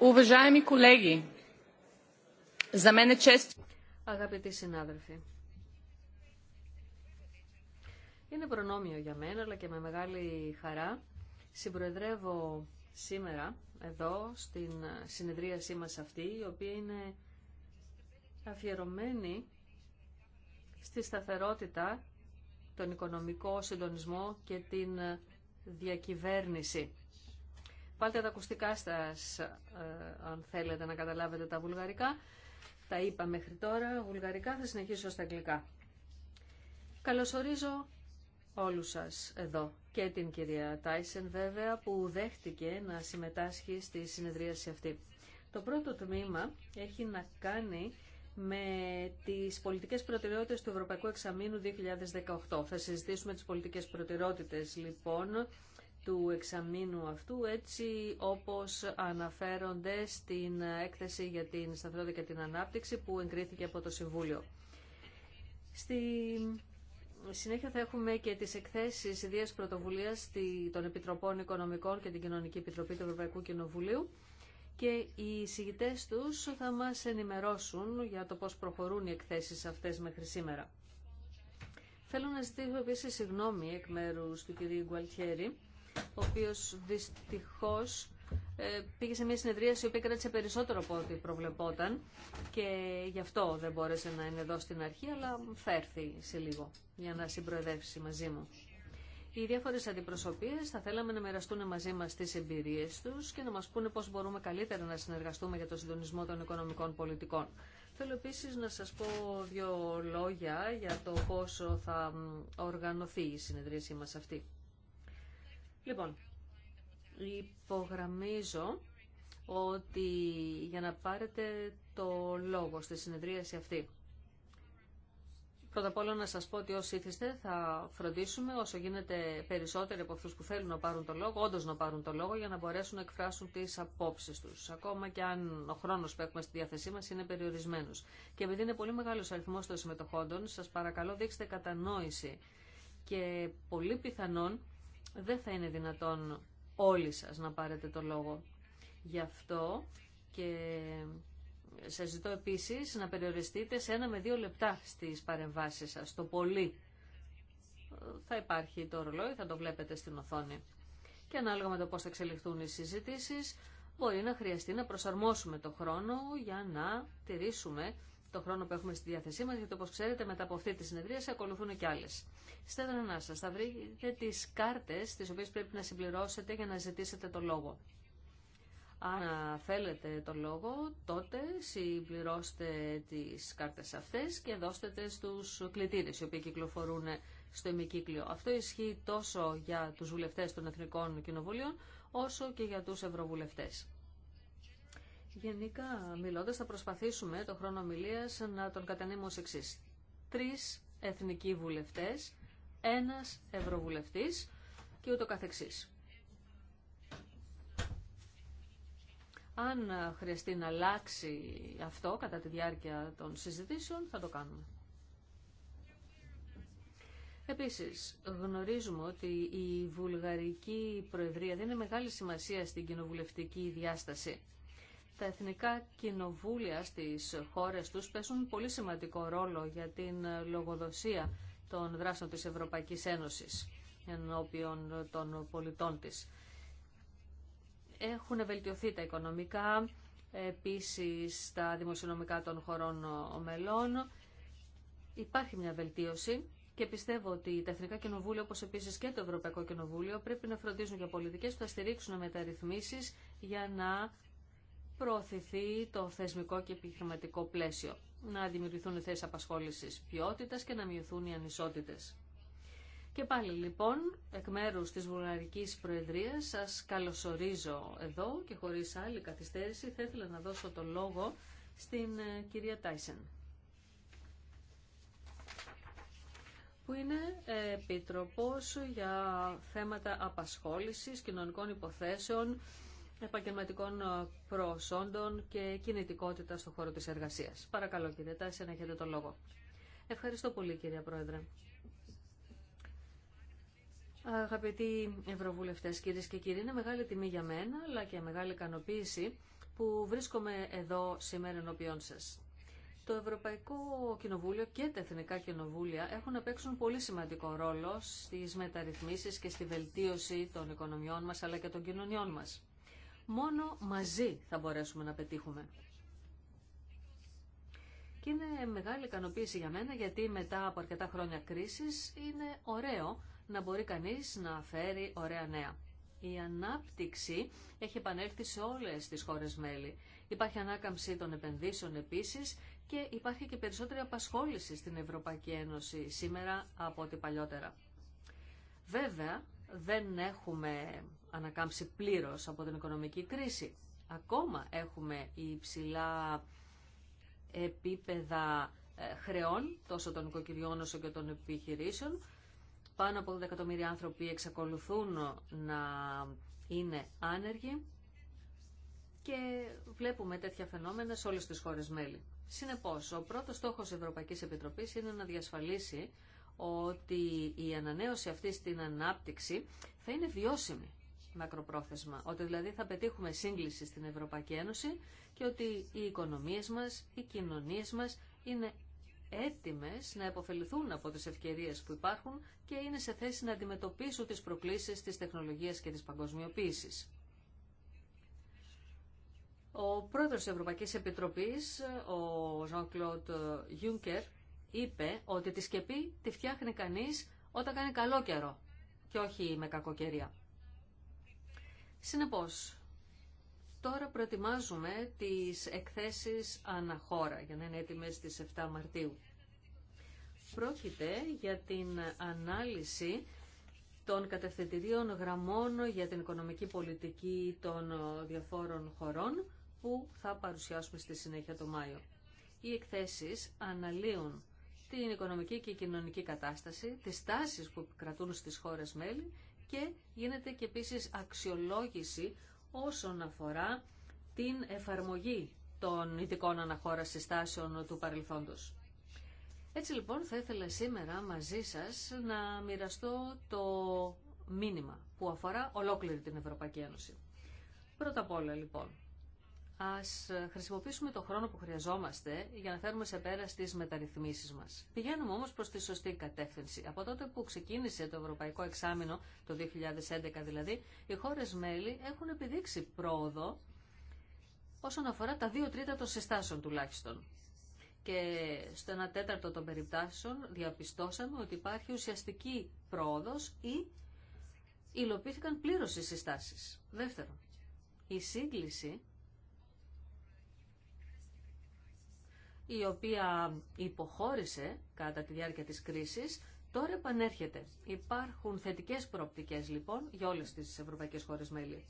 Уважаеми колеги, за Αγαπητοί συνάδελφοι, είναι προνόμιο για μένα, αλλά και με μεγάλη χαρά συμπροεδρεύω σήμερα εδώ στην συνεδρίασή μας αυτή, η οποία είναι αφιερωμένη στη σταθερότητα, τον οικονομικό συντονισμό και την διακυβέρνηση. Βάλτε τα ακουστικά σας, ε, αν θέλετε να καταλάβετε τα βουλγαρικά. Τα είπα μέχρι τώρα, βουλγαρικά, θα συνεχίσω στα αγγλικά. Καλωσορίζω όλους σας εδώ και την κυρία Τάισεν βέβαια που δέχτηκε να συμμετάσχει στη συνεδρίαση αυτή. Το πρώτο τμήμα έχει να κάνει με τις πολιτικές προτεραιότητες του Ευρωπαϊκού Εξαμήνου 2018. Θα συζητήσουμε τις πολιτικές προτεραιότητες λοιπόν του εξαμήνου αυτού, έτσι όπως αναφέρονται στην έκθεση για την σταθερότητα και την ανάπτυξη που εγκρίθηκε από το Συμβούλιο. Στη συνέχεια θα έχουμε και τις εκθέσεις ιδίας πρωτοβουλίας των Επιτροπών Οικονομικών και την Κοινωνική Επιτροπή του Ευρωπαϊκού Κοινοβουλίου και οι συγητές τους θα μας ενημερώσουν για το πώς προχωρούν οι εκθέσεις αυτές μέχρι σήμερα. Θέλω να ζητήσω επίσης συγγνώμη εκ μέρους του κυρίου Γκουαλτιέρη, ο οποίος δυστυχώς ε, πήγε σε μια συνεδρίαση η οποία κράτησε περισσότερο από ό,τι προβλεπόταν και γι' αυτό δεν μπόρεσε να είναι εδώ στην αρχή, αλλά θα έρθει σε λίγο για να συμπροεδεύσει μαζί μου. Οι διάφορες αντιπροσωπείες θα θέλαμε να μοιραστούν μαζί μας τις εμπειρίες τους και να μας πούνε πώς μπορούμε καλύτερα να συνεργαστούμε για το συντονισμό των οικονομικών πολιτικών. Θέλω επίσης να σας πω δύο λόγια για το πόσο θα οργανωθεί η συνεδρίασή μας αυτή. Λοιπόν, υπογραμμίζω ότι για να πάρετε το λόγο στη συνεδρίαση αυτή. Πρώτα απ' όλα να σας πω ότι όσοι ήθιστε θα φροντίσουμε όσο γίνεται περισσότεροι από αυτούς που θέλουν να πάρουν το λόγο, όντως να πάρουν το λόγο για να μπορέσουν να εκφράσουν τις απόψεις τους. Ακόμα και αν ο χρόνος που έχουμε στη διάθεσή μας είναι περιορισμένος. Και επειδή είναι πολύ μεγάλος αριθμός των συμμετοχόντων, σας παρακαλώ δείξτε κατανόηση και πολύ πιθανόν δεν θα είναι δυνατόν όλοι σας να πάρετε το λόγο. Γι' αυτό και σας ζητώ επίσης να περιοριστείτε σε ένα με δύο λεπτά στις παρεμβάσεις σας, το πολύ. Θα υπάρχει το ρολόι, θα το βλέπετε στην οθόνη. Και ανάλογα με το πώς θα εξελιχθούν οι συζητήσεις, μπορεί να χρειαστεί να προσαρμόσουμε το χρόνο για να τηρήσουμε το χρόνο που έχουμε στη διάθεσή μα, γιατί όπω ξέρετε, μετά από αυτή τη συνεδρία ακολουθούν και άλλε. Στα να σα θα βρείτε τι κάρτε τι οποίε πρέπει να συμπληρώσετε για να ζητήσετε το λόγο. Αν θέλετε το λόγο, τότε συμπληρώστε τις κάρτες αυτές και δώστε στους κλητήρες, οι οποίοι κυκλοφορούν στο ημικύκλιο. Αυτό ισχύει τόσο για τους βουλευτές των Εθνικών Κοινοβουλίων, όσο και για τους ευρωβουλευτές. Γενικά μιλώντας θα προσπαθήσουμε το χρόνο ομιλίας να τον κατανοήμω ως εξής. Τρεις εθνικοί βουλευτές, ένας ευρωβουλευτής και ούτω καθεξής. Αν χρειαστεί να αλλάξει αυτό κατά τη διάρκεια των συζητήσεων, θα το κάνουμε. Επίσης, γνωρίζουμε ότι η Βουλγαρική Προεδρία δεν είναι μεγάλη σημασία στην κοινοβουλευτική διάσταση τα εθνικά κοινοβούλια στις χώρες τους παίζουν πολύ σημαντικό ρόλο για την λογοδοσία των δράσεων της Ευρωπαϊκής Ένωσης ενώπιον των πολιτών της. Έχουν βελτιωθεί τα οικονομικά, επίσης τα δημοσιονομικά των χωρών μελών. Υπάρχει μια βελτίωση και πιστεύω ότι τα Εθνικά Κοινοβούλια, όπως επίσης και το Ευρωπαϊκό Κοινοβούλιο, πρέπει να φροντίζουν για πολιτικές που θα στηρίξουν μεταρρυθμίσεις για να προωθηθεί το θεσμικό και επιχειρηματικό πλαίσιο, να δημιουργηθούν θέσει απασχόλησης ποιότητα και να μειωθούν οι ανισότητες. Και πάλι λοιπόν, εκ μέρους της Βουλγαρική Προεδρίας, σας καλωσορίζω εδώ και χωρίς άλλη καθυστέρηση θα ήθελα να δώσω το λόγο στην ε, κυρία Τάισεν. που είναι Επίτροπος για θέματα απασχόλησης, κοινωνικών υποθέσεων, επαγγελματικών ε, προσόντων και κινητικότητα στον χώρο τη εργασία. Παρακαλώ κύριε Τάση να έχετε το λόγο. Ευχαριστώ πολύ κύριε Πρόεδρε. Αγαπητοί ευρωβουλευτέ, κύριε και κύριοι, είναι μεγάλη τιμή για μένα αλλά και μεγάλη ικανοποίηση που βρίσκομαι εδώ σήμερα ενώπιόν σα. Το Ευρωπαϊκό Κοινοβούλιο και τα Εθνικά Κοινοβούλια έχουν να παίξουν πολύ σημαντικό ρόλο στι μεταρρυθμίσει και στη βελτίωση των οικονομιών μα αλλά και των κοινωνιών μα. Μόνο μαζί θα μπορέσουμε να πετύχουμε. Και είναι μεγάλη ικανοποίηση για μένα γιατί μετά από αρκετά χρόνια κρίσης είναι ωραίο να μπορεί κανείς να φέρει ωραία νέα. Η ανάπτυξη έχει επανέλθει σε όλες τις χώρες μέλη. Υπάρχει ανάκαμψη των επενδύσεων επίσης και υπάρχει και περισσότερη απασχόληση στην Ευρωπαϊκή Ένωση σήμερα από ό,τι παλιότερα. Βέβαια, δεν έχουμε ανακάμψει πλήρως από την οικονομική κρίση. Ακόμα έχουμε υψηλά επίπεδα ε, χρεών, τόσο των οικοκυριών όσο και των επιχειρήσεων. Πάνω από δεκατομμύρια άνθρωποι εξακολουθούν να είναι άνεργοι και βλέπουμε τέτοια φαινόμενα σε όλες τις χώρες μέλη. Συνεπώς, ο πρώτος στόχος Ευρωπαϊκής Επιτροπής είναι να διασφαλίσει ότι η ανανέωση αυτή στην ανάπτυξη θα είναι βιώσιμη μακροπρόθεσμα. Ότι δηλαδή θα πετύχουμε σύγκληση στην Ευρωπαϊκή Ένωση και ότι οι οικονομίες μας, οι κοινωνίες μας είναι έτοιμες να επωφεληθούν από τις ευκαιρίες που υπάρχουν και είναι σε θέση να αντιμετωπίσουν τις προκλήσεις της τεχνολογίας και της παγκοσμιοποίησης. Ο πρόεδρος της Ευρωπαϊκής Επιτροπής, ο Jean-Claude Juncker, είπε ότι τη σκεπή τη φτιάχνει κανείς όταν κάνει καλό καιρό και όχι με κακοκαιρία. Συνεπώς, τώρα προετοιμάζουμε τις εκθέσεις αναχώρα για να είναι έτοιμες στις 7 Μαρτίου. Πρόκειται για την ανάλυση των κατευθυντηρίων γραμμών για την οικονομική πολιτική των διαφόρων χωρών που θα παρουσιάσουμε στη συνέχεια το Μάιο. Οι εκθέσεις αναλύουν την οικονομική και κοινωνική κατάσταση, τις τάσεις που κρατούν στις χώρες μέλη και γίνεται και επίσης αξιολόγηση όσον αφορά την εφαρμογή των ειδικών αναχώρασης στάσεων του παρελθόντος. Έτσι λοιπόν θα ήθελα σήμερα μαζί σας να μοιραστώ το μήνυμα που αφορά ολόκληρη την Ευρωπαϊκή Ένωση. Πρώτα απ' όλα λοιπόν, Ας ε, χρησιμοποιήσουμε το χρόνο που χρειαζόμαστε για να φέρουμε σε πέρα στις μεταρρυθμίσεις μας. Πηγαίνουμε όμως προς τη σωστή κατεύθυνση. Από τότε που ξεκίνησε το Ευρωπαϊκό Εξάμεινο, το 2011 δηλαδή, οι χώρες μέλη έχουν επιδείξει πρόοδο όσον αφορά τα δύο τρίτα των συστάσεων τουλάχιστον. Και στο ένα τέταρτο των περιπτώσεων διαπιστώσαμε ότι υπάρχει ουσιαστική πρόοδος ή υλοποιήθηκαν πλήρως οι συστάσεις. Δεύτερον, η σύγκληση η οποία υποχώρησε κατά τη διάρκεια της κρίσης, τώρα επανέρχεται. Υπάρχουν θετικές προοπτικές λοιπόν για όλες τις ευρωπαϊκές χώρες μέλη.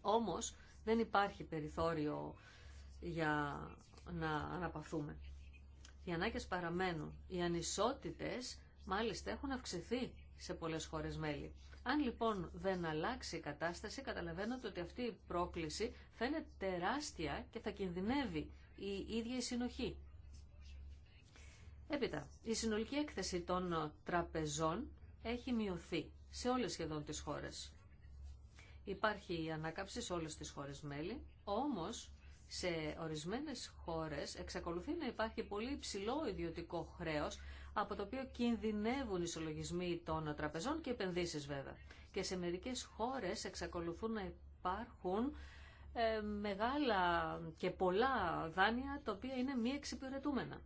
Όμως δεν υπάρχει περιθώριο για να αναπαθούμε. Οι ανάγκες παραμένουν. Οι ανισότητες μάλιστα έχουν αυξηθεί σε πολλές χώρες μέλη. Αν λοιπόν δεν αλλάξει η κατάσταση, καταλαβαίνετε ότι αυτή η πρόκληση θα είναι τεράστια και θα κινδυνεύει η ίδια η συνοχή. Έπειτα, η συνολική έκθεση των τραπεζών έχει μειωθεί σε όλες σχεδόν τις χώρες. Υπάρχει ανάκαψη σε όλες τις χώρες μέλη, όμως σε ορισμένες χώρες εξακολουθεί να υπάρχει πολύ υψηλό ιδιωτικό χρέος, από το οποίο κινδυνεύουν οι συλλογισμοί των τραπεζών και επενδύσεις βέβαια. Και σε μερικές χώρες εξακολουθούν να υπάρχουν ε, μεγάλα και πολλά δάνεια τα οποία είναι μη εξυπηρετούμενα.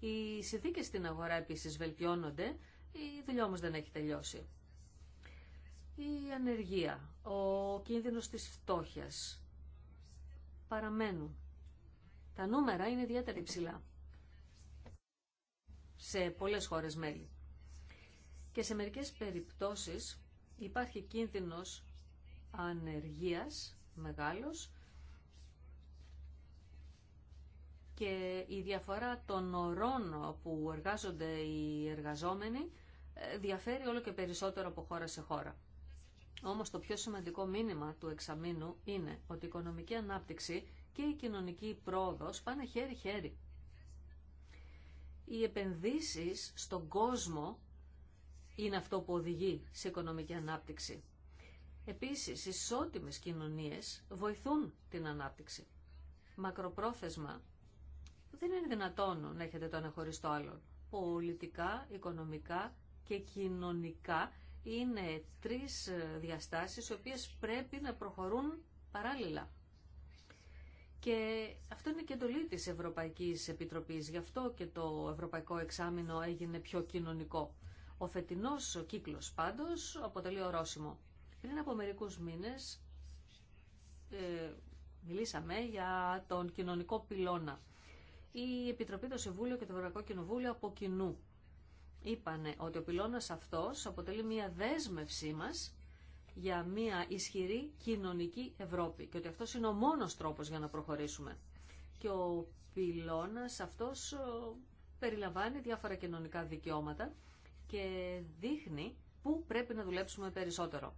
Οι συνθήκε στην αγορά επίσης βελτιώνονται, η δουλειά όμως δεν έχει τελειώσει. Η ανεργία, ο κίνδυνος της φτώχειας παραμένουν. Τα νούμερα είναι ιδιαίτερα υψηλά σε πολλές χώρες μέλη. Και σε μερικές περιπτώσεις υπάρχει κίνδυνος ανεργίας μεγάλος και η διαφορά των ορών που εργάζονται οι εργαζόμενοι ε, διαφέρει όλο και περισσότερο από χώρα σε χώρα. Όμως το πιο σημαντικό μήνυμα του εξαμήνου είναι ότι η οικονομική ανάπτυξη και η κοινωνική πρόοδος πάνε χέρι-χέρι. Οι επενδύσεις στον κόσμο είναι αυτό που οδηγεί σε οικονομική ανάπτυξη. Επίσης, ισότιμες κοινωνίες βοηθούν την ανάπτυξη. Μακροπρόθεσμα δεν είναι δυνατόν να έχετε το αναχωριστό άλλον. άλλο. Πολιτικά, οικονομικά και κοινωνικά είναι τρεις διαστάσεις οι οποίες πρέπει να προχωρούν παράλληλα. Και αυτό είναι και εντολή της Ευρωπαϊκής Επιτροπής. Γι' αυτό και το Ευρωπαϊκό Εξάμεινο έγινε πιο κοινωνικό. Ο φετινός κύκλος πάντως αποτελεί ορόσημο. Πριν από μερικούς μήνες ε, μιλήσαμε για τον κοινωνικό πυλώνα. Η Επιτροπή, το Συμβούλιο και το Ευρωπαϊκό Κοινοβούλιο από κοινού είπανε ότι ο πυλώνας αυτός αποτελεί μια δέσμευσή μας για μια ισχυρή κοινωνική Ευρώπη και ότι αυτός είναι ο μόνος τρόπος για να προχωρήσουμε. Και ο πυλώνας αυτός ε, περιλαμβάνει διάφορα κοινωνικά δικαιώματα και δείχνει πού πρέπει να δουλέψουμε περισσότερο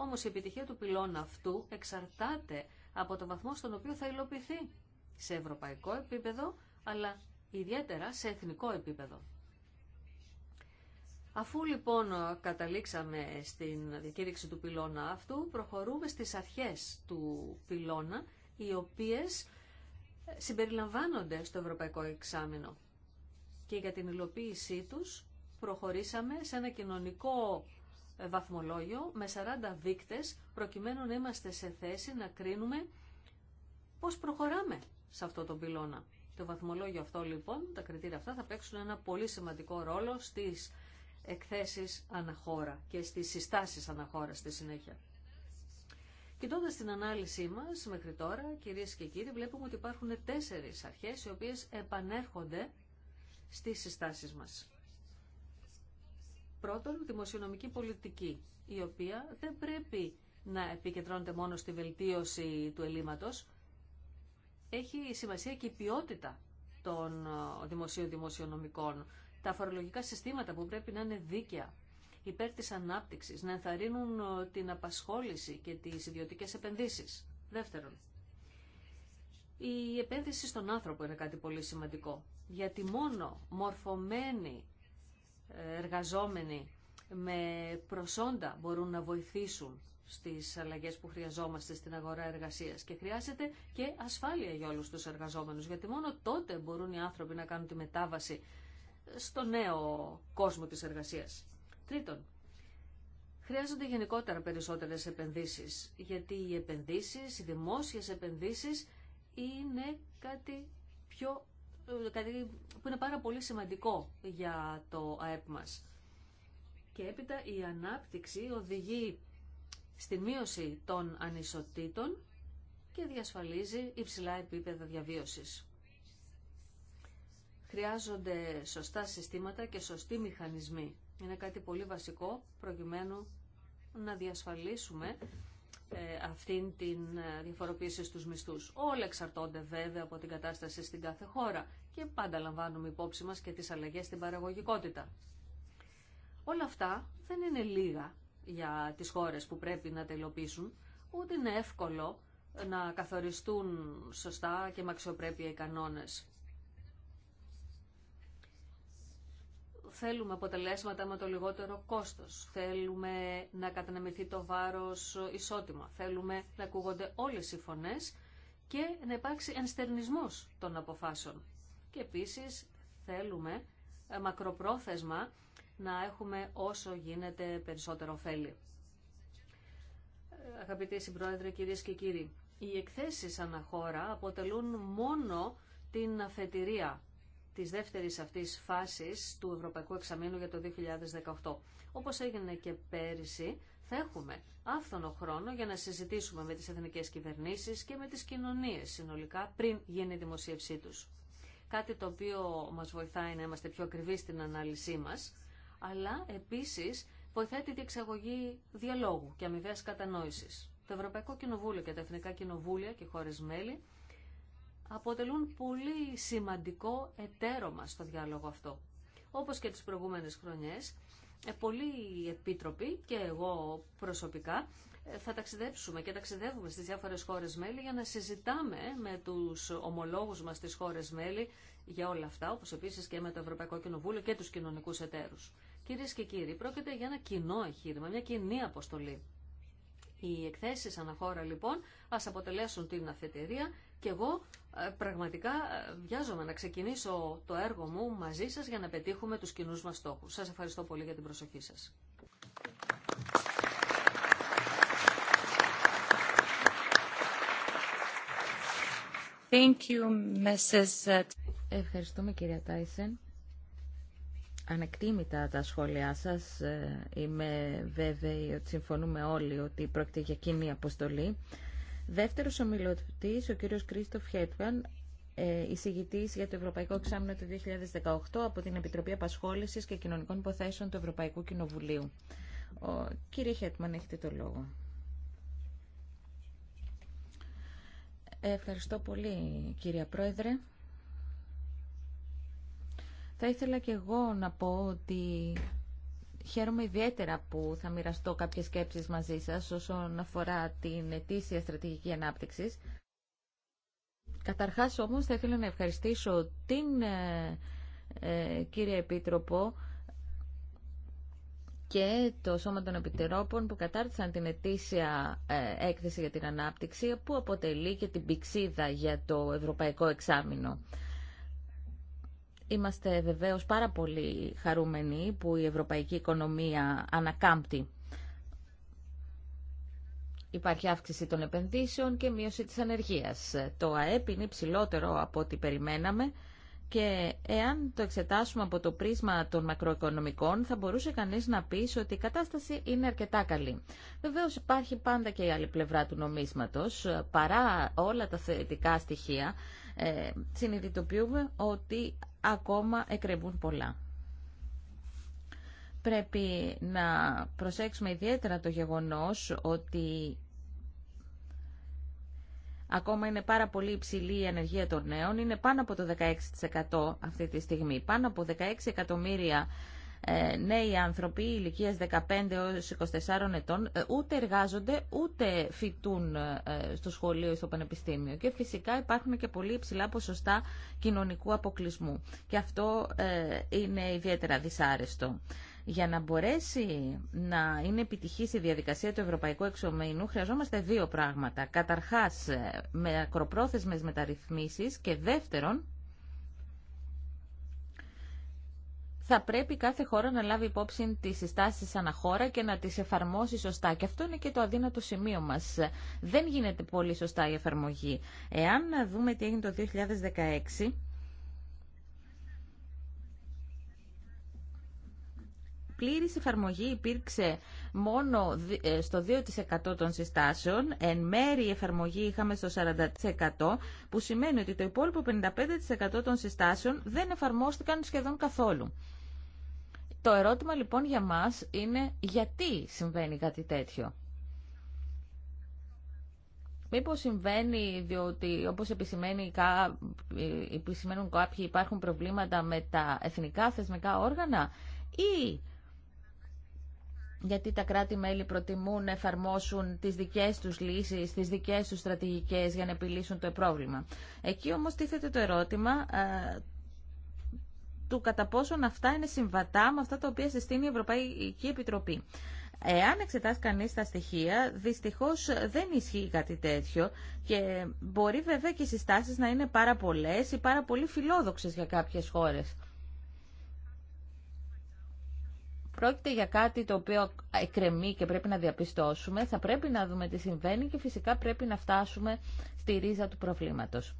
όμω η επιτυχία του πυλώνα αυτού εξαρτάται από το βαθμό στον οποίο θα υλοποιηθεί σε ευρωπαϊκό επίπεδο, αλλά ιδιαίτερα σε εθνικό επίπεδο. Αφού λοιπόν καταλήξαμε στην διακήρυξη του πυλώνα αυτού, προχωρούμε στις αρχές του πυλώνα, οι οποίες συμπεριλαμβάνονται στο Ευρωπαϊκό Εξάμεινο. Και για την υλοποίησή τους προχωρήσαμε σε ένα κοινωνικό βαθμολόγιο με 40 δείκτες προκειμένου να είμαστε σε θέση να κρίνουμε πώς προχωράμε σε αυτό το πυλώνα. Το βαθμολόγιο αυτό λοιπόν, τα κριτήρια αυτά θα παίξουν ένα πολύ σημαντικό ρόλο στις εκθέσεις αναχώρα και στις συστάσεις αναχώρα στη συνέχεια. Κοιτώντας την ανάλυση μας μέχρι τώρα, κυρίες και κύριοι, βλέπουμε ότι υπάρχουν τέσσερις αρχές οι οποίες επανέρχονται στις συστάσεις μας. Πρώτον, δημοσιονομική πολιτική, η οποία δεν πρέπει να επικεντρώνεται μόνο στη βελτίωση του ελλείμματος. Έχει σημασία και η ποιότητα των ε, δημοσίων δημοσιονομικών, τα φορολογικά συστήματα που πρέπει να είναι δίκαια, υπέρ της ανάπτυξης, να ενθαρρύνουν ε, την απασχόληση και τις ιδιωτικές επενδύσεις. Δεύτερον, η επένδυση στον άνθρωπο είναι κάτι πολύ σημαντικό, γιατί μόνο μορφωμένοι εργαζόμενοι με προσόντα μπορούν να βοηθήσουν στις αλλαγές που χρειαζόμαστε στην αγορά εργασίας και χρειάζεται και ασφάλεια για όλους τους εργαζόμενους γιατί μόνο τότε μπορούν οι άνθρωποι να κάνουν τη μετάβαση στο νέο κόσμο της εργασίας. Τρίτον, χρειάζονται γενικότερα περισσότερες επενδύσεις γιατί οι επενδύσεις, οι δημόσιες επενδύσεις είναι κάτι πιο κάτι που είναι πάρα πολύ σημαντικό για το ΑΕΠ μας. Και έπειτα η ανάπτυξη οδηγεί στη μείωση των ανισοτήτων και διασφαλίζει υψηλά επίπεδα διαβίωσης. Χρειάζονται σωστά συστήματα και σωστοί μηχανισμοί. Είναι κάτι πολύ βασικό προκειμένου να διασφαλίσουμε ε, αυτήν την ε, διαφοροποίηση στους μισθούς. Όλα εξαρτώνται βέβαια από την κατάσταση στην κάθε χώρα και πάντα λαμβάνουμε υπόψη μας και τις αλλαγές στην παραγωγικότητα. Όλα αυτά δεν είναι λίγα για τις χώρες που πρέπει να τελοποιήσουν, ούτε είναι εύκολο να καθοριστούν σωστά και με αξιοπρέπεια οι κανόνες. Θέλουμε αποτελέσματα με το λιγότερο κόστος. Θέλουμε να καταναμηθεί το βάρος ισότιμα. Θέλουμε να ακούγονται όλες οι φωνές και να υπάρξει ενστερνισμός των αποφάσεων και επίσης θέλουμε ε, μακροπρόθεσμα να έχουμε όσο γίνεται περισσότερο ωφέλη. Ε, αγαπητοί συμπρόεδροι, κυρίες και κύριοι, οι εκθέσεις αναχώρα αποτελούν μόνο την αφετηρία της δεύτερης αυτής φάσης του Ευρωπαϊκού Εξαμήνου για το 2018. Όπως έγινε και πέρυσι, θα έχουμε άφθονο χρόνο για να συζητήσουμε με τις εθνικές κυβερνήσεις και με τις κοινωνίες συνολικά πριν γίνει η δημοσίευσή τους κάτι το οποίο μας βοηθάει να είμαστε πιο ακριβείς στην ανάλυση μας, αλλά επίσης βοηθάει τη διεξαγωγή διαλόγου και αμοιβαία κατανόηση. Το Ευρωπαϊκό Κοινοβούλιο και τα Εθνικά Κοινοβούλια και χώρες μέλη αποτελούν πολύ σημαντικό εταίρωμα στο διάλογο αυτό. Όπως και τις προηγούμενες χρονιές, ε, πολλοί επίτροποι και εγώ προσωπικά θα ταξιδέψουμε και ταξιδεύουμε στις διάφορες χώρες μέλη για να συζητάμε με τους ομολόγους μας στις χώρες μέλη για όλα αυτά, όπως επίσης και με το Ευρωπαϊκό Κοινοβούλιο και τους κοινωνικούς εταίρους. Κυρίε και κύριοι, πρόκειται για ένα κοινό εγχείρημα, μια κοινή αποστολή. Οι εκθέσεις αναχώρα λοιπόν ας αποτελέσουν την αφετηρία και εγώ ε, πραγματικά ε, βιάζομαι να ξεκινήσω το έργο μου μαζί σας για να πετύχουμε τους κοινούς μας στόχους. Σας ευχαριστώ πολύ για την προσοχή σας. Uh, Ευχαριστούμε κυρία Τάισεν. Ανεκτήμητα τα σχόλιά σας. Ε, είμαι βέβαιη ότι συμφωνούμε όλοι ότι πρόκειται για κοινή αποστολή. Δεύτερος ομιλωτής, ο κύριος Κρίστοφ Χέτβαν, ε, εισηγητής για το Ευρωπαϊκό Εξάμεινο του 2018 από την Επιτροπή Απασχόλησης και Κοινωνικών Υποθέσεων του Ευρωπαϊκού Κοινοβουλίου. κύριε Χέτμαν, έχετε το λόγο. Ευχαριστώ πολύ κυρία Πρόεδρε. Θα ήθελα και εγώ να πω ότι χαίρομαι ιδιαίτερα που θα μοιραστώ κάποιες σκέψεις μαζί σας όσον αφορά την ετήσια στρατηγική ανάπτυξης. Καταρχάς όμως θα ήθελα να ευχαριστήσω την ε, ε, κύρια Επίτροπο και το Σώμα των Επιτερόπων που κατάρτισαν την ετήσια ε, έκθεση για την ανάπτυξη που αποτελεί και την πηξίδα για το Ευρωπαϊκό Εξάμεινο. Είμαστε βεβαίως πάρα πολύ χαρούμενοι που η ευρωπαϊκή οικονομία ανακάμπτει. Υπάρχει αύξηση των επενδύσεων και μείωση της ανεργίας. Το ΑΕΠ είναι υψηλότερο από ό,τι περιμέναμε και εάν το εξετάσουμε από το πρίσμα των μακροοικονομικών, θα μπορούσε κανείς να πει ότι η κατάσταση είναι αρκετά καλή. Βεβαίως υπάρχει πάντα και η άλλη πλευρά του νομίσματος. Παρά όλα τα θετικά στοιχεία, ε, συνειδητοποιούμε ότι ακόμα εκρεμούν πολλά. Πρέπει να προσέξουμε ιδιαίτερα το γεγονός ότι Ακόμα είναι πάρα πολύ υψηλή η ανεργία των νέων. Είναι πάνω από το 16% αυτή τη στιγμή. Πάνω από 16 εκατομμύρια ε, νέοι άνθρωποι ηλικίας 15 έως 24 ετών ε, ούτε εργάζονται ούτε φοιτούν ε, στο σχολείο ή στο πανεπιστήμιο και φυσικά υπάρχουν και πολύ υψηλά ποσοστά κοινωνικού αποκλεισμού και αυτό είναι ιδιαίτερα δυσάρεστο. Για να μπορέσει να είναι επιτυχή η διαδικασία του Ευρωπαϊκού Εξωμενού χρειαζόμαστε δύο πράγματα. Καταρχάς με ακροπρόθεσμες μεταρρυθμίσεις και δεύτερον θα πρέπει κάθε χώρα να λάβει υπόψη τις συστάσεις αναχώρα και να τις εφαρμόσει σωστά. Και αυτό είναι και το αδύνατο σημείο μας. Δεν γίνεται πολύ σωστά η εφαρμογή. Εάν δούμε τι έγινε το 2016... πλήρης εφαρμογή υπήρξε μόνο ε, στο 2% των συστάσεων, εν μέρη η εφαρμογή είχαμε στο 40%, που σημαίνει ότι το υπόλοιπο 55% των συστάσεων δεν εφαρμόστηκαν σχεδόν καθόλου. Το ερώτημα λοιπόν για μας είναι γιατί συμβαίνει κάτι τέτοιο. Μήπως συμβαίνει διότι όπως επισημαίνει, ε, επισημαίνουν κάποιοι υπάρχουν προβλήματα με τα εθνικά θεσμικά όργανα ή γιατί τα κράτη-μέλη προτιμούν να εφαρμόσουν τις δικές τους λύσεις, τις δικές τους στρατηγικές για να επιλύσουν το πρόβλημα. Εκεί όμως τίθεται το ερώτημα ε, του κατά πόσον αυτά είναι συμβατά με αυτά τα οποία συστήνει η Ευρωπαϊκή Επιτροπή. Εάν εξετάσει κανεί τα στοιχεία, δυστυχώ δεν ισχύει κάτι τέτοιο και μπορεί βέβαια και οι συστάσει να είναι πάρα πολλέ ή πάρα πολύ φιλόδοξε για κάποιε χώρε. Πρόκειται για κάτι το οποίο εκκρεμεί και πρέπει να διαπιστώσουμε. Θα πρέπει να δούμε τι συμβαίνει και φυσικά πρέπει να φτάσουμε στη ρίζα του προβλήματος.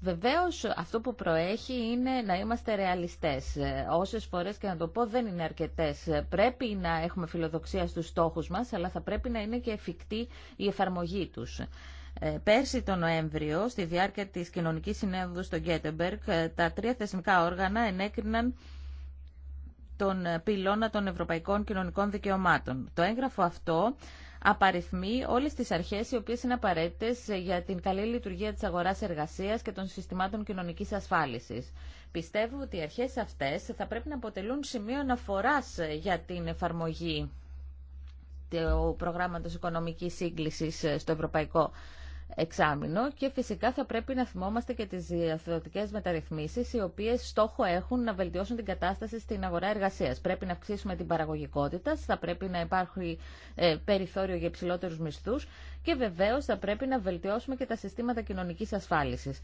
Βεβαίως αυτό που προέχει είναι να είμαστε ρεαλιστές. Ε, όσες φορές και να το πω δεν είναι αρκετές. Ε, πρέπει να έχουμε φιλοδοξία στους στόχους μας, αλλά θα πρέπει να είναι και εφικτή η εφαρμογή τους. Ε, πέρσι τον Νοέμβριο, στη διάρκεια της Κοινωνικής Συνέδου στο Γκέτεμπεργκ, τα τρία θεσμικά όργανα ενέκριναν τον ε, πυλώνα των Ευρωπαϊκών Κοινωνικών Δικαιωμάτων. Το έγγραφο αυτό απαριθμεί όλες τις αρχές οι οποίες είναι απαραίτητες για την καλή λειτουργία της αγοράς εργασίας και των συστημάτων κοινωνικής ασφάλισης. Πιστεύω ότι οι αρχές αυτές θα πρέπει να αποτελούν σημείο αναφοράς για την εφαρμογή του προγράμματος οικονομικής σύγκλησης στο ευρωπαϊκό εξάμεινο και φυσικά θα πρέπει να θυμόμαστε και τις διαθεωτικές μεταρρυθμίσεις οι οποίες στόχο έχουν να βελτιώσουν την κατάσταση στην αγορά εργασίας. Πρέπει να αυξήσουμε την παραγωγικότητα, θα πρέπει να υπάρχει ε, περιθώριο για υψηλότερους μισθούς και βεβαίως θα πρέπει να βελτιώσουμε και τα συστήματα κοινωνικής ασφάλισης.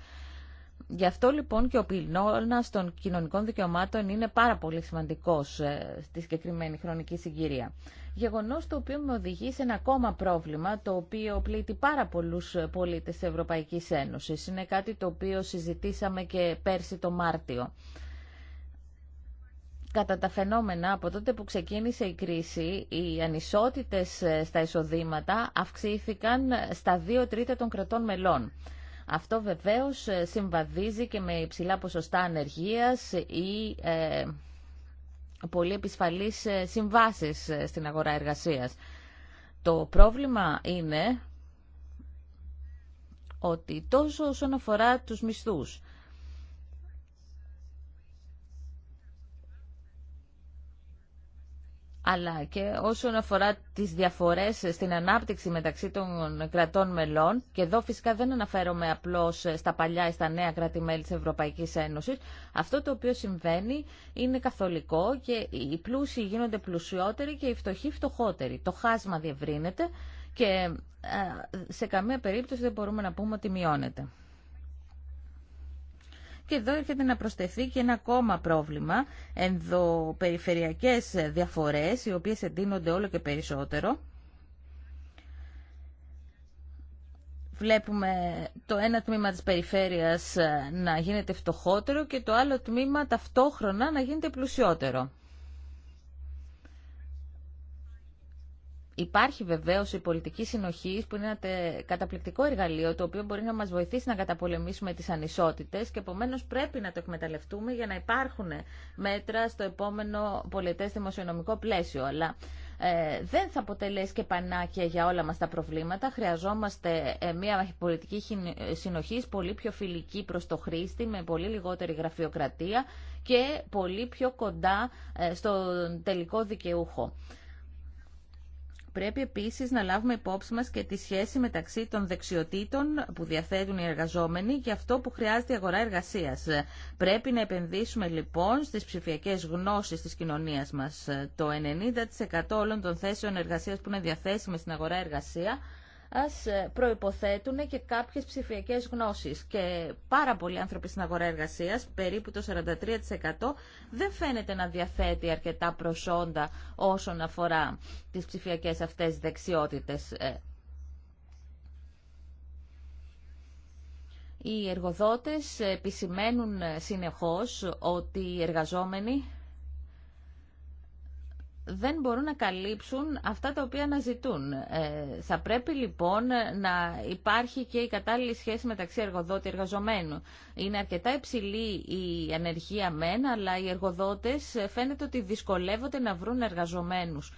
Γι' αυτό λοιπόν και ο πυλώνα των κοινωνικών δικαιωμάτων είναι πάρα πολύ σημαντικό ε, στη συγκεκριμένη χρονική συγκυρία. Γεγονό το οποίο με οδηγεί σε ένα ακόμα πρόβλημα το οποίο πλήττει πάρα πολλού πολίτε τη Ευρωπαϊκή Ένωση. Είναι κάτι το οποίο συζητήσαμε και πέρσι το Μάρτιο. Κατά τα φαινόμενα, από τότε που ξεκίνησε η κρίση, οι ανισότητες ε, στα εισοδήματα αυξήθηκαν ε, στα δύο τρίτα των κρατών μελών. Αυτό βεβαίως ε, συμβαδίζει και με υψηλά ποσοστά ανεργίας ή ε, πολύ επισφαλείς ε, συμβάσεις στην αγορά εργασίας. Το πρόβλημα είναι ότι τόσο όσον αφορά τους μισθούς αλλά και όσον αφορά τις διαφορές στην ανάπτυξη μεταξύ των κρατών μελών, και εδώ φυσικά δεν αναφέρομαι απλώς στα παλιά ή στα νέα κράτη-μέλη της Ευρωπαϊκής Ένωσης, αυτό το οποίο συμβαίνει είναι καθολικό και οι πλούσιοι γίνονται πλουσιότεροι και οι φτωχοί φτωχότεροι. Το χάσμα διευρύνεται και ε, σε καμία περίπτωση δεν μπορούμε να πούμε ότι μειώνεται. Και εδώ έρχεται να προσθεθεί και ένα ακόμα πρόβλημα, ενδοπεριφερειακές διαφορές, οι οποίες εντείνονται όλο και περισσότερο. βλέπουμε το ένα τμήμα της περιφέρειας να γίνεται φτωχότερο και το άλλο τμήμα ταυτόχρονα να γίνεται πλουσιότερο. Υπάρχει βεβαίως η πολιτική συνοχή που είναι ένα καταπληκτικό εργαλείο το οποίο μπορεί να μας βοηθήσει να καταπολεμήσουμε τις ανισότητες και επομένως πρέπει να το εκμεταλλευτούμε για να υπάρχουν μέτρα στο επόμενο πολιτές δημοσιονομικό πλαίσιο. Αλλά ε, δεν θα αποτελέσει και πανάκια για όλα μας τα προβλήματα. Χρειαζόμαστε ε, μια πολιτική συνοχή πολύ πιο φιλική προς το χρήστη, με πολύ λιγότερη γραφειοκρατία και πολύ πιο κοντά ε, στον τελικό δικαιούχο. Πρέπει επίσης να λάβουμε υπόψη μας και τη σχέση μεταξύ των δεξιοτήτων που διαθέτουν οι εργαζόμενοι και αυτό που χρειάζεται η αγορά εργασίας. Πρέπει να επενδύσουμε λοιπόν στις ψηφιακές γνώσεις της κοινωνίας μας. Το 90% όλων των θέσεων εργασίας που είναι διαθέσιμες στην αγορά εργασία ε, προϋποθέτουν και κάποιες ψηφιακές γνώσεις. Και πάρα πολλοί άνθρωποι στην αγορά εργασίας, περίπου το 43%, δεν φαίνεται να διαθέτει αρκετά προσόντα όσον αφορά τις ψηφιακές αυτές δεξιότητες. Ε, οι εργοδότες επισημαίνουν ε, συνεχώς ότι οι εργαζόμενοι δεν μπορούν να καλύψουν αυτά τα οποία αναζητούν. Ε, θα πρέπει λοιπόν να υπάρχει και η κατάλληλη σχέση μεταξύ εργοδότη εργαζομένου. Είναι αρκετά υψηλή η ανεργία μεν, αλλά οι εργοδότες φαίνεται ότι δυσκολεύονται να βρουν εργαζομένους.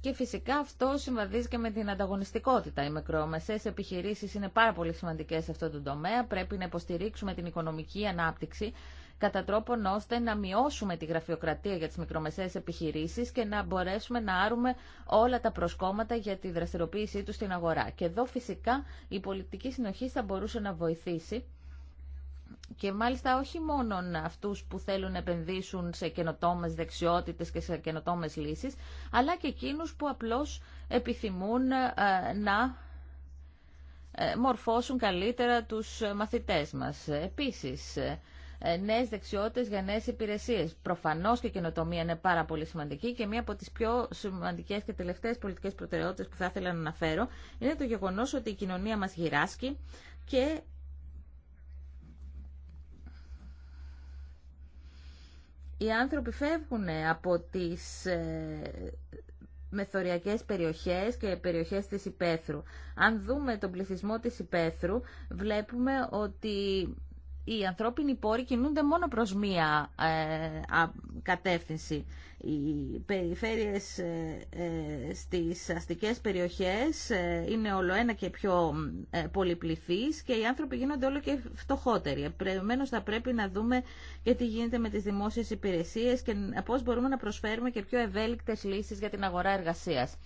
Και φυσικά αυτό συμβαδίζει και με την ανταγωνιστικότητα. Οι μικρομεσαίες επιχειρήσεις είναι πάρα πολύ σημαντικές σε αυτό το τομέα. Πρέπει να υποστηρίξουμε την οικονομική ανάπτυξη κατά τρόπον ώστε να μειώσουμε τη γραφειοκρατία για τις μικρομεσαίες επιχειρήσεις και να μπορέσουμε να άρουμε όλα τα προσκόμματα για τη δραστηριοποίησή τους στην αγορά. Και εδώ φυσικά η πολιτική συνοχή θα μπορούσε να βοηθήσει και μάλιστα όχι μόνο αυτούς που θέλουν να επενδύσουν σε καινοτόμες δεξιότητες και σε καινοτόμες λύσεις, αλλά και εκείνους που απλώς επιθυμούν ε, να ε, μορφώσουν καλύτερα τους μαθητές μας. Επίσης, ε, ε, νέες δεξιότητε για νέε υπηρεσίε. Προφανώς και η καινοτομία είναι πάρα πολύ σημαντική και μία από τις πιο σημαντικές και τελευταίες πολιτικές προτεραιότητε που θα ήθελα να αναφέρω είναι το γεγονός ότι η κοινωνία μας γυράσκει και οι άνθρωποι φεύγουν ε, από τις ε, μεθοριακές περιοχές και περιοχές της υπαίθρου. Αν δούμε τον πληθυσμό της υπαίθρου, βλέπουμε ότι οι ανθρώπινοι πόροι κινούνται μόνο προς μία ε, κατεύθυνση. Οι περιφέρειες ε, ε, στις αστικές περιοχές ε, είναι όλο ένα και πιο ε, πολυπληθείς και οι άνθρωποι γίνονται όλο και φτωχότεροι. Επομένω θα πρέπει να δούμε και τι γίνεται με τις δημόσιες υπηρεσίες και πώς μπορούμε να προσφέρουμε και πιο ευέλικτες λύσεις για την αγορά εργασίας.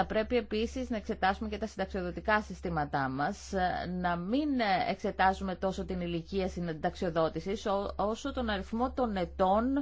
Θα πρέπει επίσης να εξετάσουμε και τα συνταξιοδοτικά συστήματά μας, ε, να μην εξετάζουμε τόσο την ηλικία συνταξιοδότησης όσο τον αριθμό των ετών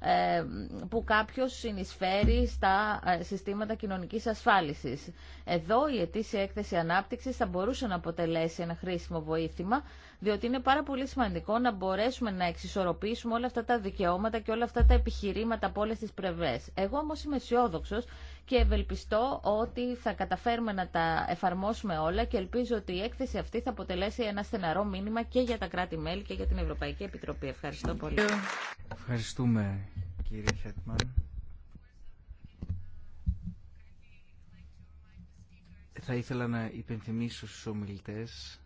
ε, που κάποιος συνεισφέρει στα ε, συστήματα κοινωνικής ασφάλισης. Εδώ η ετήσια έκθεση ανάπτυξης θα μπορούσε να αποτελέσει ένα χρήσιμο βοήθημα διότι είναι πάρα πολύ σημαντικό να μπορέσουμε να εξισορροπήσουμε όλα αυτά τα δικαιώματα και όλα αυτά τα επιχειρήματα από όλε τι πλευρέ. Εγώ όμω είμαι αισιόδοξο και ευελπιστώ ότι θα καταφέρουμε να τα εφαρμόσουμε όλα και ελπίζω ότι η έκθεση αυτή θα αποτελέσει ένα στεναρό μήνυμα και για τα κράτη-μέλη και για την Ευρωπαϊκή Επιτροπή. Ευχαριστώ πολύ. Ευχαριστούμε κύριε Χέτμαν. Θα ήθελα να υπενθυμίσω στους ομιλητές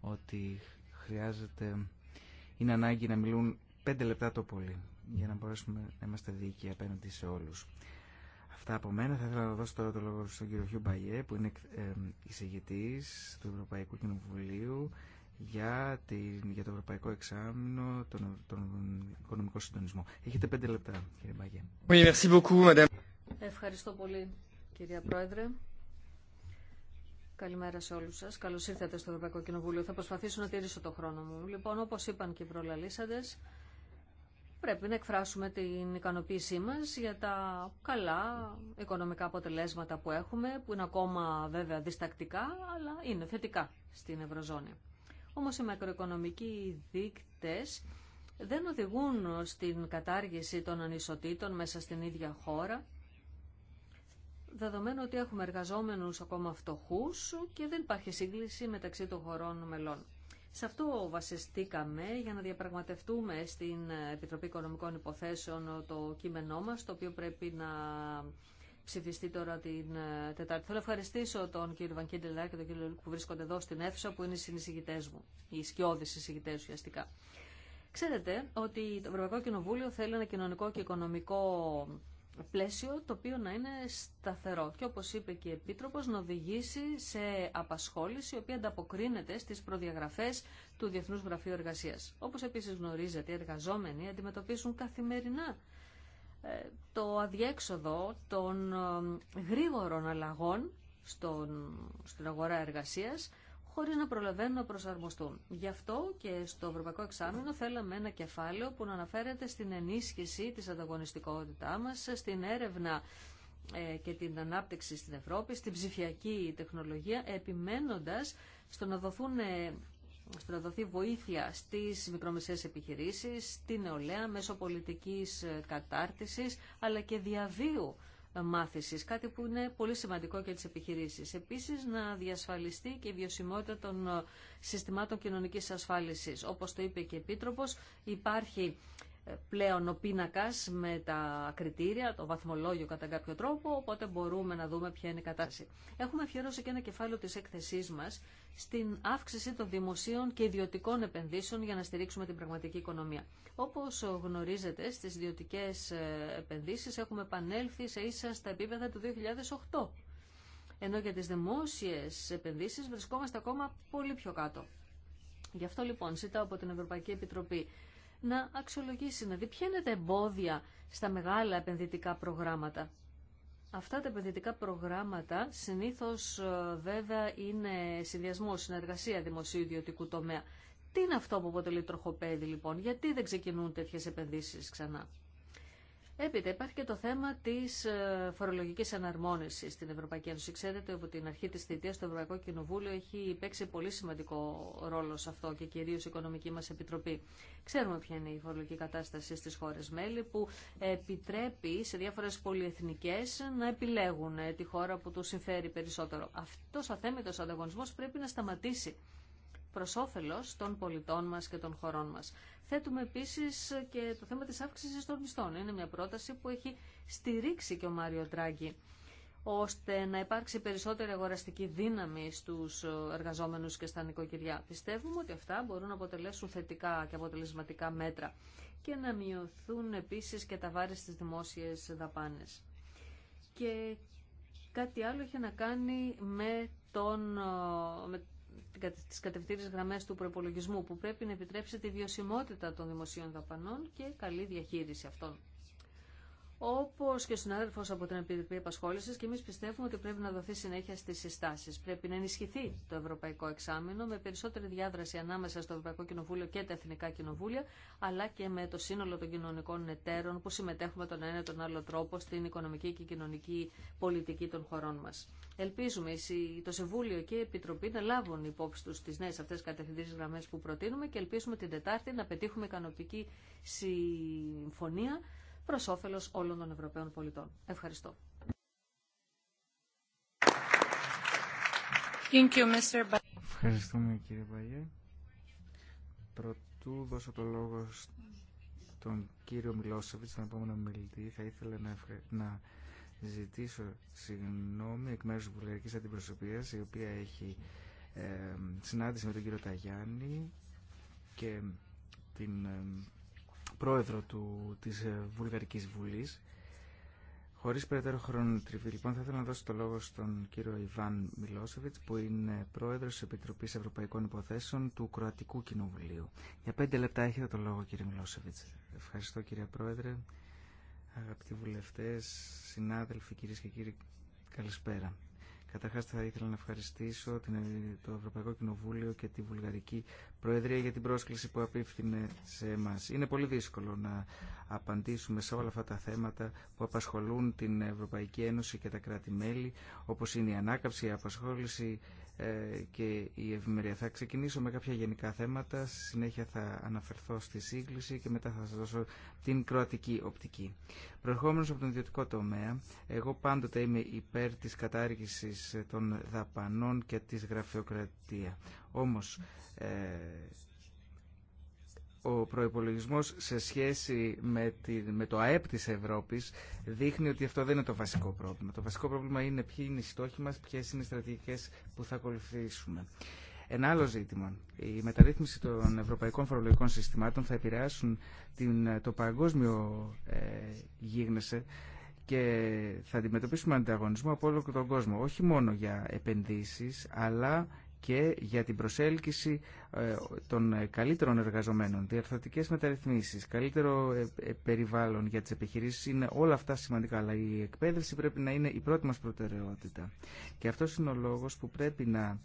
ότι χρειάζεται, είναι ανάγκη να μιλούν πέντε λεπτά το πολύ για να μπορέσουμε να είμαστε δίκαιοι απέναντι σε όλους. Αυτά από μένα. Θα ήθελα να δώσω τώρα το λόγο στον κύριο Χιου Μπαγιέ, που είναι εισηγητής του Ευρωπαϊκού Κοινοβουλίου για, την, για το Ευρωπαϊκό Εξάμεινο, τον, τον οικονομικό συντονισμό. Έχετε πέντε λεπτά, κύριε Μπαγιέ. Ευχαριστώ πολύ, κυρία Πρόεδρε. Καλημέρα σε όλους σας. Καλώς ήρθατε στο Ευρωπαϊκό Κοινοβούλιο. Θα προσπαθήσω να τηρήσω το χρόνο μου. Λοιπόν, όπως είπαν και οι προλαλήσαντες, πρέπει να εκφράσουμε την ικανοποίησή μας για τα καλά οικονομικά αποτελέσματα που έχουμε, που είναι ακόμα βέβαια διστακτικά, αλλά είναι θετικά στην Ευρωζώνη. Όμως οι μακροοικονομικοί δείκτες δεν οδηγούν στην κατάργηση των ανισοτήτων μέσα στην ίδια χώρα, δεδομένου ότι έχουμε εργαζόμενους ακόμα φτωχού και δεν υπάρχει σύγκληση μεταξύ των χωρών μελών. Σε αυτό βασιστήκαμε για να διαπραγματευτούμε στην Επιτροπή Οικονομικών Υποθέσεων το κείμενό μας, το οποίο πρέπει να ψηφιστεί τώρα την ε, Τετάρτη. Θέλω να ευχαριστήσω τον κύριο Βανκίντελάρ και τον κύριο Λουλίκ που βρίσκονται εδώ στην αίθουσα, που είναι οι συνεισηγητέ μου, οι σκιώδει συνεισηγητέ ουσιαστικά. Ξέρετε ότι το Ευρωπαϊκό Κοινοβούλιο θέλει ένα κοινωνικό και οικονομικό πλαίσιο το οποίο να είναι σταθερό και όπως είπε και η Επίτροπος να οδηγήσει σε απασχόληση η οποία ανταποκρίνεται στις προδιαγραφές του Διεθνούς Γραφείου Εργασίας. Όπως επίσης γνωρίζετε οι εργαζόμενοι αντιμετωπίζουν καθημερινά ε, το αδιέξοδο των ε, γρήγορων αλλαγών στον, στην αγορά εργασίας χωρίς να προλαβαίνουν να προσαρμοστούν. Γι' αυτό και στο Ευρωπαϊκό Εξάμεινο θέλαμε ένα κεφάλαιο που να αναφέρεται στην ενίσχυση της ανταγωνιστικότητά μας, στην έρευνα ε, και την ανάπτυξη στην Ευρώπη, στην ψηφιακή τεχνολογία, επιμένοντας στο να, δοθούν, ε, στο να δοθεί βοήθεια στις μικρομεσαίες επιχειρήσεις, στην νεολαία, μέσω πολιτικής ε, κατάρτισης, αλλά και διαβίου μάθησης, κάτι που είναι πολύ σημαντικό για τις επιχειρήσεις. Επίσης, να διασφαλιστεί και η βιωσιμότητα των ε, συστημάτων κοινωνικής ασφάλισης. Όπως το είπε και η Επίτροπος, υπάρχει πλέον ο πίνακα με τα κριτήρια, το βαθμολόγιο κατά κάποιο τρόπο, οπότε μπορούμε να δούμε ποια είναι η κατάσταση. Έχουμε αφιερώσει και ένα κεφάλαιο τη έκθεσής μα στην αύξηση των δημοσίων και ιδιωτικών επενδύσεων για να στηρίξουμε την πραγματική οικονομία. Όπω γνωρίζετε, στι ιδιωτικέ ε, επενδύσει έχουμε επανέλθει σε ίσα στα επίπεδα του 2008 ενώ για τις δημόσιες επενδύσεις βρισκόμαστε ακόμα πολύ πιο κάτω. Γι' αυτό λοιπόν ζητάω από την Ευρωπαϊκή Επιτροπή να αξιολογήσει, να δει ποια είναι τα εμπόδια στα μεγάλα επενδυτικά προγράμματα. Αυτά τα επενδυτικά προγράμματα συνήθως ε, βέβαια είναι συνδυασμό, συνεργασία δημοσίου ιδιωτικού τομέα. Τι είναι αυτό που αποτελεί τροχοπέδι λοιπόν, γιατί δεν ξεκινούν τέτοιες επενδύσεις ξανά. Έπειτα υπάρχει και το θέμα της ε, φορολογικής αναρμόνισης στην Ευρωπαϊκή Ένωση. Ξέρετε από την αρχή της θητείας το Ευρωπαϊκό Κοινοβούλιο έχει παίξει πολύ σημαντικό ρόλο σε αυτό και κυρίως η Οικονομική μας Επιτροπή. Ξέρουμε ποια είναι η φορολογική κατάσταση στις χώρες μέλη που επιτρέπει σε διάφορες πολυεθνικές να επιλέγουν ε, τη χώρα που τους συμφέρει περισσότερο. Αυτός ο αθέμητος ανταγωνισμός πρέπει να σταματήσει προς όφελος των πολιτών μας και των χωρών μας. Θέτουμε επίση και το θέμα της αύξηση των μισθών. Είναι μια πρόταση που έχει στηρίξει και ο Μάριο Τράγκη ώστε να υπάρξει περισσότερη αγοραστική δύναμη στους εργαζόμενους και στα νοικοκυριά. Πιστεύουμε ότι αυτά μπορούν να αποτελέσουν θετικά και αποτελεσματικά μέτρα και να μειωθούν επίσης και τα βάρη στις δημόσιες δαπάνες. Και κάτι άλλο είχε να κάνει με, τον, με τι κατευθύνσεις γραμμέ του προπολογισμού που πρέπει να επιτρέψει τη βιωσιμότητα των δημοσίων δαπανών και καλή διαχείριση αυτών. Όπω και ο συνάδελφο από την Επιτροπή Επασχόληση, και εμεί πιστεύουμε ότι πρέπει να δοθεί συνέχεια στι συστάσει. Πρέπει να ενισχυθεί το Ευρωπαϊκό Εξάμεινο με περισσότερη διάδραση ανάμεσα στο Ευρωπαϊκό Κοινοβούλιο και τα Εθνικά Κοινοβούλια, αλλά και με το σύνολο των κοινωνικών εταίρων που συμμετέχουμε τον ένα ή τον άλλο τρόπο στην οικονομική και κοινωνική πολιτική των χωρών μα. Ελπίζουμε το Σεβούλιο και η Επιτροπή να λάβουν υπόψη του τι νέε αυτέ κατευθυντήριε γραμμέ που προτείνουμε και ελπίζουμε την Τετάρτη να πετύχουμε ικανοποιητική συμφωνία Προ όφελο όλων των Ευρωπαίων πολιτών. Ευχαριστώ. Ευχαριστούμε κύριε Μπαγιέ. Πρωτού δώσω το λόγο στον κύριο Μιλόσεβιτς, τον επόμενο μιλητή. Θα ήθελα να, ευχα... ζητήσω συγγνώμη εκ μέρους τη Βουλευτικής Αντιπροσωπείας, η οποία έχει ε, συνάντηση με τον κύριο Ταγιάννη και την ε, πρόεδρο του, της ε, Βουλγαρικής Βουλής. Χωρίς περαιτέρω χρόνο τριβή, λοιπόν, θα ήθελα να δώσω το λόγο στον κύριο Ιβάν Μιλόσεβιτς, που είναι πρόεδρος της Επιτροπής Ευρωπαϊκών Υποθέσεων του Κροατικού Κοινοβουλίου. Για πέντε λεπτά έχετε το λόγο, κύριε Μιλόσεβιτς. Ευχαριστώ, κύριε Πρόεδρε, αγαπητοί βουλευτές, συνάδελφοι, κυρίε και κύριοι, καλησπέρα. Καταρχάς θα ήθελα να ευχαριστήσω το Ευρωπαϊκό Κοινοβούλιο και τη Βουλγαρική Προεδρία για την πρόσκληση που απίφθηνε σε εμάς. Είναι πολύ δύσκολο να απαντήσουμε σε όλα αυτά τα θέματα που απασχολούν την Ευρωπαϊκή Ένωση και τα κράτη-μέλη, όπως είναι η ανάκαψη, η απασχόληση ε, και η ευημερία. Θα ξεκινήσω με κάποια γενικά θέματα, συνέχεια θα αναφερθώ στη σύγκληση και μετά θα σας δώσω την κροατική οπτική. Προερχόμενος από τον ιδιωτικό τομέα, εγώ πάντοτε είμαι υπέρ της κατάργησης των δαπανών και της γραφειοκρατία. Όμως, ε, ο προϋπολογισμός σε σχέση με, με το ΑΕΠ της Ευρώπης δείχνει ότι αυτό δεν είναι το βασικό πρόβλημα. Το βασικό πρόβλημα είναι ποιοι είναι οι στόχοι μας, ποιες είναι οι στρατηγικές που θα ακολουθήσουμε. Ένα άλλο ζήτημα. Η μεταρρύθμιση των ευρωπαϊκών φορολογικών συστημάτων θα επηρεάσουν την, το παγκόσμιο ε, και θα αντιμετωπίσουμε ανταγωνισμό από όλο τον κόσμο. Όχι μόνο για επενδύσεις, αλλά και για την προσέλκυση ε, των ε, καλύτερων εργαζομένων, διαρθρωτικές μεταρρυθμίσεις, καλύτερο ε, περιβάλλον για τις επιχειρήσεις είναι όλα αυτά σημαντικά, αλλά η εκπαίδευση πρέπει να είναι η πρώτη μας προτεραιότητα. Και αυτό είναι ο λόγος που πρέπει να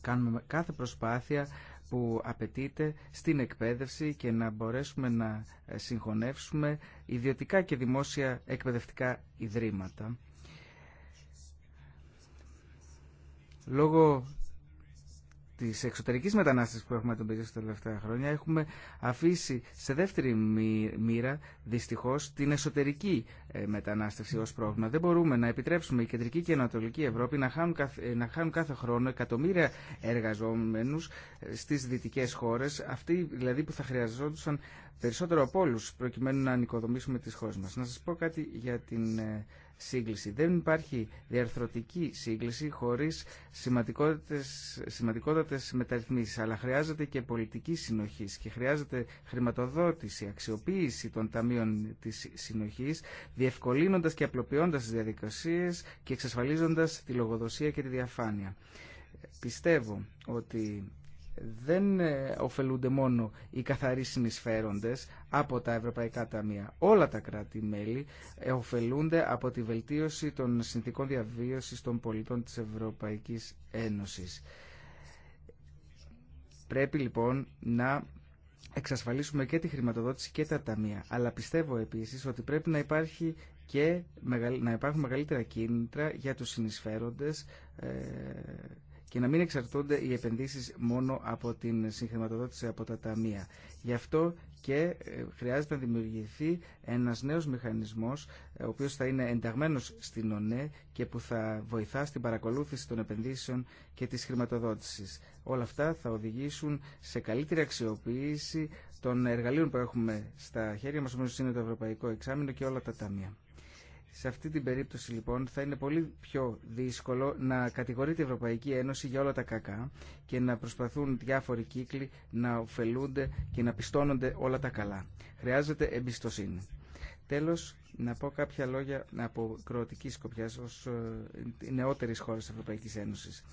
κάνουμε κάθε προσπάθεια που απαιτείται στην εκπαίδευση και να μπορέσουμε να συγχωνεύσουμε ιδιωτικά και δημόσια εκπαιδευτικά ιδρύματα. Λόγω Τη εξωτερική μετανάστευση που έχουμε αντιμετωπίσει τα τελευταία χρόνια έχουμε αφήσει σε δεύτερη μοίρα δυστυχώ, την εσωτερική ε, μετανάστευση ω πρόβλημα. Δεν μπορούμε να επιτρέψουμε η Κεντρική και η Ανατολική Ευρώπη να χάνουν, ε, κάθε, να χρόνο εκατομμύρια εργαζόμενους ε, στι δυτικέ χώρε, αυτοί δηλαδή που θα χρειαζόντουσαν περισσότερο από όλου προκειμένου να ανοικοδομήσουμε τι χώρε μα. Να σα πω κάτι για την σύγκληση. Δεν υπάρχει διαρθρωτική σύγκληση χωρίς σημαντικότατες, σημαντικότατες μεταρρυθμίσεις, αλλά χρειάζεται και πολιτική συνοχή και χρειάζεται χρηματοδότηση, αξιοποίηση των ταμείων της συνοχής, διευκολύνοντας και απλοποιώντας τις διαδικασίες και εξασφαλίζοντας τη λογοδοσία και τη διαφάνεια. Πιστεύω ότι δεν ε, ωφελούνται μόνο οι καθαροί συνεισφέροντες από τα Ευρωπαϊκά Ταμεία. Όλα τα κράτη-μέλη ε, ωφελούνται από τη βελτίωση των συνθήκων διαβίωσης των πολιτών της Ευρωπαϊκής Ένωσης. Πρέπει λοιπόν να εξασφαλίσουμε και τη χρηματοδότηση και τα ταμεία. Αλλά πιστεύω επίσης ότι πρέπει να υπάρχει και να υπάρχουν μεγαλύτερα κίνητρα για τους συνεισφέροντες ε, και να μην εξαρτούνται οι επενδύσεις μόνο από την συγχρηματοδότηση από τα ταμεία. Γι' αυτό και ε, χρειάζεται να δημιουργηθεί ένας νέος μηχανισμός ε, ο οποίος θα είναι ενταγμένος στην ΟΝΕ και που θα βοηθά στην παρακολούθηση των επενδύσεων και της χρηματοδότησης. Όλα αυτά θα οδηγήσουν σε καλύτερη αξιοποίηση των εργαλείων που έχουμε στα χέρια μας, όπως είναι το Ευρωπαϊκό Εξάμεινο και όλα τα ταμεία. Σε αυτή την περίπτωση λοιπόν θα είναι πολύ πιο δύσκολο να κατηγορείται η Ευρωπαϊκή Ένωση για όλα τα κακά και να προσπαθούν διάφοροι κύκλοι να ωφελούνται και να πιστώνονται όλα τα καλά. Χρειάζεται εμπιστοσύνη. Τέλος, να πω κάποια λόγια από κροατική σκοπιά ως ε, νεότερης χώρας της Ευρωπαϊκής Ένωσης.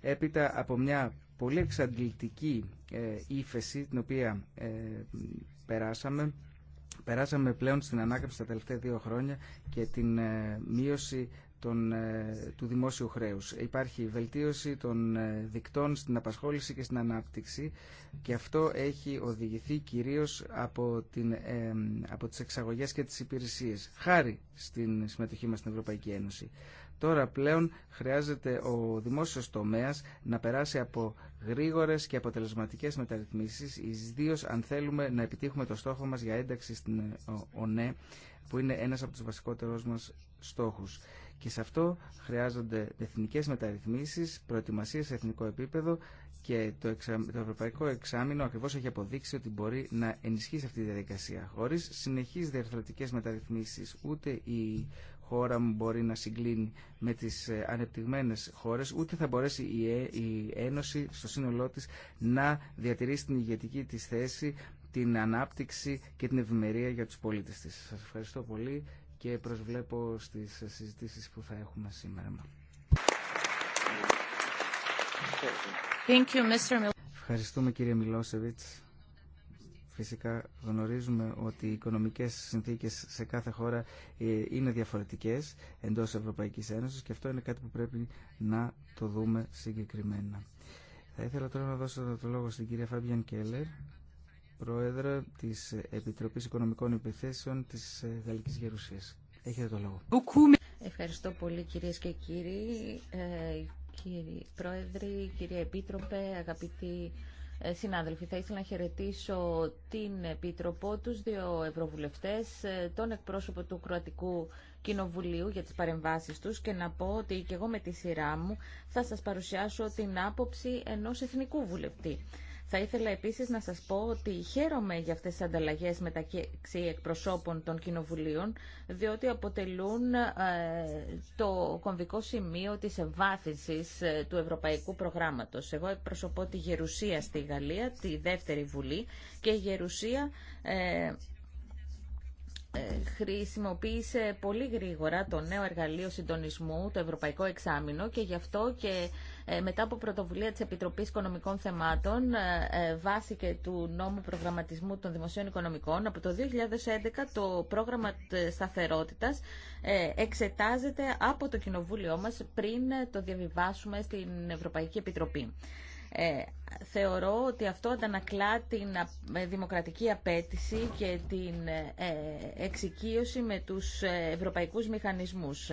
Έπειτα από μια πολύ εξαντλητική ε, ύφεση την οποία ε, περάσαμε, Περάσαμε πλέον στην ανάκαμψη τα τελευταία δύο χρόνια και την ε, μείωση των, ε, του δημόσιου χρέους. Υπάρχει βελτίωση των ε, δικτών στην απασχόληση και στην ανάπτυξη και αυτό έχει οδηγηθεί κυρίως από, την, από τις εξαγωγές και τις υπηρεσίες, χάρη στην συμμετοχή μας στην Ευρωπαϊκή Ένωση. Τώρα πλέον χρειάζεται ο δημόσιος τομέας να περάσει από γρήγορες και αποτελεσματικές μεταρρυθμίσεις, ιδίω αν θέλουμε να επιτύχουμε το στόχο μας για ένταξη στην ΟΝΕ, που είναι ένας από τους βασικότερους μας στόχους. Και σε αυτό χρειάζονται εθνικές μεταρρυθμίσεις, προετοιμασία σε εθνικό επίπεδο και το, το Ευρωπαϊκό Εξάμεινο ακριβώς έχει αποδείξει ότι μπορεί να ενισχύσει αυτή τη διαδικασία. Χωρίς συνεχείς διαρθρωτικές μεταρρυθμίσεις, ούτε η χώρα μου μπορεί να συγκλίνει με τις ε, ανεπτυγμένες χώρες, ούτε θα μπορέσει ε, η Ένωση στο σύνολό της να διατηρήσει την ηγετική της θέση, την ανάπτυξη και την ευημερία για τους πολίτες της. Σας ευχαριστώ πολύ και προσβλέπω στις συζητήσεις που θα έχουμε σήμερα. Thank you, Mr. Ευχαριστούμε κύριε Μιλόσεβιτς. Φυσικά γνωρίζουμε ότι οι οικονομικές συνθήκες σε κάθε χώρα ε, είναι διαφορετικές εντός Ευρωπαϊκής Ένωσης και αυτό είναι κάτι που πρέπει να το δούμε συγκεκριμένα. Θα ήθελα τώρα να δώσω το λόγο στην κυρία Φάμπιαν Κέλλερ, Πρόεδρο της Επιτροπής Οικονομικών Υπηθέσεων της ε, Γαλλικής Γερουσίας. Έχετε το λόγο. Ευχαριστώ πολύ κυρίες και κύριοι, ε, κύριοι Πρόεδροι, κύριε Επίτροπε, αγαπητοί ε, συνάδελφοι. Θα ήθελα να χαιρετήσω την Επίτροπο, τους δύο Ευρωβουλευτές, ε, τον εκπρόσωπο του Κροατικού Κοινοβουλίου για τις παρεμβάσεις τους και να πω ότι και εγώ με τη σειρά μου θα σας παρουσιάσω την άποψη ενός εθνικού βουλευτή. Θα ήθελα επίσης να σας πω ότι χαίρομαι για αυτές τις ανταλλαγές μεταξύ εκπροσώπων των κοινοβουλίων, διότι αποτελούν ε, το κομβικό σημείο της ευάθυνσης ε, του Ευρωπαϊκού Προγράμματος. Εγώ εκπροσωπώ τη Γερουσία στη Γαλλία, τη δεύτερη βουλή, και η Γερουσία... Ε, ε χρησιμοποίησε πολύ γρήγορα το νέο εργαλείο συντονισμού, το Ευρωπαϊκό Εξάμεινο και γι' αυτό και ε, μετά από πρωτοβουλία της Επιτροπής Οικονομικών Θεμάτων ε, ε, βάσει και του νόμου προγραμματισμού των δημοσίων οικονομικών από το 2011 το πρόγραμμα σταθερότητας εξετάζεται από το Κοινοβούλιο μας πριν το διαβιβάσουμε στην Ευρωπαϊκή Επιτροπή. θεωρώ ότι αυτό αντανακλά την δημοκρατική απέτηση και την εξοικείωση με τους ευρωπαϊκούς μηχανισμούς.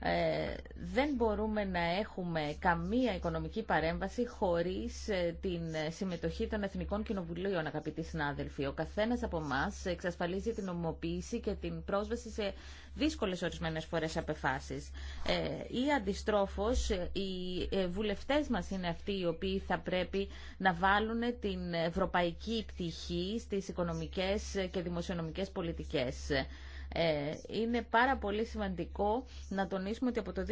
Ε, δεν μπορούμε να έχουμε καμία οικονομική παρέμβαση χωρίς ε, την συμμετοχή των Εθνικών Κοινοβουλίων, αγαπητοί συνάδελφοι. Ο καθένας από εμά εξασφαλίζει την ομοποίηση και την πρόσβαση σε δύσκολες ορισμένες φορές απεφάσεις. Ε, ή αντιστρόφως, οι βουλευτές μας είναι αυτοί οι οποίοι θα πρέπει να βάλουν την ευρωπαϊκή πτυχή στις οικονομικές και δημοσιονομικές πολιτικές. Ε, είναι πάρα πολύ σημαντικό να τονίσουμε ότι από το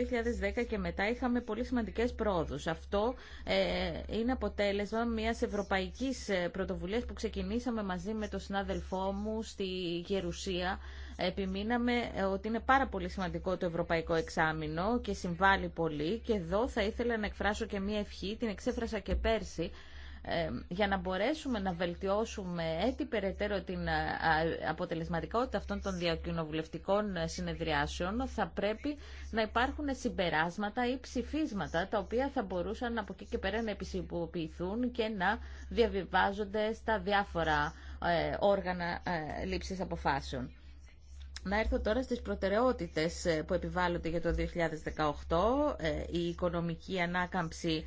2010 και μετά είχαμε πολύ σημαντικές πρόοδους. Αυτό ε, είναι αποτέλεσμα μιας ευρωπαϊκής ε, πρωτοβουλίας που ξεκινήσαμε μαζί με τον συνάδελφό μου στη Γερουσία επιμείναμε ότι είναι πάρα πολύ σημαντικό το ευρωπαϊκό εξάμεινο και συμβάλλει πολύ και εδώ θα ήθελα να εκφράσω και μία ευχή, την εξέφρασα και πέρσι για να μπορέσουμε να βελτιώσουμε έτσι περαιτέρω την ε, αποτελεσματικότητα αυτών των διακοινοβουλευτικών ε, συνεδριάσεων θα πρέπει να υπάρχουν συμπεράσματα ή ψηφίσματα τα οποία θα μπορούσαν από εκεί και πέρα να επισυμποποιηθούν και να διαβιβάζονται στα διάφορα ε, όργανα λήψης αποφάσεων. Να έρθω τώρα στις προτεραιότητες που επιβάλλονται για το 2018. Η οικονομική ανάκαμψη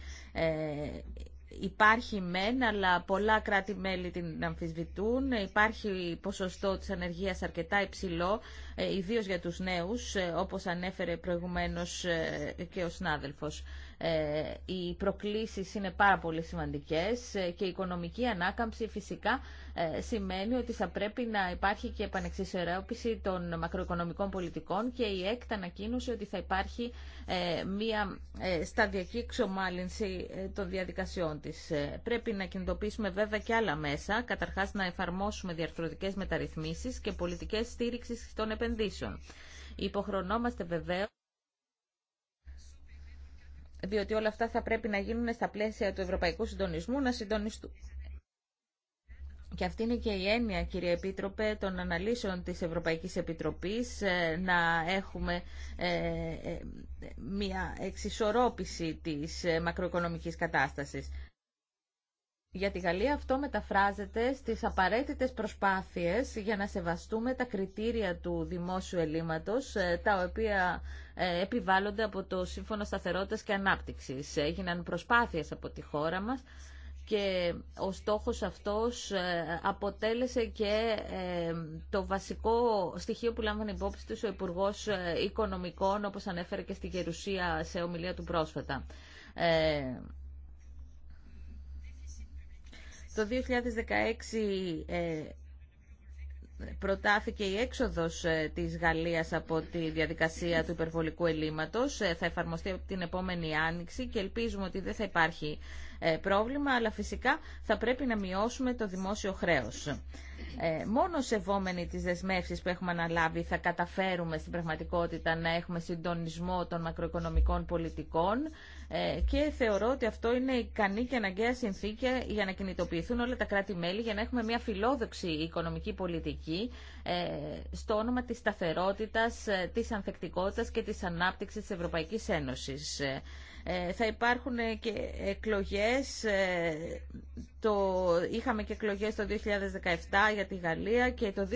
υπάρχει μεν, αλλά πολλά κράτη-μέλη την αμφισβητούν. Υπάρχει ποσοστό της ανεργίας αρκετά υψηλό, ε, ιδίως για τους νέους, ε, όπως ανέφερε προηγουμένως ε, και ο συνάδελφος. Οι προκλήσεις είναι πάρα πολύ σημαντικές και η οικονομική ανάκαμψη φυσικά ε, σημαίνει ότι θα πρέπει να υπάρχει και επανεξισορρόπηση των μακροοικονομικών πολιτικών και η ΕΚΤ ανακοίνωσε ότι θα υπάρχει ε, μία ε, σταδιακή εξομάλυνση των διαδικασιών της. Πρέπει να κινητοποιήσουμε βέβαια και άλλα μέσα, καταρχάς να εφαρμόσουμε διαρθρωτικές μεταρρυθμίσεις και πολιτικές στήριξης των επενδύσεων. Υποχρονόμαστε βεβαίως διότι όλα αυτά θα πρέπει να γίνουν στα πλαίσια του ευρωπαϊκού συντονισμού, να συντονιστούν και αυτή είναι και η έννοια, κύριε Επίτροπε, των αναλύσεων της Ευρωπαϊκής Επιτροπής, ε, να έχουμε ε, ε, μια εξισορρόπηση της μακροοικονομικής κατάστασης. Για τη Γαλλία αυτό μεταφράζεται στις απαραίτητες προσπάθειες για να σεβαστούμε τα κριτήρια του δημόσιου ελλείμματος, τα οποία επιβάλλονται από το Σύμφωνο Σταθερότητας και Ανάπτυξης. Έγιναν προσπάθειες από τη χώρα μας και ο στόχος αυτός ε, αποτέλεσε και ε, το βασικό στοιχείο που λάμβανε υπόψη του ο υπουργό ε, Οικονομικών, όπως ανέφερε και στη Γερουσία σε ομιλία του πρόσφατα. Το 2016 προτάθηκε η έξοδος της Γαλλίας από τη διαδικασία του υπερβολικού ελλείμματος. Θα εφαρμοστεί την επόμενη άνοιξη και ελπίζουμε ότι δεν θα υπάρχει ε, πρόβλημα, αλλά φυσικά θα πρέπει να μειώσουμε το δημόσιο χρέος. Ε, μόνο σεβόμενοι τις δεσμεύσεις που έχουμε αναλάβει θα καταφέρουμε στην πραγματικότητα να έχουμε συντονισμό των μακροοικονομικών πολιτικών ε, και θεωρώ ότι αυτό είναι ικανή και αναγκαία συνθήκη για να κινητοποιηθούν όλα τα κράτη-μέλη για να έχουμε μια φιλόδοξη οικονομική πολιτική στο όνομα της σταθερότητας, της ανθεκτικότητας και της ανάπτυξης της Ευρωπαϊκής Ένωσης. Ε, θα υπάρχουν ε, και εκλογές, ε, το, είχαμε και εκλογές το 2017 για τη Γαλλία και το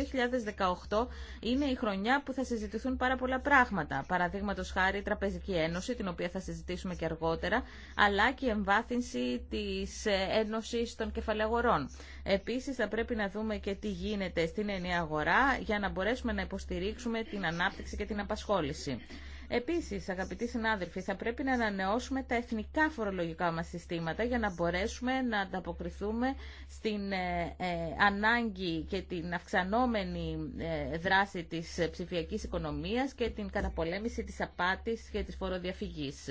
2018 είναι η χρονιά που θα συζητηθούν πάρα πολλά πράγματα. Παραδείγματος χάρη η Τραπεζική Ένωση, την οποία θα συζητήσουμε και αργότερα, αλλά και η εμβάθυνση της Ένωσης των Κεφαλαγορών. Επίσης θα πρέπει να δούμε και τι γίνεται στην ενιαία αγορά για να μπορέσουμε να υποστηρίξουμε την ανάπτυξη και την απασχόληση. Επίσης, αγαπητοί συνάδελφοι, θα πρέπει να ανανεώσουμε τα εθνικά φορολογικά μας συστήματα για να μπορέσουμε να ανταποκριθούμε στην ε, ε, ανάγκη και την αυξανόμενη ε, δράση της ψηφιακής οικονομίας και την καταπολέμηση της απάτης και της φοροδιαφυγής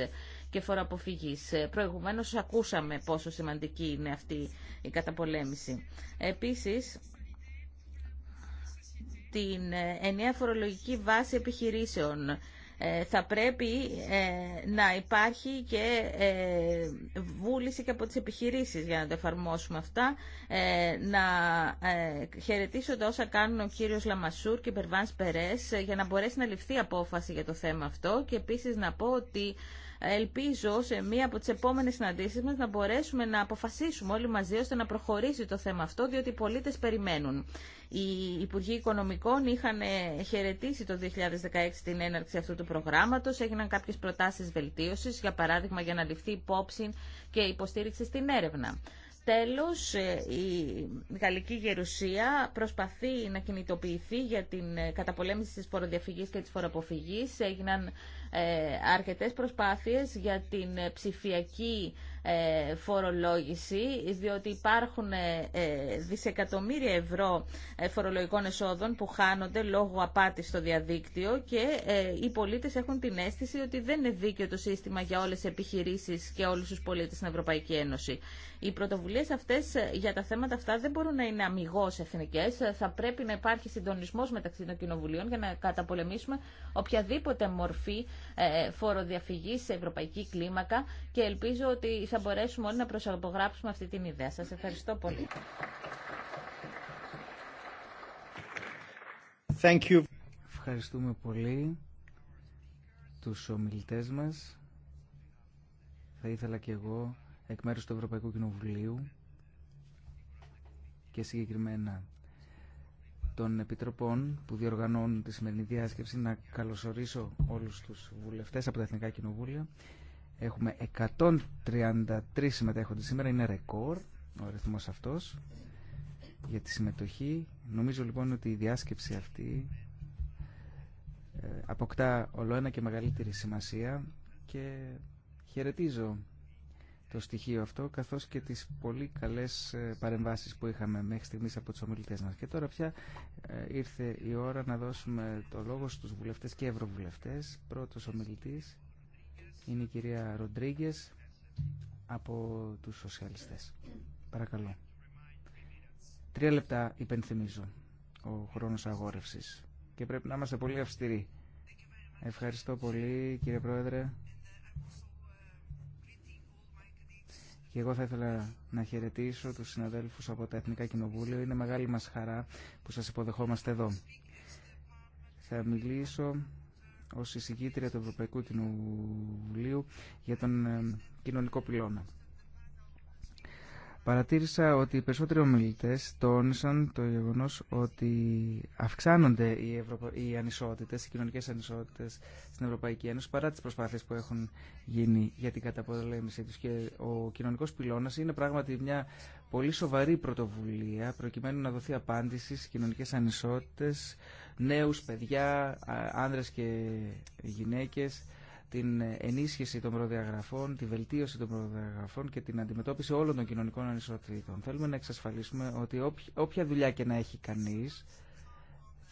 και φοροαποφυγής. Προηγουμένως ακούσαμε πόσο σημαντική είναι αυτή η καταπολέμηση. Επίση, την ενιαία φορολογική βάση επιχειρήσεων ε, θα πρέπει ε, να υπάρχει και ε, βούληση και από τις επιχειρήσεις για να το εφαρμόσουμε αυτά. Να χαιρετήσω τα όσα κάνουν ο κύριος Λαμασούρ και η Περβάνς Περές για να μπορέσει να ληφθεί απόφαση για το θέμα αυτό και επίσης να πω ότι ελπίζω σε μία από τι επόμενε συναντήσει μα να μπορέσουμε να αποφασίσουμε όλοι μαζί ώστε να προχωρήσει το θέμα αυτό, διότι οι πολίτες περιμένουν. Οι Υπουργοί Οικονομικών είχαν ε, χαιρετήσει το 2016 την έναρξη αυτού του προγράμματο. έγιναν κάποιε προτάσει βελτίωση, για παράδειγμα για να ληφθεί υπόψη και υποστήριξη στην έρευνα. Τέλος, ε, η Γαλλική Γερουσία προσπαθεί να κινητοποιηθεί για την ε, καταπολέμηση της φοροδιαφυγής και τη φοροαποφυγή. Ε, αρκετές προσπάθειες για την ψηφιακή ε, φορολόγηση, διότι υπάρχουν ε, ε, δισεκατομμύρια ευρώ φορολογικών εσόδων που χάνονται λόγω απάτης στο διαδίκτυο και οι πολίτες έχουν την αίσθηση ότι δεν είναι δίκαιο το σύστημα για όλες τις επιχειρήσεις και όλους τους πολίτες στην Ευρωπαϊκή Ένωση. Οι πρωτοβουλίες αυτές για τα θέματα αυτά δεν μπορούν να είναι αμυγός εθνικές. Θα πρέπει να υπάρχει συντονισμός μεταξύ των κοινοβουλίων για να καταπολεμήσουμε οποιαδήποτε μορφή φοροδιαφυγής σε ευρωπαϊκή κλίμακα και ελπίζω ότι θα μπορέσουμε όλοι να προσαρμογράψουμε αυτή την ιδέα. Σας ευχαριστώ πολύ. Thank you. Ευχαριστούμε πολύ τους ομιλητές μας. Θα ήθελα και εγώ εκ μέρους του Ευρωπαϊκού Κοινοβουλίου και συγκεκριμένα των Επιτροπών που διοργανώνουν τη σημερινή διάσκεψη να καλωσορίσω όλους τους βουλευτές από τα Εθνικά Κοινοβούλια Έχουμε 133 συμμετέχοντες σήμερα, είναι ρεκόρ ο αριθμό αυτός για τη συμμετοχή. Νομίζω λοιπόν ότι η διάσκεψη αυτή ε, αποκτά ολοένα και μεγαλύτερη σημασία και χαιρετίζω το στοιχείο αυτό καθώς και τις πολύ καλές ε, παρεμβάσεις που είχαμε μέχρι στιγμής από τους ομιλητές μας. Και τώρα πια ε, ήρθε η ώρα να δώσουμε το λόγο στους βουλευτές και ευρωβουλευτές. Πρώτος ομιλητής είναι η κυρία Ροντρίγκε από τους σοσιαλιστές. Παρακαλώ. Τρία λεπτά υπενθυμίζω ο χρόνος αγόρευσης και πρέπει να είμαστε πολύ αυστηροί. Ευχαριστώ πολύ κύριε Πρόεδρε. Και εγώ θα ήθελα να χαιρετήσω τους συναδέλφους από τα Εθνικά Κοινοβούλια. Είναι μεγάλη μας χαρά που σας υποδεχόμαστε εδώ. Θα μιλήσω ως εισηγήτρια του Ευρωπαϊκού Κοινοβουλίου για τον ε, κοινωνικό πυλώνα. Παρατήρησα ότι οι περισσότεροι ομιλητέ τόνισαν το γεγονό ότι αυξάνονται οι, Ευρωπα... οι ανισότητε, οι κοινωνικέ ανισότητε στην Ευρωπαϊκή Ένωση παρά τι προσπάθειε που έχουν γίνει για την καταπολέμησή του. Και ο κοινωνικό πυλώνα είναι πράγματι μια πολύ σοβαρή πρωτοβουλία προκειμένου να δοθεί απάντηση στις κοινωνικές ανισότητες, νέους παιδιά, άνδρες και γυναίκες, την ενίσχυση των προδιαγραφών, τη βελτίωση των προδιαγραφών και την αντιμετώπιση όλων των κοινωνικών ανισοτήτων. Θέλουμε να εξασφαλίσουμε ότι όποια δουλειά και να έχει κανείς,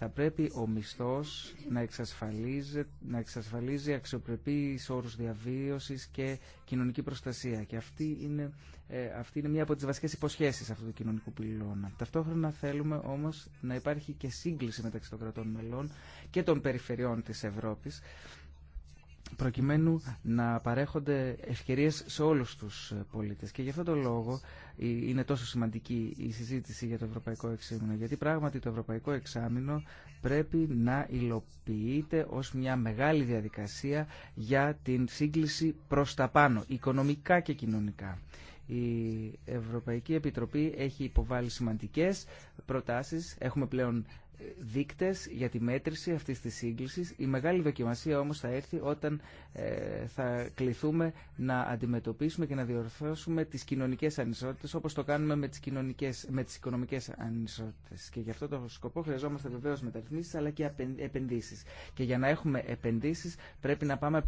θα πρέπει ο μισθός να εξασφαλίζει, να εξασφαλίζει αξιοπρεπείς όρους διαβίωσης και κοινωνική προστασία. Και αυτή είναι, ε, αυτή είναι μία από τις βασικές υποσχέσεις αυτού του κοινωνικού πυλώνα. Ταυτόχρονα θέλουμε όμως να υπάρχει και σύγκληση μεταξύ των κρατών μελών και των περιφερειών της Ευρώπης προκειμένου να παρέχονται ευκαιρίες σε όλους τους πολίτες. Και γι' αυτόν τον λόγο είναι τόσο σημαντική η συζήτηση για το Ευρωπαϊκό Εξάμεινο, γιατί πράγματι το Ευρωπαϊκό Εξάμεινο πρέπει να υλοποιείται ως μια μεγάλη διαδικασία για την σύγκληση προς τα πάνω, οικονομικά και κοινωνικά. Η Ευρωπαϊκή Επιτροπή έχει υποβάλει σημαντικές προτάσεις. Έχουμε πλέον δίκτες για τη μέτρηση αυτής της σύγκλησης. Η μεγάλη δοκιμασία όμως θα έρθει όταν ε, θα κληθούμε να αντιμετωπίσουμε και να διορθώσουμε τις κοινωνικές ανισότητες όπως το κάνουμε με τις, κοινωνικές, με τις οικονομικές ανισότητες. Και γι' αυτό το σκοπό χρειαζόμαστε βεβαίω μεταρρυθμίσεις αλλά και επενδύσεις. Και για να έχουμε επενδύσεις πρέπει να πάμε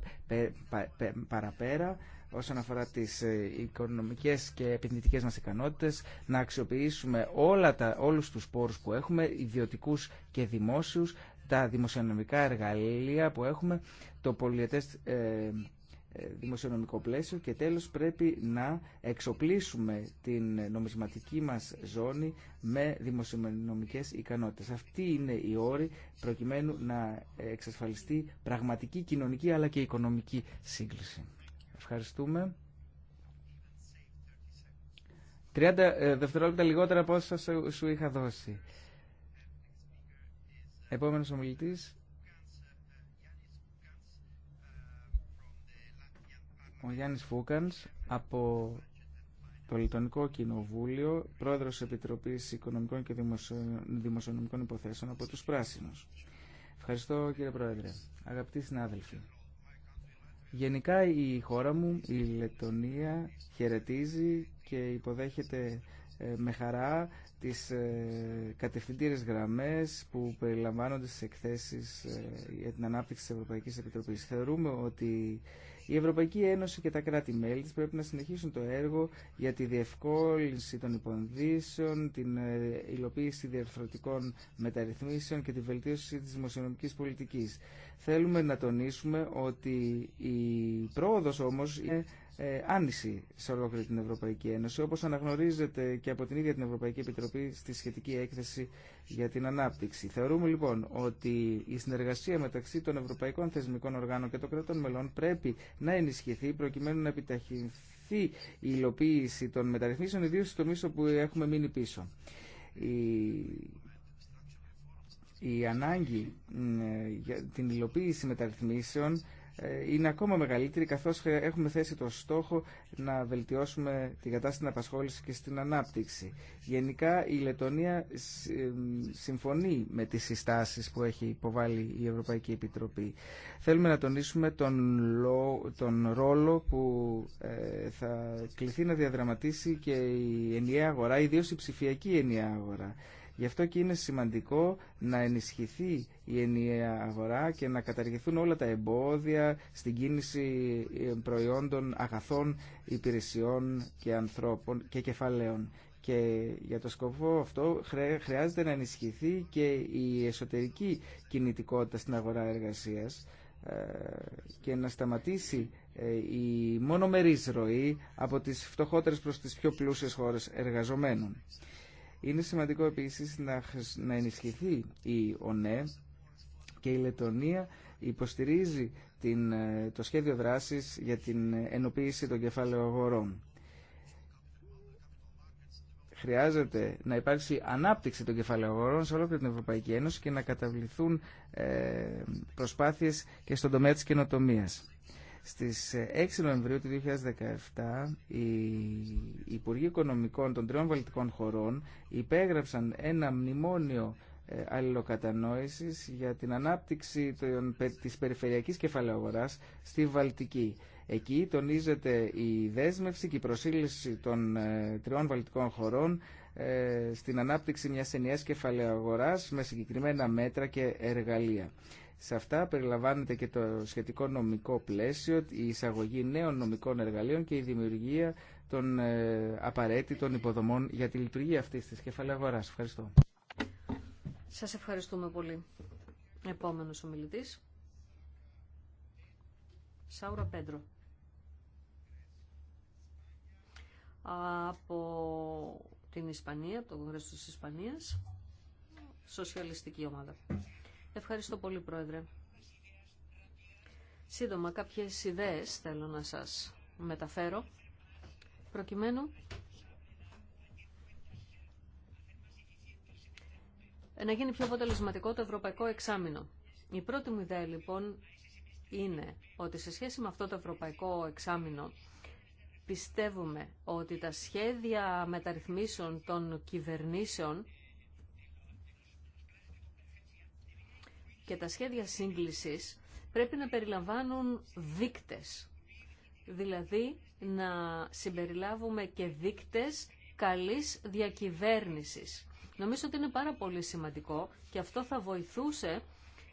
παραπέρα όσον αφορά τις ε, οικονομικές και επενδυτικέ μας ικανότητες, να αξιοποιήσουμε όλα τα, όλους τους πόρους που έχουμε, ιδιωτικούς και δημόσιου, τα δημοσιονομικά εργαλεία που έχουμε, το πολυετές ε, ε, δημοσιονομικό πλαίσιο και τέλος πρέπει να εξοπλίσουμε την νομισματική μας ζώνη με δημοσιονομικές ικανότητε Αυτή είναι η όρη προκειμένου να εξασφαλιστεί πραγματική κοινωνική αλλά και οικονομική σύγκληση. Ευχαριστούμε. 30 ε, δευτερόλεπτα λιγότερα από όσα σου είχα δώσει. Επόμενος ομιλητής. Ο Γιάννης Φούκανς από το Λιτωνικό Κοινοβούλιο, πρόεδρος Επιτροπής Οικονομικών και Δημοσιονομικών Υποθέσεων από τους Πράσινους. Ευχαριστώ κύριε Πρόεδρε. Αγαπητοί συνάδελφοι. Γενικά η χώρα μου, η Λετωνία, χαιρετίζει και υποδέχεται ε, με χαρά τις ε, κατευθυντήρες γραμμές που περιλαμβάνονται στις εκθέσεις ε, για την ανάπτυξη της Ευρωπαϊκής Επιτροπής. Θεωρούμε ότι η Ευρωπαϊκή Ένωση και τα κράτη-μέλη της πρέπει να συνεχίσουν το έργο για τη διευκόλυνση των υπονδύσεων, την ε, υλοποίηση διαρθρωτικών μεταρρυθμίσεων και τη βελτίωση της δημοσιονομικής πολιτικής. Θέλουμε να τονίσουμε ότι η πρόοδος όμως είναι ε, άνηση σε ολόκληρη την Ευρωπαϊκή Ένωση, όπως αναγνωρίζεται και από την ίδια την Ευρωπαϊκή Επιτροπή στη σχετική έκθεση για την ανάπτυξη. Θεωρούμε λοιπόν ότι η συνεργασία μεταξύ των ευρωπαϊκών θεσμικών οργάνων και των κρατών μελών πρέπει να ενισχυθεί προκειμένου να επιταχυνθεί η υλοποίηση των μεταρρυθμίσεων, ιδίω στο τομεί όπου έχουμε μείνει πίσω. Η, η ανάγκη για την υλοποίηση μεταρρυθμίσεων είναι ακόμα μεγαλύτερη καθώς έχουμε θέσει το στόχο να βελτιώσουμε την κατάσταση στην απασχόληση και στην ανάπτυξη. Γενικά η Λετωνία συμφωνεί με τις συστάσεις που έχει υποβάλει η Ευρωπαϊκή Επιτροπή. Θέλουμε να τονίσουμε τον, τον ρόλο που ε, θα κληθεί να διαδραματίσει και η ενιαία αγορά, ιδίως η ψηφιακή ενιαία αγορά. Γι' αυτό και είναι σημαντικό να ενισχυθεί η ενιαία αγορά και να καταργηθούν όλα τα εμπόδια στην κίνηση ε, προϊόντων, αγαθών, υπηρεσιών και ανθρώπων και κεφαλαίων. Και για το σκοπό αυτό χρειάζεται να ενισχυθεί και η εσωτερική κινητικότητα στην αγορά εργασίας ε, και να σταματήσει ε, η μονομερής ροή από τις φτωχότερες προς τις πιο πλούσιες χώρες εργαζομένων. Είναι σημαντικό επίσης να, να ενισχυθεί η ΟΝΕ και η Λετωνία υποστηρίζει την, το σχέδιο δράσης για την ενοποίηση των κεφάλαιων αγορών. Χρειάζεται να υπάρξει ανάπτυξη των κεφαλαίων αγορών σε και την Ευρωπαϊκή Ένωση και να καταβληθούν ε, προσπάθειες και στον τομέα της καινοτομίας. Στις 6 ε, Νοεμβρίου του 2017 οι Υπουργοί Οικονομικών των τριών βαλτικών χωρών υπέγραψαν ένα μνημόνιο ε, αλληλοκατανόησης για την ανάπτυξη της περιφερειακής κεφαλαίου στη Βαλτική. Εκεί τονίζεται η δέσμευση και η προσήλυση των ε, τριών βαλτικών χωρών στην ανάπτυξη μιας ενιαίας κεφαλαίου με συγκεκριμένα μέτρα και εργαλεία. Σε αυτά περιλαμβάνεται και το σχετικό νομικό πλαίσιο, η εισαγωγή νέων νομικών εργαλείων και η δημιουργία των ε, απαραίτητων υποδομών για τη λειτουργία αυτής της κεφαλαίου αγοράς. Ευχαριστώ. Σας ευχαριστούμε πολύ. Επόμενος ομιλητής. Σάουρα Πέντρο. Από την Ισπανία, από το Κογκρέσιο της Ισπανίας, σοσιαλιστική ομάδα. Ευχαριστώ πολύ, Πρόεδρε. Σύντομα, κάποιες ιδέες θέλω να σας μεταφέρω, προκειμένου να γίνει πιο αποτελεσματικό το ευρωπαϊκό εξάμεινο. Η πρώτη μου ιδέα, λοιπόν, είναι ότι σε σχέση με αυτό το ευρωπαϊκό εξάμεινο, πιστεύουμε ότι τα σχέδια μεταρρυθμίσεων των κυβερνήσεων και τα σχέδια σύγκλησης πρέπει να περιλαμβάνουν δίκτες. Δηλαδή να συμπεριλάβουμε και δίκτες καλής διακυβέρνησης. Νομίζω ότι είναι πάρα πολύ σημαντικό και αυτό θα βοηθούσε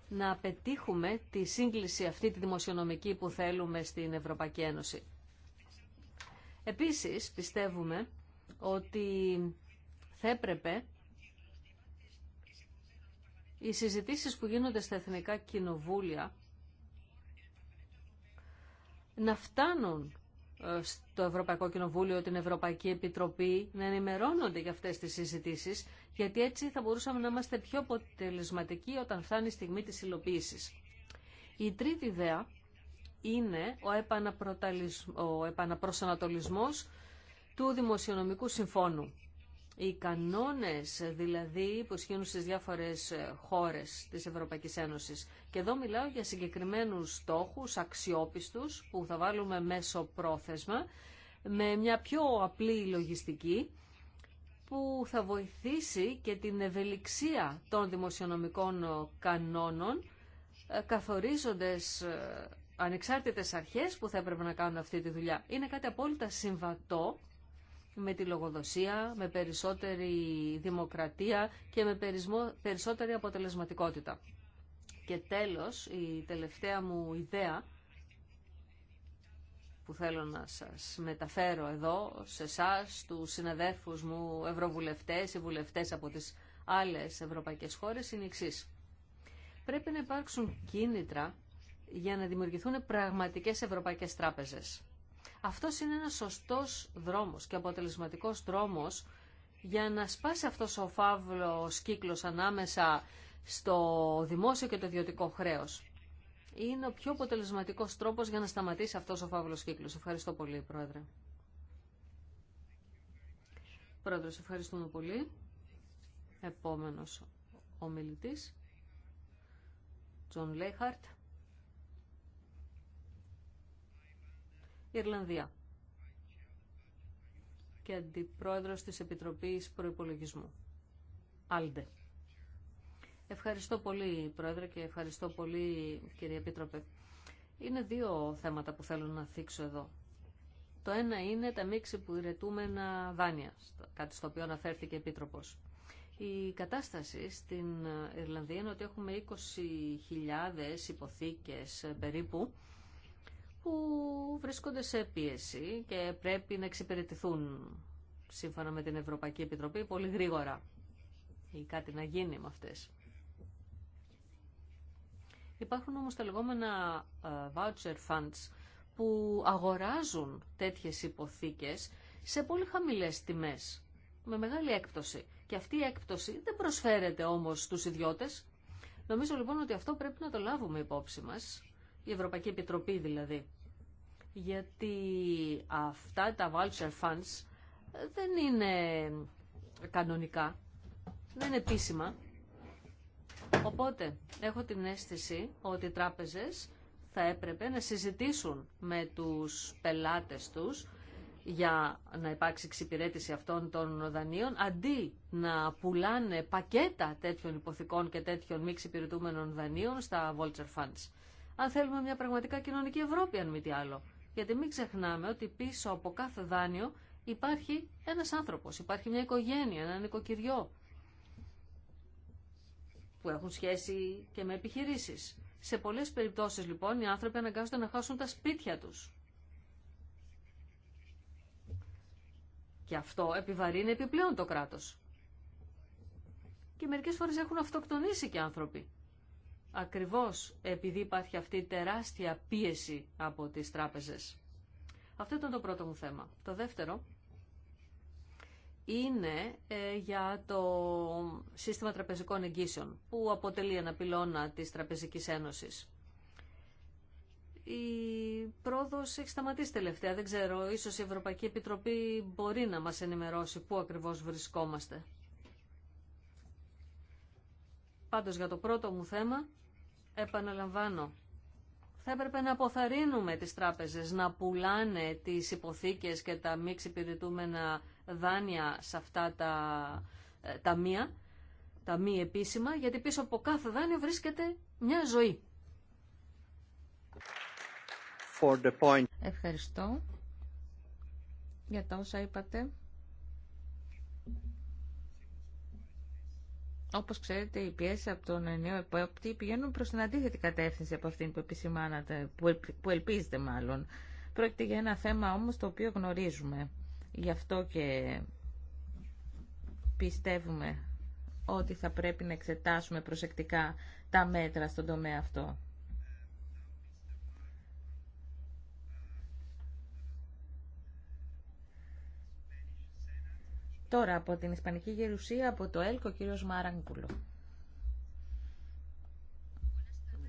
να πετύχουμε τη σύγκληση αυτή τη δημοσιονομική που θέλουμε στην Ευρωπαϊκή Ένωση. Επίσης πιστεύουμε ότι θα έπρεπε οι συζητήσεις που γίνονται στα εθνικά κοινοβούλια να φτάνουν ε, στο Ευρωπαϊκό Κοινοβούλιο, την Ευρωπαϊκή Επιτροπή, να ενημερώνονται για αυτές τις συζητήσεις, γιατί έτσι θα μπορούσαμε να είμαστε πιο αποτελεσματικοί όταν φτάνει η στιγμή της υλοποίησης. Η τρίτη ιδέα είναι ο, ο επαναπροσανατολισμός του Δημοσιονομικού Συμφώνου. Οι κανόνες δηλαδή που ισχύουν στις διάφορες χώρες της Ευρωπαϊκής Ένωσης. Και εδώ μιλάω για συγκεκριμένους στόχους αξιόπιστους που θα βάλουμε μέσω πρόθεσμα με μια πιο απλή λογιστική που θα βοηθήσει και την ευελιξία των δημοσιονομικών κανόνων ε, καθορίζοντας ε, ανεξάρτητες αρχές που θα έπρεπε να κάνουν αυτή τη δουλειά. Είναι κάτι απόλυτα συμβατό με τη λογοδοσία, με περισσότερη δημοκρατία και με περισσότερη αποτελεσματικότητα. Και τέλος, η τελευταία μου ιδέα που θέλω να σας μεταφέρω εδώ, σε εσά, του συναδέρφους μου ευρωβουλευτές ή βουλευτές από τις άλλες ευρωπαϊκές χώρες, είναι εξή. Πρέπει να υπάρξουν κίνητρα για να δημιουργηθούν πραγματικές ευρωπαϊκές τράπεζες. Αυτός είναι ένας σωστός δρόμος και αποτελεσματικός δρόμος για να σπάσει αυτός ο φαύλος κύκλος ανάμεσα στο δημόσιο και το ιδιωτικό χρέος. Είναι ο πιο αποτελεσματικός τρόπος για να σταματήσει αυτός ο φαύλος κύκλος. Ευχαριστώ πολύ, Πρόεδρε. Πρόεδρος, ευχαριστούμε πολύ. Επόμενος ομιλητής, Τζον Λέιχαρτ. Ιρλανδία και Αντιπρόεδρος της Επιτροπής Προϋπολογισμού. Άλντε. Ευχαριστώ πολύ, Πρόεδρε, και ευχαριστώ πολύ, κύριε Επίτροπε. Είναι δύο θέματα που θέλω να θίξω εδώ. Το ένα είναι τα μίξη που να δάνεια, κάτι στο οποίο αναφέρθηκε η Επίτροπος. Η κατάσταση στην Ιρλανδία είναι ότι έχουμε 20.000 υποθήκες περίπου, που βρίσκονται σε πίεση και πρέπει να εξυπηρετηθούν σύμφωνα με την Ευρωπαϊκή Επιτροπή πολύ γρήγορα ή κάτι να γίνει με αυτές. Υπάρχουν όμως τα λεγόμενα ε, voucher funds που αγοράζουν τέτοιες υποθήκες σε πολύ χαμηλές τιμές, με μεγάλη έκπτωση. Και αυτή η έκπτωση δεν προσφέρεται όμως στους ιδιώτες. Νομίζω λοιπόν ότι αυτό πρέπει να το λάβουμε υπόψη μας η Ευρωπαϊκή Επιτροπή δηλαδή. Γιατί αυτά τα voucher funds δεν είναι κανονικά, δεν είναι επίσημα. Οπότε έχω την αίσθηση ότι οι τράπεζες θα έπρεπε να συζητήσουν με τους πελάτες τους για να υπάρξει εξυπηρέτηση αυτών των δανείων, αντί να πουλάνε πακέτα τέτοιων υποθηκών και τέτοιων μη εξυπηρετούμενων δανείων στα Vulture Funds αν θέλουμε μια πραγματικά κοινωνική Ευρώπη, αν μη τι άλλο. Γιατί μην ξεχνάμε ότι πίσω από κάθε δάνειο υπάρχει ένας άνθρωπος, υπάρχει μια οικογένεια, ένα νοικοκυριό που έχουν σχέση και με επιχειρήσει. Σε πολλές περιπτώσεις λοιπόν οι άνθρωποι αναγκάζονται να χάσουν τα σπίτια τους. Και αυτό επιβαρύνει επιπλέον το κράτος. Και μερικές φορές έχουν αυτοκτονήσει και άνθρωποι ακριβώς επειδή υπάρχει αυτή η τεράστια πίεση από τις τράπεζες. Αυτό ήταν το πρώτο μου θέμα. Το δεύτερο είναι ε, για το σύστημα τραπεζικών εγγύσεων, που αποτελεί ένα πυλώνα της Τραπεζικής Ένωσης. Η πρόοδος έχει σταματήσει τελευταία, δεν ξέρω, ίσως η Ευρωπαϊκή Επιτροπή μπορεί να μας ενημερώσει πού ακριβώς βρισκόμαστε. Πάντως για το πρώτο μου θέμα, επαναλαμβάνω, θα έπρεπε να αποθαρρύνουμε τις τράπεζες να πουλάνε τις υποθήκες και τα μη εξυπηρετούμενα δάνεια σε αυτά τα ε, ταμεία, τα μη επίσημα, γιατί πίσω από κάθε δάνειο βρίσκεται μια ζωή. Ευχαριστώ για τα όσα είπατε. Όπως ξέρετε, οι πιέσει από τον νέο επόπτη πηγαίνουν προ την αντίθετη κατεύθυνση από αυτήν που επισημάνατε, που ελπίζετε μάλλον. Πρόκειται για ένα θέμα όμως το οποίο γνωρίζουμε. Γι' αυτό και πιστεύουμε ότι θα πρέπει να εξετάσουμε προσεκτικά τα μέτρα στον τομέα αυτό. Τώρα από την Ισπανική Γερουσία, από το ΕΛΚΟ, ο κύριος Μαραγκούλο.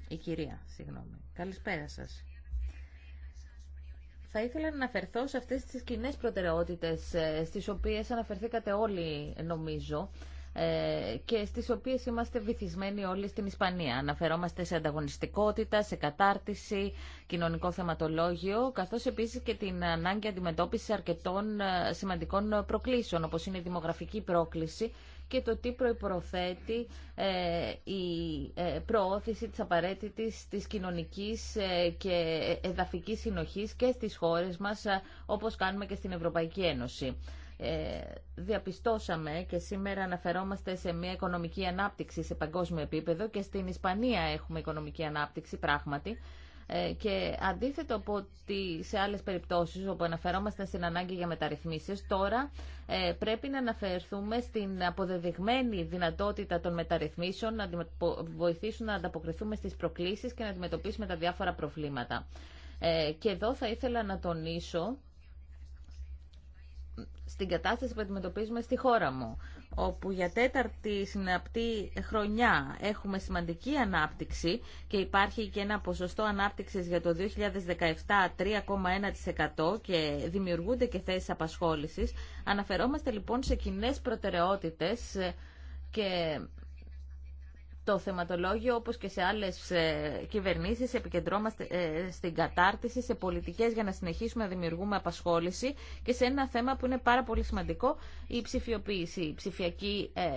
Η κυρία, συγγνώμη. Καλησπέρα σας. Θα ήθελα να αναφερθώ σε αυτές τις κοινέ προτεραιότητες ε, στις οποίες αναφερθήκατε όλοι νομίζω ε, και στις οποίες είμαστε βυθισμένοι όλοι στην Ισπανία. Αναφερόμαστε σε ανταγωνιστικότητα, σε κατάρτιση, κοινωνικό θεματολόγιο, καθώς επίσης και την ανάγκη αντιμετώπισης αρκετών ε, σημαντικών προκλήσεων, όπως είναι η δημογραφική πρόκληση και το τι προϋποθέτει ε, η προώθηση της απαραίτητης της κοινωνικής και εδαφικής συνοχής και στις χώρες μας, όπως κάνουμε και στην Ευρωπαϊκή Ένωση. Ε, διαπιστώσαμε και σήμερα αναφερόμαστε σε μια οικονομική ανάπτυξη σε παγκόσμιο επίπεδο και στην Ισπανία έχουμε οικονομική ανάπτυξη πράγματι ε, και αντίθετο από ότι σε άλλες περιπτώσεις όπου αναφερόμαστε στην ανάγκη για μεταρρυθμίσεις, τώρα ε, πρέπει να αναφερθούμε στην αποδεδειγμένη δυνατότητα των μεταρρυθμίσεων να βοηθήσουν να ανταποκριθούμε στις προκλήσεις και να αντιμετωπίσουμε τα διάφορα προβλήματα. και εδώ θα ήθελα να τονίσω στην κατάσταση που αντιμετωπίζουμε στη χώρα μου, όπου για τέταρτη συναπτή χρονιά έχουμε σημαντική ανάπτυξη και υπάρχει και ένα ποσοστό ανάπτυξης για το 2017 3,1% και δημιουργούνται και θέσεις απασχόλησης. Αναφερόμαστε λοιπόν σε κοινέ προτεραιότητες ε, και το θεματολόγιο, όπως και σε άλλες ε, κυβερνήσεις, επικεντρώμαστε ε, στην κατάρτιση, σε πολιτικές για να συνεχίσουμε να δημιουργούμε απασχόληση και σε ένα θέμα που είναι πάρα πολύ σημαντικό, η ψηφιοποίηση, η ψηφιακή ε,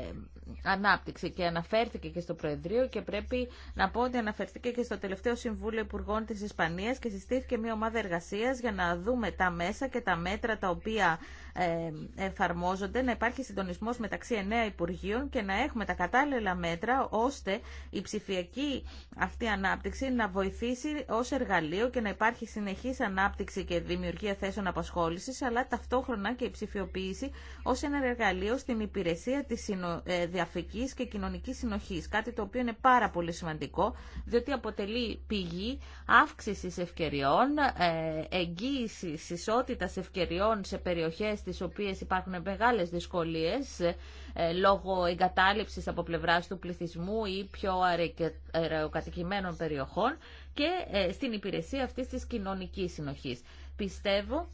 ανάπτυξη και αναφέρθηκε και στο Προεδρείο και πρέπει να πω ότι αναφερθήκε και στο τελευταίο Συμβούλιο Υπουργών της Ισπανίας και συστήθηκε μια ομάδα εργασίας για να δούμε τα μέσα και τα μέτρα τα οποία ε, εφαρμόζονται, να υπάρχει συντονισμός μεταξύ εννέα Υπουργείων και να έχουμε τα κατάλληλα μέτρα ώστε η ψηφιακή αυτή ανάπτυξη να βοηθήσει ως εργαλείο και να υπάρχει συνεχής ανάπτυξη και δημιουργία θέσεων απασχόλησης αλλά ταυτόχρονα και η ψηφιοποίηση ως ένα εργαλείο στην υπηρεσία της ε, διαφυγή και κοινωνική συνοχή, κάτι το οποίο είναι πάρα πολύ σημαντικό, διότι αποτελεί πηγή αύξηση ευκαιριών, ε, εγγύηση ισότητα ευκαιριών σε περιοχέ τις οποίε υπάρχουν μεγάλες δυσκολίες ε, λόγω εγκατάλειψη από πλευρά του πληθυσμού ή πιο αεροκατοικημένων περιοχών και ε, στην υπηρεσία αυτή τη κοινωνική συνοχή. Πιστεύω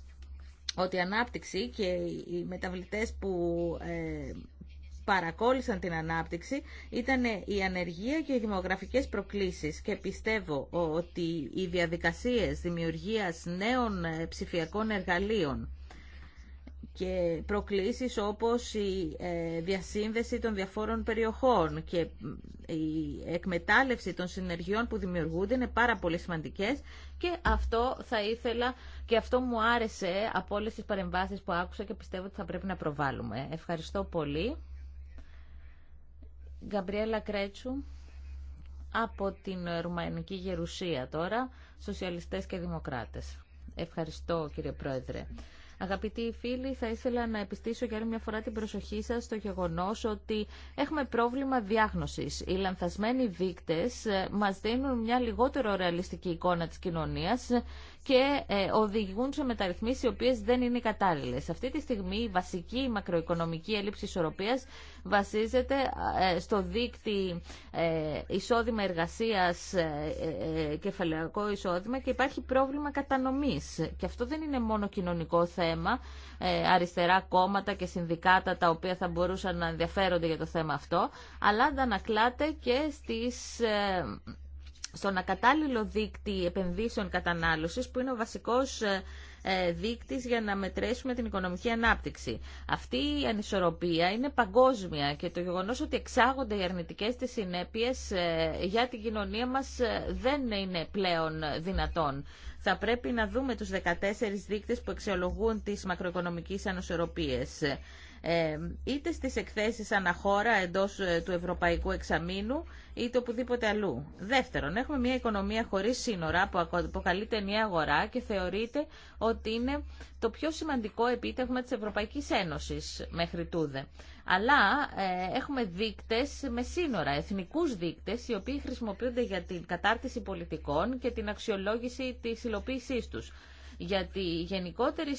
ότι η ανάπτυξη και οι μεταβλητές που παρακόλλησαν την ανάπτυξη ήταν η ανεργία και οι δημογραφικές προκλήσεις και πιστεύω ότι οι διαδικασίες δημιουργίας νέων ε, ψηφιακών εργαλείων και προκλήσεις όπως η ε, διασύνδεση των διαφόρων περιοχών και ε, η εκμετάλλευση των συνεργειών που δημιουργούνται είναι πάρα πολύ σημαντικές και αυτό θα ήθελα και αυτό μου άρεσε από όλες τις παρεμβάσεις που άκουσα και πιστεύω ότι θα πρέπει να προβάλλουμε. Ευχαριστώ πολύ. Γκαμπριέλα Κρέτσου από την Ρουμανική Γερουσία τώρα, Σοσιαλιστές και Δημοκράτες. Ευχαριστώ κύριε Πρόεδρε. Αγαπητοί φίλοι, θα ήθελα να επιστήσω για άλλη μια φορά την προσοχή σας στο γεγονός ότι έχουμε πρόβλημα διάγνωσης. Οι λανθασμένοι δείκτες ε, μας δίνουν μια λιγότερο ρεαλιστική εικόνα της κοινωνίας και ε, οδηγούν σε μεταρρυθμίσεις οι οποίες δεν είναι κατάλληλες. Αυτή τη στιγμή η βασική μακροοικονομική έλλειψη ισορροπίας βασίζεται ε, στο δίκτυο ε, εισόδημα εργασίας, κεφαλαϊκό εισόδημα και υπάρχει πρόβλημα κατανομής. Και αυτό δεν είναι μόνο κοινωνικό θέμα, αριστερά κόμματα και συνδικάτα τα οποία θα μπορούσαν να ενδιαφέρονται για το θέμα αυτό, αλλά αντανακλάται και στις στον ακατάλληλο δίκτυ επενδύσεων κατανάλωσης που είναι ο βασικός ε, ε, δείκτης για να μετρέσουμε την οικονομική ανάπτυξη. Αυτή η ανισορροπία είναι παγκόσμια και το γεγονός ότι εξάγονται οι αρνητικές της συνέπειες ε, για την κοινωνία μας δεν είναι πλέον δυνατόν. Θα πρέπει να δούμε τους 14 δείκτες που εξελογούν τις μακροοικονομικές ανισορροπίες είτε στις εκθέσεις αναχώρα εντός ε, του Ευρωπαϊκού Εξαμήνου είτε οπουδήποτε αλλού. Δεύτερον, έχουμε μια οικονομία χωρίς σύνορα που αποκαλείται μια αγορά και θεωρείται ότι είναι το πιο σημαντικό επίτευγμα της Ευρωπαϊκής Ένωσης μέχρι τούδε. Αλλά ε, έχουμε δείκτες με σύνορα, εθνικούς δείκτες, οι οποίοι χρησιμοποιούνται για την κατάρτιση πολιτικών και την αξιολόγηση της υλοποίησής τους για τη γενικότερη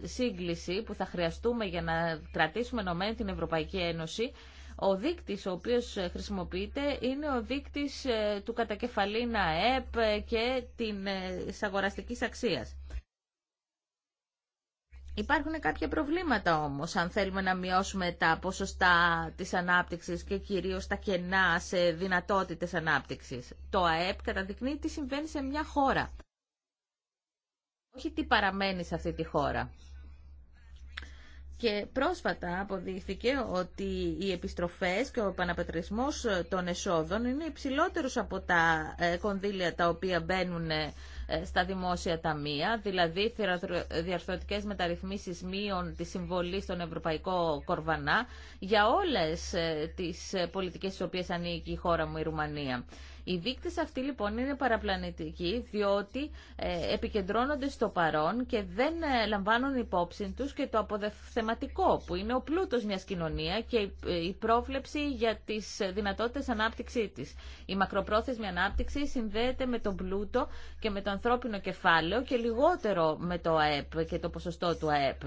ε, σύγκληση που θα χρειαστούμε για να κρατήσουμε ενωμένη την Ευρωπαϊκή Ένωση, ο δείκτης ο οποίος ε, χρησιμοποιείται είναι ο δείκτης ε, του κατακεφαλήνα ΑΕΠ και την αγοραστικής αξίας. Υπάρχουν κάποια προβλήματα όμως αν θέλουμε να μειώσουμε τα ποσοστά της ανάπτυξης και κυρίως τα κενά σε δυνατότητες ανάπτυξης. Το ΑΕΠ καταδεικνύει τι συμβαίνει σε μια χώρα όχι τι παραμένει σε αυτή τη χώρα. Και πρόσφατα αποδείχθηκε ότι οι επιστροφές και ο επαναπετρισμός των εσόδων είναι υψηλότερους από τα ε, κονδύλια τα οποία μπαίνουν ε, στα δημόσια ταμεία, δηλαδή διαρθρωτικές μεταρρυθμίσεις μείων της συμβολής στον Ευρωπαϊκό Κορβανά για όλες ε, τις πολιτικές στις οποίες ανήκει η χώρα μου η Ρουμανία. Οι δείκτες αυτοί λοιπόν είναι παραπλανητικοί διότι ε, επικεντρώνονται στο παρόν και δεν ε, λαμβάνουν υπόψη τους και το αποθεματικό που είναι ο πλούτος μιας κοινωνία και ε, η πρόβλεψη για τις δυνατότητες ανάπτυξή της. Η μακροπρόθεσμη ανάπτυξη συνδέεται με τον πλούτο και με το ανθρώπινο κεφάλαιο και λιγότερο με το ΑΕΠ και το ποσοστό του ΑΕΠ.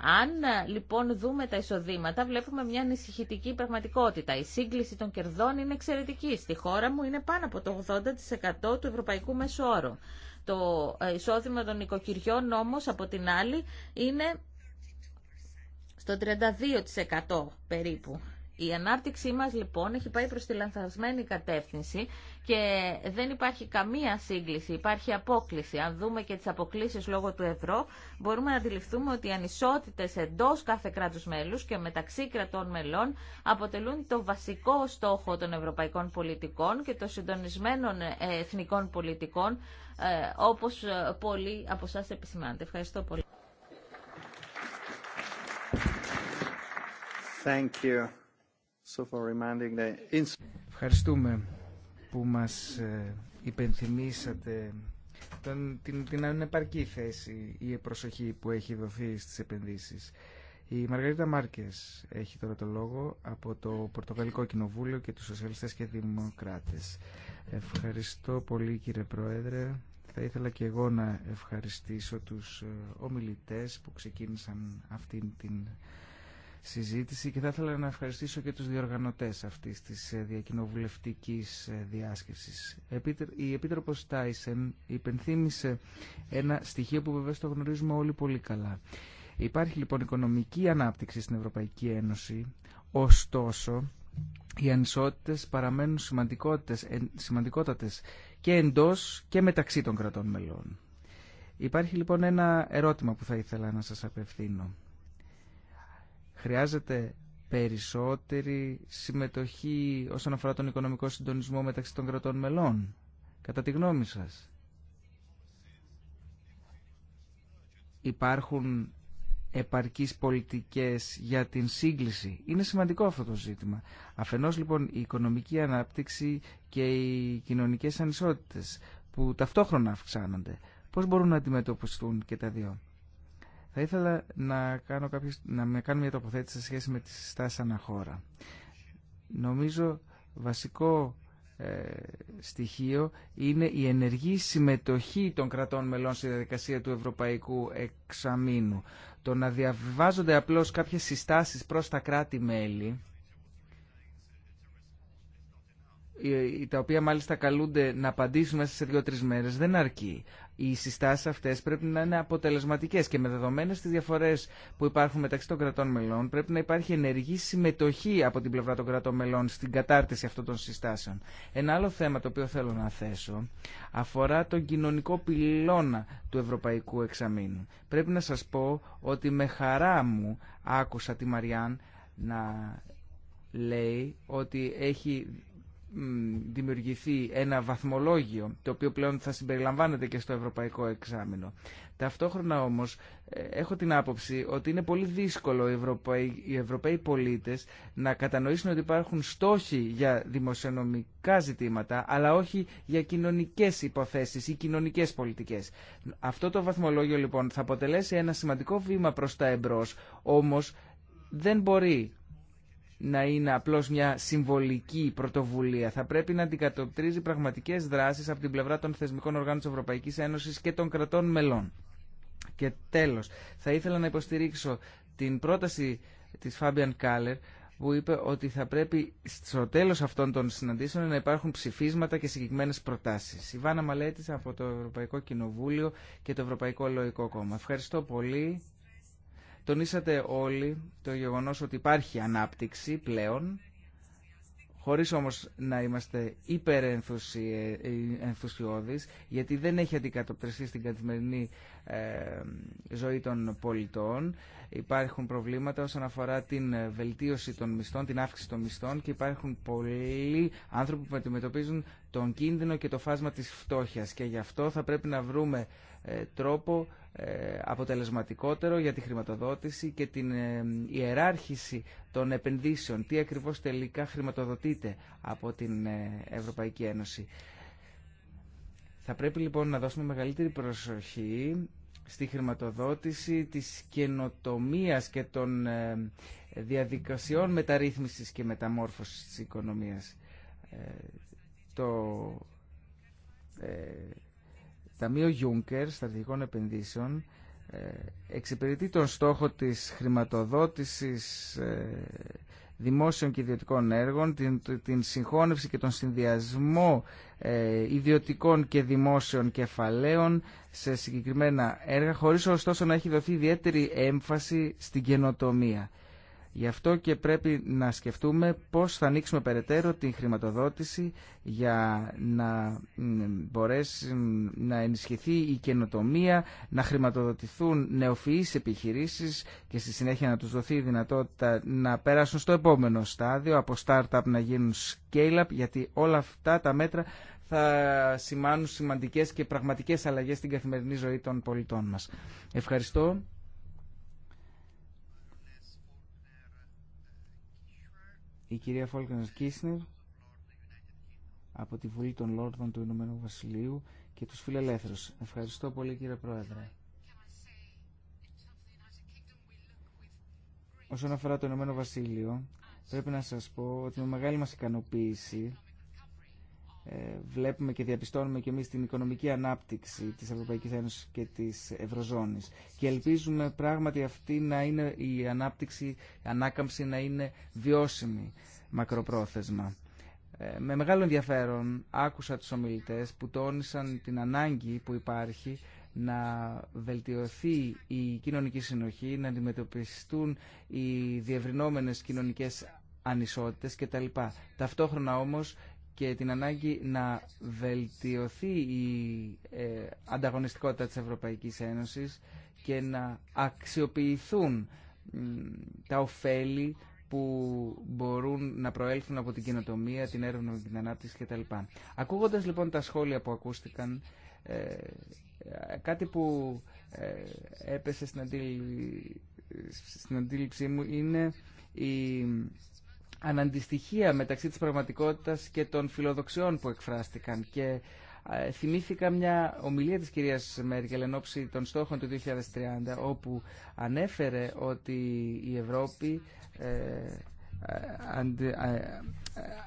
Αν ε, λοιπόν δούμε τα εισοδήματα, βλέπουμε μια ανησυχητική πραγματικότητα. Η σύγκληση των κερδών είναι εξαιρετική. Στη χώρα μου είναι πάνω από το 80% του ευρωπαϊκού μεσόρου. Το ε, εισόδημα των οικοκυριών όμως από την άλλη είναι στο 32% περίπου. Η ανάπτυξή μας λοιπόν έχει πάει προς τη λανθασμένη κατεύθυνση και δεν υπάρχει καμία σύγκληση, υπάρχει απόκληση. Αν δούμε και τις αποκλήσεις λόγω του ευρώ, μπορούμε να αντιληφθούμε ότι οι ανισότητες εντός κάθε κράτους μέλους και μεταξύ κρατών μελών αποτελούν το βασικό στόχο των ευρωπαϊκών πολιτικών και των συντονισμένων ε, εθνικών πολιτικών, ε, όπως ε, πολλοί από εσάς επισημάνετε. Ευχαριστώ πολύ. Thank you. Ευχαριστούμε που μας ε, υπενθυμίσατε την, την ανεπαρκή θέση ή προσοχή που έχει δοθεί στις επενδύσεις. Η Μαργαρίτα Μάρκες έχει τώρα το λόγο από το Πορτογαλικό Κοινοβούλιο και τους Σοσιαλιστές και Δημοκράτες. Ευχαριστώ πολύ κύριε Πρόεδρε. Θα ήθελα και εγώ να ευχαριστήσω τους ε, ομιλητές που ξεκίνησαν αυτήν την συζήτηση και θα ήθελα να ευχαριστήσω και τους διοργανωτές αυτής της ε, διακοινοβουλευτικής ε, διάσκεψης. Η Επίτροπος Τάισεν υπενθύμησε ένα στοιχείο που βεβαίως το γνωρίζουμε όλοι πολύ καλά. Υπάρχει λοιπόν οικονομική ανάπτυξη στην Ευρωπαϊκή Ένωση, ωστόσο οι ανισότητες παραμένουν σημαντικότατες και εντός και μεταξύ των κρατών μελών. Υπάρχει λοιπόν ένα ερώτημα που θα ήθελα να σας απευθύνω. Χρειάζεται περισσότερη συμμετοχή όσον αφορά τον οικονομικό συντονισμό μεταξύ των κρατών μελών. Κατά τη γνώμη σας. Υπάρχουν επαρκείς πολιτικές για την σύγκληση. Είναι σημαντικό αυτό το ζήτημα. Αφενός λοιπόν η οικονομική ανάπτυξη και οι κοινωνικές ανισότητες που ταυτόχρονα αυξάνονται. Πώς μπορούν να αντιμετωπιστούν και τα δύο. Θα ήθελα να, κάνω κάποιες, να με κάνω μια τοποθέτηση σε σχέση με τις συστάσεις αναχώρα. Νομίζω βασικό ε, στοιχείο είναι η ενεργή συμμετοχή των κρατών μελών στη διαδικασία του Ευρωπαϊκού Εξαμήνου. Το να διαβάζονται απλώς κάποιες συστάσεις προς τα κράτη-μέλη Ε, τα οποία μάλιστα καλούνται να απαντήσουν μέσα σε δύο-τρει μέρε, δεν αρκεί. Οι συστάσει αυτέ πρέπει να είναι αποτελεσματικέ και με δεδομένε τι διαφορέ που υπάρχουν μεταξύ των κρατών μελών, πρέπει να υπάρχει ενεργή συμμετοχή από την πλευρά των κρατών μελών στην κατάρτιση αυτών των συστάσεων. Ένα άλλο θέμα το οποίο θέλω να θέσω αφορά τον κοινωνικό πυλώνα του Ευρωπαϊκού Εξαμήνου. Πρέπει να σα πω ότι με χαρά μου άκουσα τη Μαριάν να λέει ότι έχει δημιουργηθεί ένα βαθμολόγιο το οποίο πλέον θα συμπεριλαμβάνεται και στο ευρωπαϊκό εξάμεινο. Ταυτόχρονα όμως ε, έχω την άποψη ότι είναι πολύ δύσκολο οι Ευρωπαίοι, οι πολίτες να κατανοήσουν ότι υπάρχουν στόχοι για δημοσιονομικά ζητήματα αλλά όχι για κοινωνικές υποθέσεις ή κοινωνικές πολιτικές. Αυτό το βαθμολόγιο λοιπόν θα αποτελέσει ένα σημαντικό βήμα προς τα εμπρός όμως δεν μπορεί να είναι απλώς μια συμβολική πρωτοβουλία. Θα πρέπει να αντικατοπτρίζει πραγματικές δράσεις από την πλευρά των θεσμικών οργάνων της Ευρωπαϊκής Ένωσης και των κρατών μελών. Και τέλος, θα ήθελα να υποστηρίξω την πρόταση της Φάμπιαν Κάλερ που είπε ότι θα πρέπει στο τέλος αυτών των συναντήσεων να υπάρχουν ψηφίσματα και συγκεκριμένες προτάσεις. Η Βάνα Μαλέτης από το Ευρωπαϊκό Κοινοβούλιο και το Ευρωπαϊκό Λογικό Κόμμα. Ευχαριστώ πολύ. Τονίσατε όλοι το γεγονός ότι υπάρχει ανάπτυξη πλέον, χωρίς όμως να είμαστε υπερενθουσιώδεις, γιατί δεν έχει αντικατοπτρεστεί στην καθημερινή ε, ζωή των πολιτών. Υπάρχουν προβλήματα όσον αφορά την βελτίωση των μισθών, την αύξηση των μισθών και υπάρχουν πολλοί άνθρωποι που αντιμετωπίζουν τον κίνδυνο και το φάσμα της φτώχειας και γι' αυτό θα πρέπει να βρούμε ε, τρόπο ε, αποτελεσματικότερο για τη χρηματοδότηση και την ε, ιεράρχηση των επενδύσεων. Τι ακριβώς τελικά χρηματοδοτείται από την Ευρωπαϊκή Ένωση. Θα πρέπει λοιπόν να δώσουμε μεγαλύτερη προσοχή στη χρηματοδότηση της καινοτομίας και των διαδικασιών μεταρρύθμισης και μεταμόρφωσης της οικονομίας. Το Ταμείο Juncker Στρατηγικών Επενδύσεων ε, εξυπηρετεί τον στόχο της χρηματοδότησης ε, δημόσιων και ιδιωτικών έργων, την, την συγχώνευση και τον συνδυασμό ε, ιδιωτικών και δημόσιων κεφαλαίων σε συγκεκριμένα έργα, χωρίς ωστόσο να έχει δοθεί ιδιαίτερη έμφαση στην καινοτομία. Γι' αυτό και πρέπει να σκεφτούμε πώς θα ανοίξουμε περαιτέρω την χρηματοδότηση για να μπορέσει να ενισχυθεί η καινοτομία, να χρηματοδοτηθούν νεοφυείς επιχειρήσεις και στη συνέχεια να τους δοθεί η δυνατότητα να περάσουν στο επόμενο στάδιο, από startup να γίνουν scale-up, γιατί όλα αυτά τα μέτρα θα σημάνουν σημαντικές και πραγματικές αλλαγές στην καθημερινή ζωή των πολιτών μας. Ευχαριστώ. η κυρία Φόλκανας Κίσνερ από τη Βουλή των Λόρδων του Ηνωμένου Βασιλείου και τους φιλελεύθερους. Ευχαριστώ πολύ κύριε Πρόεδρε. Όσον αφορά το Ηνωμένο Βασίλειο, πρέπει να σας πω ότι με μεγάλη μας ικανοποίηση ε, βλέπουμε και διαπιστώνουμε και εμείς την οικονομική ανάπτυξη της Ευρωπαϊκής Ένωσης και της Ευρωζώνης. Και ελπίζουμε πράγματι αυτή να είναι η ανάπτυξη, η ανάκαμψη να είναι βιώσιμη μακροπρόθεσμα. Ε, με μεγάλο ενδιαφέρον άκουσα τους ομιλητές που τόνισαν την ανάγκη που υπάρχει να βελτιωθεί η κοινωνική συνοχή, να αντιμετωπιστούν οι διευρυνόμενες κοινωνικές ανισότητες κτλ. Ταυτόχρονα όμως και την ανάγκη να βελτιωθεί η ε, ανταγωνιστικότητα της Ευρωπαϊκής Ένωσης και να αξιοποιηθούν τα ωφέλη που μπορούν να προέλθουν από την κοινοτομία, την έρευνα και την ανάπτυξη κτλ. Ακούγοντας λοιπόν τα σχόλια που ακούστηκαν, ε, κάτι που ε, έπεσε στην αντίληψή μου είναι η αναντιστοιχεία μεταξύ της πραγματικότητας και των φιλοδοξιών που εκφράστηκαν και ε, θυμήθηκα μια ομιλία της κυρίας Μέρκελ εν ώψη των στόχων του 2030 όπου ανέφερε ότι η Ευρώπη ε, ε,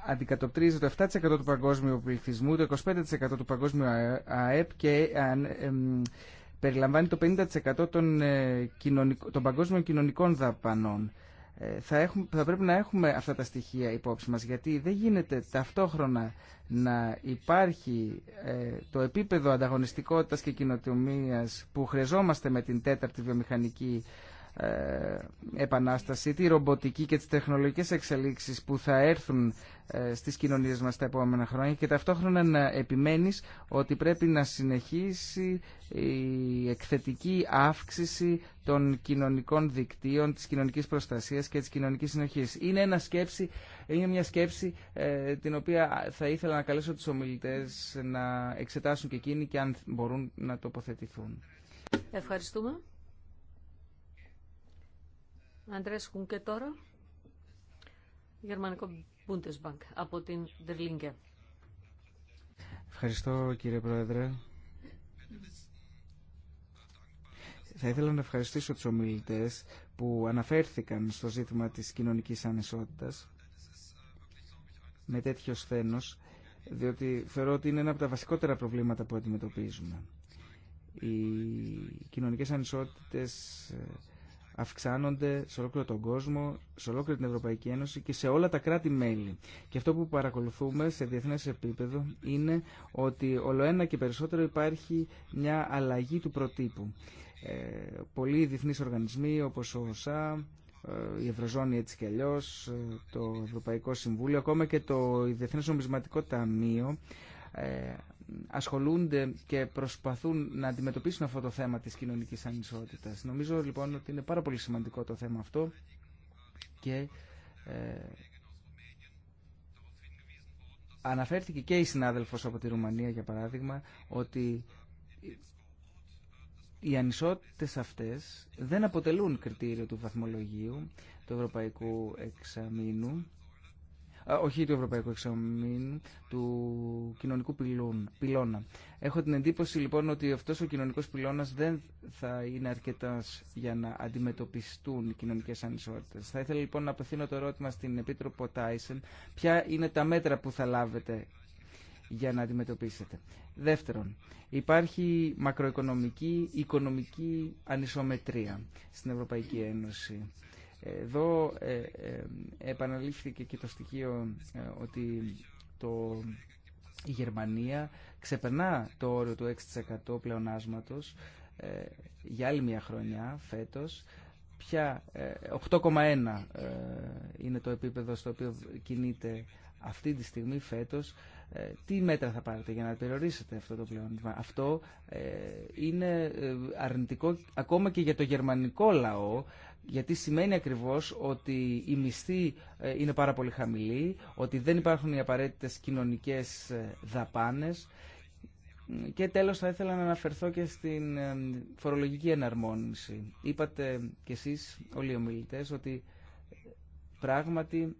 αντικατοπτρίζει το 7% του παγκόσμιου πληθυσμού, το 25% του παγκόσμιου ΑΕΠ και περιλαμβάνει το 50% των, των παγκόσμιων κοινωνικών δαπανών θα, έχουμε, θα πρέπει να έχουμε αυτά τα στοιχεία υπόψη μας γιατί δεν γίνεται ταυτόχρονα να υπάρχει ε, το επίπεδο ανταγωνιστικότητας και κοινοτομίας που χρειαζόμαστε με την τέταρτη βιομηχανική ε, επανάσταση, τη ρομποτική και τις τεχνολογικές εξελίξεις που θα έρθουν ε, στις κοινωνίες μας τα επόμενα χρόνια και ταυτόχρονα να επιμένεις ότι πρέπει να συνεχίσει η εκθετική αύξηση των κοινωνικών δικτύων, της κοινωνικής προστασίας και της κοινωνικής συνοχής. Είναι, ένα σκέψη, είναι μια σκέψη ε, την οποία θα ήθελα να καλέσω τους ομιλητές να εξετάσουν και εκείνοι και αν μπορούν να τοποθετηθούν. Ευχαριστούμε. Αντρέσκουν και τώρα, γερμανικό Bundesbank από την Δερλίνγκε. Ευχαριστώ κύριε Πρόεδρε. Θα ήθελα να ευχαριστήσω τους ομιλητές που αναφέρθηκαν στο ζήτημα της κοινωνικής ανισότητας με τέτοιο σθένος, διότι θεωρώ ότι είναι ένα από τα βασικότερα προβλήματα που αντιμετωπίζουμε. Οι κοινωνικές ανισότητες αυξάνονται σε ολόκληρο τον κόσμο, σε ολόκληρη την Ευρωπαϊκή Ένωση και σε όλα τα κράτη-μέλη. Και αυτό που παρακολουθούμε σε διεθνές επίπεδο είναι ότι ολοένα και περισσότερο υπάρχει μια αλλαγή του προτύπου. Ε, πολλοί διεθνείς οργανισμοί όπως ο ΩΣΑ, ε, η Ευρωζώνη έτσι κι αλλιώ, ε, το Ευρωπαϊκό Συμβούλιο, ακόμα και το Διεθνές Ομισματικό Ταμείο ε, ασχολούνται και προσπαθούν να αντιμετωπίσουν αυτό το θέμα της κοινωνικής ανισότητας. Νομίζω λοιπόν ότι είναι πάρα πολύ σημαντικό το θέμα αυτό και ε, αναφέρθηκε και η συνάδελφος από τη Ρουμανία για παράδειγμα ότι οι ανισότητες αυτές δεν αποτελούν κριτήριο του βαθμολογίου του Ευρωπαϊκού Εξαμήνου όχι του Ευρωπαϊκού Εξαμήνου, του κοινωνικού πυλώνα. Έχω την εντύπωση λοιπόν ότι αυτός ο κοινωνικός πυλώνας δεν θα είναι αρκετάς για να αντιμετωπιστούν οι κοινωνικές ανισότητες. Θα ήθελα λοιπόν να απευθύνω το ερώτημα στην Επίτροπο Τάισεν, ποια είναι τα μέτρα που θα λάβετε για να αντιμετωπίσετε. Δεύτερον, υπάρχει μακροοικονομική, οικονομική ανισομετρία στην Ευρωπαϊκή Ένωση. Εδώ ε, ε, επαναλήφθηκε και το στοιχείο ε, ότι το η Γερμανία ξεπερνά το όριο του 6% πλεονάσματος για άλλη μια χρονιά φέτος. Πια 8,1 είναι το επίπεδο στο οποίο κινείται αυτή τη στιγμή φέτος. Τι μέτρα θα πάρετε για να περιορίσετε αυτό το πλεονάσμα. Αυτό είναι αρνητικό ακόμα και για το γερμανικό λαό γιατί σημαίνει ακριβώς ότι η μισθή ε, είναι πάρα πολύ χαμηλή, ότι δεν υπάρχουν οι απαραίτητες κοινωνικές ε, δαπάνες και τέλος θα ήθελα να αναφερθώ και στην ε, φορολογική εναρμόνιση. Είπατε κι εσείς όλοι οι ομιλητές ότι πράγματι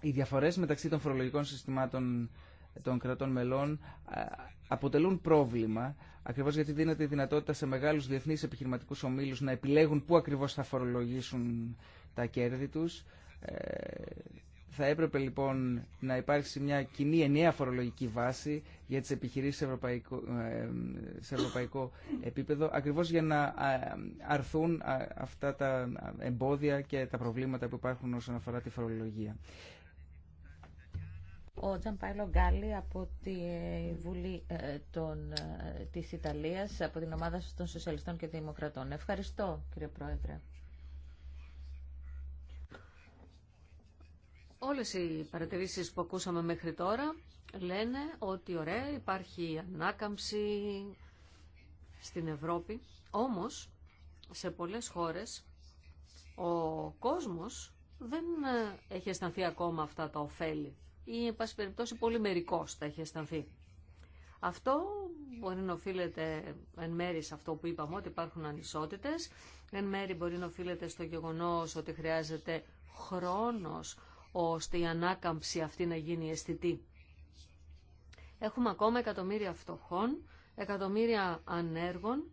οι διαφορές μεταξύ των φορολογικών συστημάτων των κρατών μελών αποτελούν πρόβλημα ακριβώς γιατί δίνεται η δυνατότητα σε μεγάλους διεθνείς επιχειρηματικούς ομίλους να επιλέγουν πού ακριβώς θα φορολογήσουν τα κέρδη τους. Ε, θα έπρεπε λοιπόν να υπάρξει μια κοινή ενιαία φορολογική βάση για τις επιχειρήσεις σε ευρωπαϊκό, ε, ευρωπαϊκό επίπεδο ακριβώς για να αρθούν αυτά τα εμπόδια και τα προβλήματα που υπάρχουν όσον αφορά τη φορολογία. Ο Τζανπάιλο Γκάλι από τη ε, Βουλή ε, των, ε, της Ιταλίας, από την ομάδα των Σοσιαλιστών και Δημοκρατών. Ευχαριστώ, κύριε Πρόεδρε. Όλες οι παρατηρήσεις που ακούσαμε μέχρι τώρα λένε ότι ωραία υπάρχει ανάκαμψη στην Ευρώπη, όμως σε πολλές χώρες ο κόσμος δεν έχει αισθανθεί ακόμα αυτά τα ωφέλη ή, εν πάση περιπτώσει, πολύ μερικός θα έχει αισθανθεί. Αυτό μπορεί να οφείλεται εν μέρη σε αυτό που είπαμε, ότι υπάρχουν ανισότητες. Εν μέρη μπορεί να οφείλεται στο γεγονός ότι χρειάζεται χρόνος ώστε η εν παση περιπτωσει πολυ μερικο αυτή να γίνει αισθητή. Έχουμε να οφειλεται στο γεγονο εκατομμύρια φτωχών, εκατομμύρια ανέργων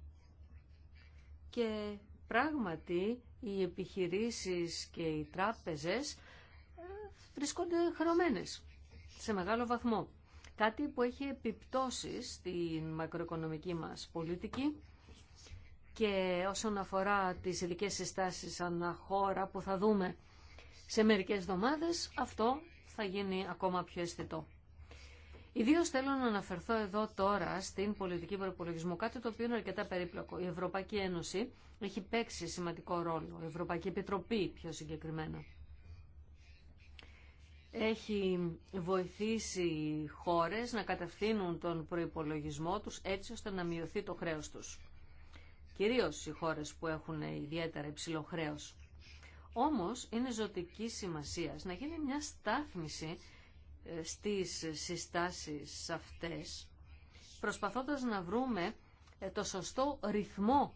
και πράγματι οι επιχειρήσεις και οι τράπεζες βρισκόνται χρωμένες σε μεγάλο βαθμό. Κάτι που έχει επιπτώσεις στην μακροοικονομική μας πολιτική και όσον αφορά τις ειδικές συστάσεις χώρα που θα δούμε σε μερικές εβδομάδες, αυτό θα γίνει ακόμα πιο αισθητό. Ιδίω θέλω να αναφερθώ εδώ τώρα στην πολιτική προπολογισμού, κάτι το οποίο είναι αρκετά περίπλοκο. Η Ευρωπαϊκή Ένωση έχει παίξει σημαντικό ρόλο, η Ευρωπαϊκή Επιτροπή πιο συγκεκριμένα έχει βοηθήσει χώρες να κατευθύνουν τον προϋπολογισμό τους έτσι ώστε να μειωθεί το χρέος τους. Κυρίως οι χώρες που έχουν ιδιαίτερα υψηλό χρέος. Όμως είναι ζωτική σημασία να γίνει μια στάθμιση ε, στις συστάσεις αυτές προσπαθώντας να βρούμε ε, το σωστό ρυθμό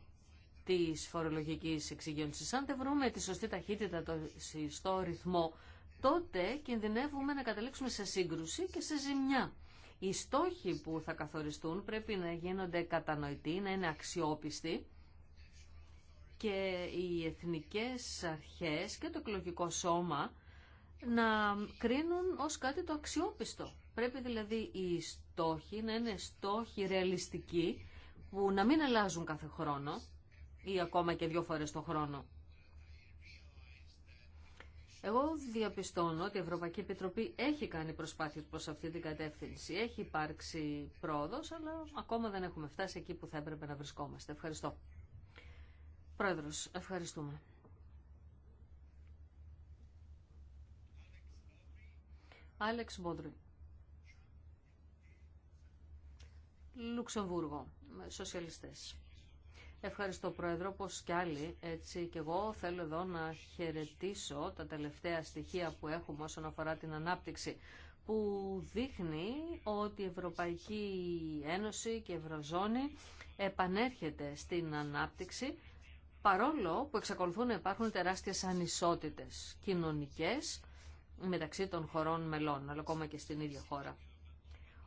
της φορολογικής εξυγένωσης. Αν δεν βρούμε τη σωστή ταχύτητα, το σωστό ρυθμό, τότε κινδυνεύουμε να καταλήξουμε σε σύγκρουση και σε ζημιά. Οι στόχοι που θα καθοριστούν πρέπει να γίνονται κατανοητοί, να είναι αξιόπιστοι και οι εθνικές αρχές και το εκλογικό σώμα να κρίνουν ως κάτι το αξιόπιστο. Πρέπει δηλαδή οι στόχοι να είναι στόχοι ρεαλιστικοί που να μην αλλάζουν κάθε χρόνο ή ακόμα και δύο φορές το χρόνο. Εγώ διαπιστώνω ότι η Ευρωπαϊκή Επιτροπή έχει κάνει προσπάθειες προς αυτή την κατεύθυνση. Έχει υπάρξει πρόοδος, αλλά ακόμα δεν έχουμε φτάσει εκεί που θα έπρεπε να βρισκόμαστε. Ευχαριστώ. Πρόεδρος, ευχαριστούμε. Άλεξ Μπόντρι. Λουξεμβούργο, σοσιαλιστές. Ευχαριστώ Πρόεδρο, όπως κι άλλοι, έτσι και εγώ θέλω εδώ να χαιρετήσω τα τελευταία στοιχεία που έχουμε όσον αφορά την ανάπτυξη που δείχνει ότι η Ευρωπαϊκή Ένωση και η Ευρωζώνη επανέρχεται στην ανάπτυξη παρόλο που εξακολουθούν να υπάρχουν τεράστιες ανισότητες κοινωνικές μεταξύ των χωρών μελών, αλλά ακόμα και στην ίδια χώρα.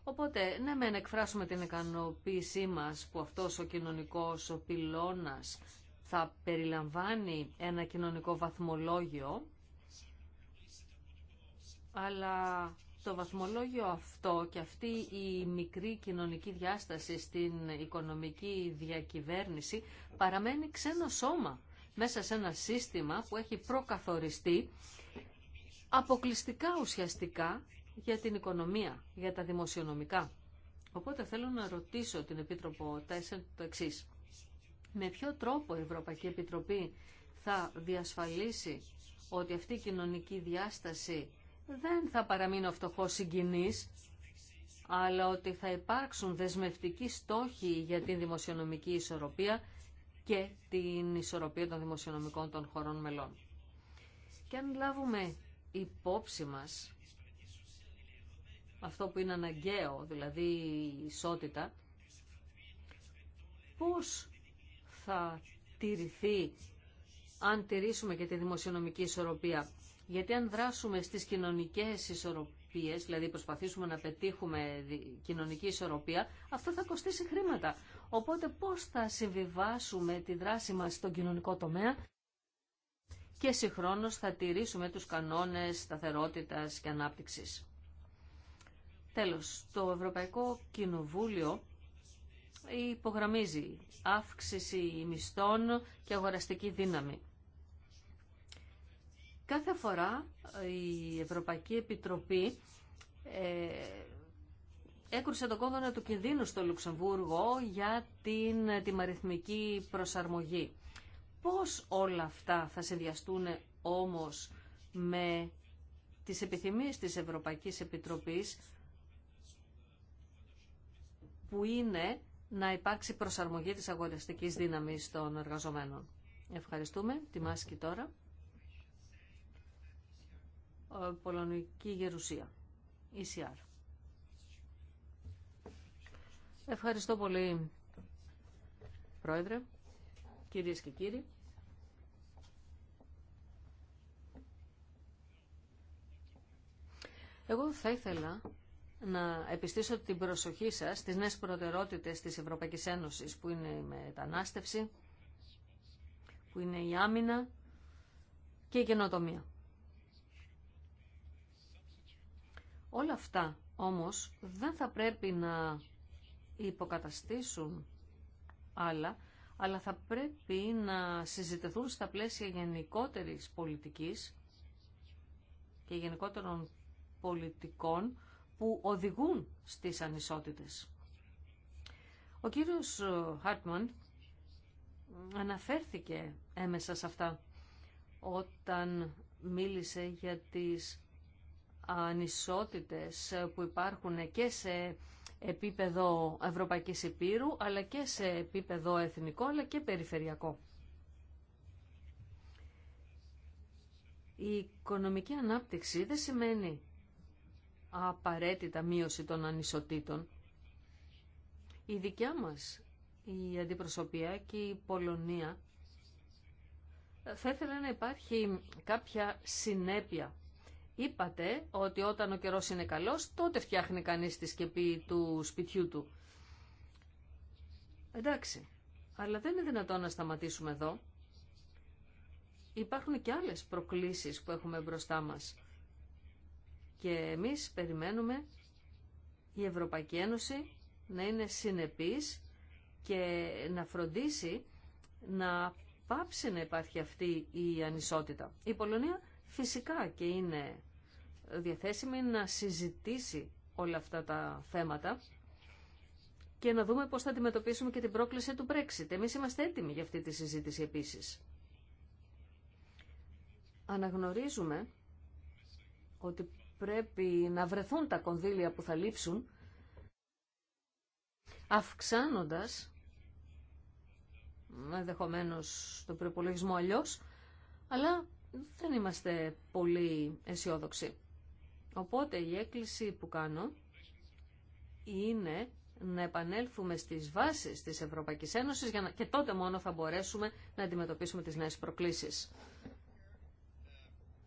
Οπότε, ναι, μεν εκφράσουμε την ικανοποίησή μας που αυτός ο κοινωνικός ο πυλώνας θα περιλαμβάνει ένα κοινωνικό βαθμολόγιο, αλλά το βαθμολόγιο αυτό και αυτή η μικρή κοινωνική διάσταση στην οικονομική διακυβέρνηση παραμένει ξένο σώμα μέσα σε ένα σύστημα που έχει προκαθοριστεί αποκλειστικά ουσιαστικά για την οικονομία, για τα δημοσιονομικά. Οπότε θέλω να ρωτήσω την Επίτροπο Τέσσερ το εξή. Με ποιο τρόπο η Ευρωπαϊκή Επιτροπή θα διασφαλίσει ότι αυτή η κοινωνική διάσταση δεν θα παραμείνει ο φτωχό συγκινής, αλλά ότι θα υπάρξουν δεσμευτικοί στόχοι για την δημοσιονομική ισορροπία και την ισορροπία των δημοσιονομικών των χωρών μελών. Και αν λάβουμε υπόψη μας αυτό που είναι αναγκαίο, δηλαδή η ισότητα, πώς θα τηρηθεί αν τηρήσουμε και τη δημοσιονομική ισορροπία. Γιατί αν δράσουμε στις κοινωνικές ισορροπίες, δηλαδή προσπαθήσουμε να πετύχουμε κοινωνική ισορροπία, αυτό θα κοστίσει χρήματα. Οπότε πώς θα συμβιβάσουμε τη δράση μας στον κοινωνικό τομέα και συγχρόνως θα τηρήσουμε τους κανόνες σταθερότητας και ανάπτυξης. Τέλος, το Ευρωπαϊκό Κοινοβούλιο υπογραμμίζει αύξηση μισθών και αγοραστική δύναμη. Κάθε φορά η Ευρωπαϊκή Επιτροπή ε, έκρουσε το κόδωνα του κινδύνου στο Λουξεμβούργο για την τιμαριθμική προσαρμογή. Πώς όλα αυτά θα συνδυαστούν όμως με τις επιθυμίες της Ευρωπαϊκής Επιτροπής που είναι να υπάρξει προσαρμογή της αγοραστικής δύναμης των εργαζομένων. Ευχαριστούμε. Τη τώρα. Ε, Πολωνική Γερουσία. ECR. Ευχαριστώ πολύ, Πρόεδρε, κυρίες και κύριοι. Εγώ θα ήθελα να επιστήσω την προσοχή σας στις νέες προτεραιότητες της Ευρωπαϊκής Ένωσης που είναι η μετανάστευση, που είναι η άμυνα και η καινοτομία. Όλα αυτά όμως δεν θα πρέπει να υποκαταστήσουν άλλα, αλλά θα πρέπει να συζητηθούν στα πλαίσια γενικότερης πολιτικής και γενικότερων πολιτικών που οδηγούν στις ανισότητες. Ο κύριος ε, Χάρτμαν αναφέρθηκε έμεσα σε αυτά όταν μίλησε για τις ανισότητες που υπάρχουν και σε επίπεδο Ευρωπαϊκής Επίρου, αλλά και σε επίπεδο εθνικό, αλλά και περιφερειακό. Η οικονομική ανάπτυξη δεν σημαίνει απαραίτητα μείωση των ανισοτήτων. Η δικιά μας, η αντιπροσωπεία και η Πολωνία, θα ήθελα να υπάρχει κάποια συνέπεια. Είπατε ότι όταν ο καιρός είναι καλός, τότε φτιάχνει κανείς τη σκεπή του σπιτιού του. Εντάξει, αλλά δεν είναι δυνατόν να σταματήσουμε εδώ. Υπάρχουν και άλλες προκλήσεις που έχουμε μπροστά μας. Και εμείς περιμένουμε η Ευρωπαϊκή Ένωση να είναι συνεπής και να φροντίσει να πάψει να υπάρχει αυτή η ανισότητα. Η Πολωνία φυσικά και είναι διαθέσιμη να συζητήσει όλα αυτά τα θέματα και να δούμε πώς θα αντιμετωπίσουμε και την πρόκληση του Brexit. Εμείς είμαστε έτοιμοι για αυτή τη συζήτηση επίσης. Αναγνωρίζουμε ότι πρέπει να βρεθούν τα κονδύλια που θα λείψουν, αυξάνοντας, ενδεχομένω τον προπολογισμό αλλιώ, αλλά δεν είμαστε πολύ αισιόδοξοι. Οπότε η έκκληση που κάνω είναι να επανέλθουμε στις βάσεις της Ευρωπαϊκής Ένωσης για να... και τότε μόνο θα μπορέσουμε να αντιμετωπίσουμε τις νέες προκλήσεις.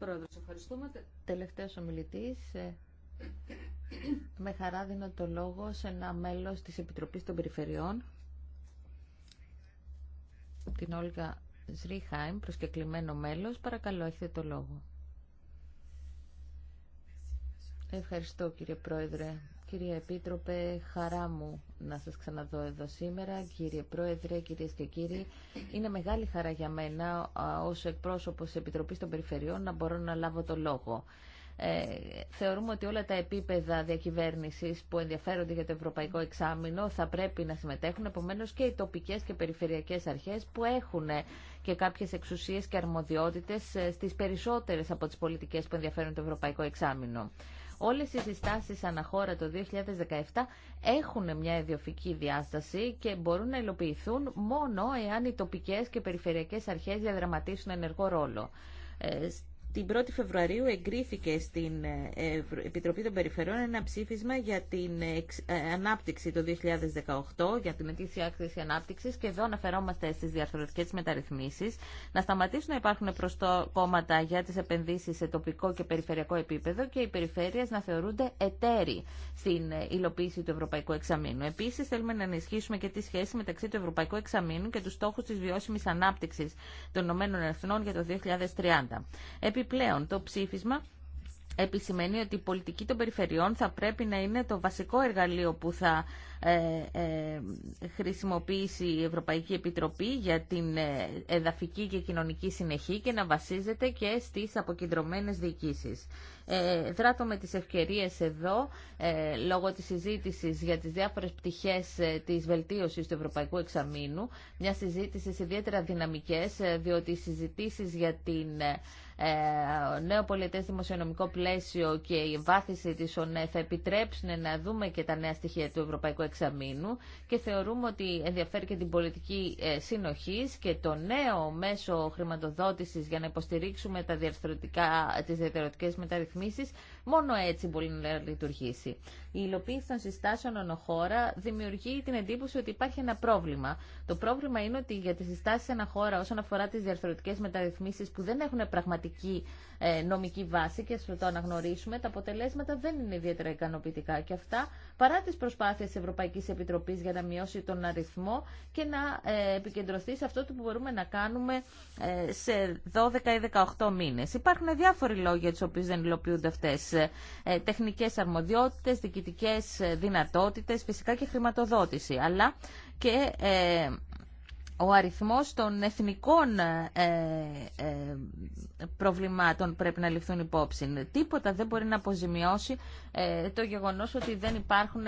Πρόεδρος, ευχαριστούμε. Τελευταίος ομιλητής. Ε, με χαρά δίνω το λόγο σε ένα μέλος της Επιτροπή των Περιφερειών, την Όλγα Ζρίχαιμ, προσκεκλημένο μέλος. Παρακαλώ, έχετε το λόγο. Ευχαριστώ κύριε Πρόεδρε. Κύριε Επίτροπε, χαρά μου να σας ξαναδώ εδώ σήμερα. Κύριε Πρόεδρε, κυρίες και κύριοι, είναι μεγάλη χαρά για μένα ως εκπρόσωπος της Επιτροπής των Περιφερειών να μπορώ να λάβω το λόγο. Ε, θεωρούμε ότι όλα τα επίπεδα διακυβέρνησης που ενδιαφέρονται για το ευρωπαϊκό εξάμεινο θα πρέπει να συμμετέχουν, επομένως και οι τοπικές και περιφερειακές αρχές που έχουν και κάποιες εξουσίες και αρμοδιότητες ε, στις περισσότερες από τις πολιτικές που ενδιαφέρουν το ευρωπαϊκό εξάμεινο. Όλες οι συστάσεις αναχώρα το 2017 έχουν μια ιδιοφική διάσταση και μπορούν να υλοποιηθούν μόνο εάν οι τοπικές και περιφερειακές αρχές διαδραματίσουν ενεργό ρόλο ε, την 1η Φεβρουαρίου εγκρίθηκε στην ε, Επιτροπή των Περιφερών ένα ψήφισμα για την ε, ε, ανάπτυξη το 2018, για την ετήσια άκρηση ανάπτυξη και εδώ αναφερόμαστε στι διαρθρωτικέ μεταρρυθμίσει, να σταματήσουν να υπάρχουν κόμματα για τι επενδύσει σε τοπικό και περιφερειακό επίπεδο και οι περιφέρειες να θεωρούνται εταίροι στην υλοποίηση του Ευρωπαϊκού Εξαμήνου. Επίση, θέλουμε να ενισχύσουμε και τη σχέση μεταξύ του Ευρωπαϊκού Εξαμήνου και του στόχου τη βιώσιμη ανάπτυξη των ΗΠΑ για το 2030. Επιπλέον, το ψήφισμα επισημαίνει ότι η πολιτική των περιφερειών θα πρέπει να είναι το βασικό εργαλείο που θα ε, ε χρησιμοποιήσει η Ευρωπαϊκή Επιτροπή για την ε, εδαφική και κοινωνική συνεχή και να βασίζεται και στις αποκεντρωμένες διοικήσεις. Ε, δράτω με τις ευκαιρίες εδώ, ε, λόγω της συζήτησης για τις διάφορες πτυχές ε, της βελτίωσης του Ευρωπαϊκού Εξαμήνου, μια συζήτηση ιδιαίτερα δυναμικές, διότι οι συζητήσεις για την ε, νέο πολιτές δημοσιονομικό πλαίσιο και η βάθηση της ΟΝΕ θα επιτρέψουν να δούμε και τα νέα στοιχεία του Ευρωπαϊκού Εξαμήνου και θεωρούμε ότι ενδιαφέρει και την πολιτική ε, συνοχής και το νέο μέσο χρηματοδότησης για να υποστηρίξουμε τι τις μεταρρυθμίσει. μεταρρυθμίσεις Μόνο έτσι μπορεί να λειτουργήσει. Η υλοποίηση των συστάσεων ονοχώρα δημιουργεί την εντύπωση ότι υπάρχει ένα πρόβλημα. Το πρόβλημα είναι ότι για τι συστάσει αναχώρα όσον αφορά τι διαρθρωτικέ μεταρρυθμίσει που δεν έχουν πραγματική ε, νομική βάση και α το αναγνωρίσουμε, τα αποτελέσματα δεν είναι ιδιαίτερα ικανοποιητικά. Και αυτά παρά τι προσπάθειε τη Ευρωπαϊκή Επιτροπή για να μειώσει τον αριθμό και να ε, επικεντρωθεί σε αυτό που μπορούμε να κάνουμε ε, σε 12 ή 18 μήνε. Υπάρχουν διάφοροι λόγοι για του οποίου δεν υλοποιούνται αυτέ ε, τεχνικές αρμοδιότητες, διοικητικές ε, δυνατότητες, φυσικά και χρηματοδότηση, αλλά και ε, ο αριθμός των εθνικών προβλημάτων πρέπει να ληφθούν υπόψη. Τίποτα δεν μπορεί να αποζημιώσει το γεγονός ότι δεν υπάρχουν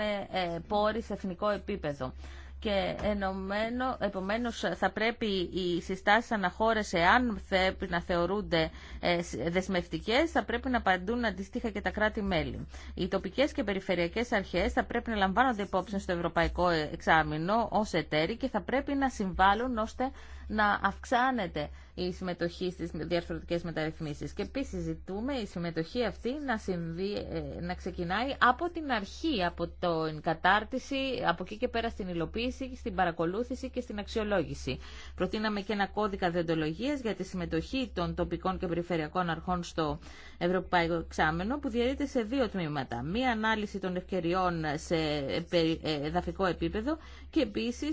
πόροι σε εθνικό επίπεδο και ενωμένο, επομένως θα πρέπει οι συστάσεις αναχώρες εάν να θεωρούνται ε, δεσμευτικές θα πρέπει να απαντούν αντίστοιχα και τα κράτη-μέλη. Οι τοπικές και περιφερειακές αρχές θα πρέπει να λαμβάνονται υπόψη στο ευρωπαϊκό εξάμεινο ως εταίροι και θα πρέπει να συμβάλλουν ώστε να αυξάνεται η συμμετοχή στις διαρθρωτικές μεταρρυθμίσεις. Και επίσης ζητούμε η συμμετοχή αυτή να, ε, να ξεκινάει από την αρχή, από την κατάρτιση, από εκεί και πέρα στην υλοποίηση στην παρακολούθηση και στην αξιολόγηση. Προτείναμε και ένα κώδικα διοντολογία για τη συμμετοχή των τοπικών και περιφερειακών αρχών στο Ευρωπαϊκό Εξάμενο, που διαιρείται σε δύο τμήματα. Μία ανάλυση των ευκαιριών σε ε, εδαφικό επίπεδο και επίση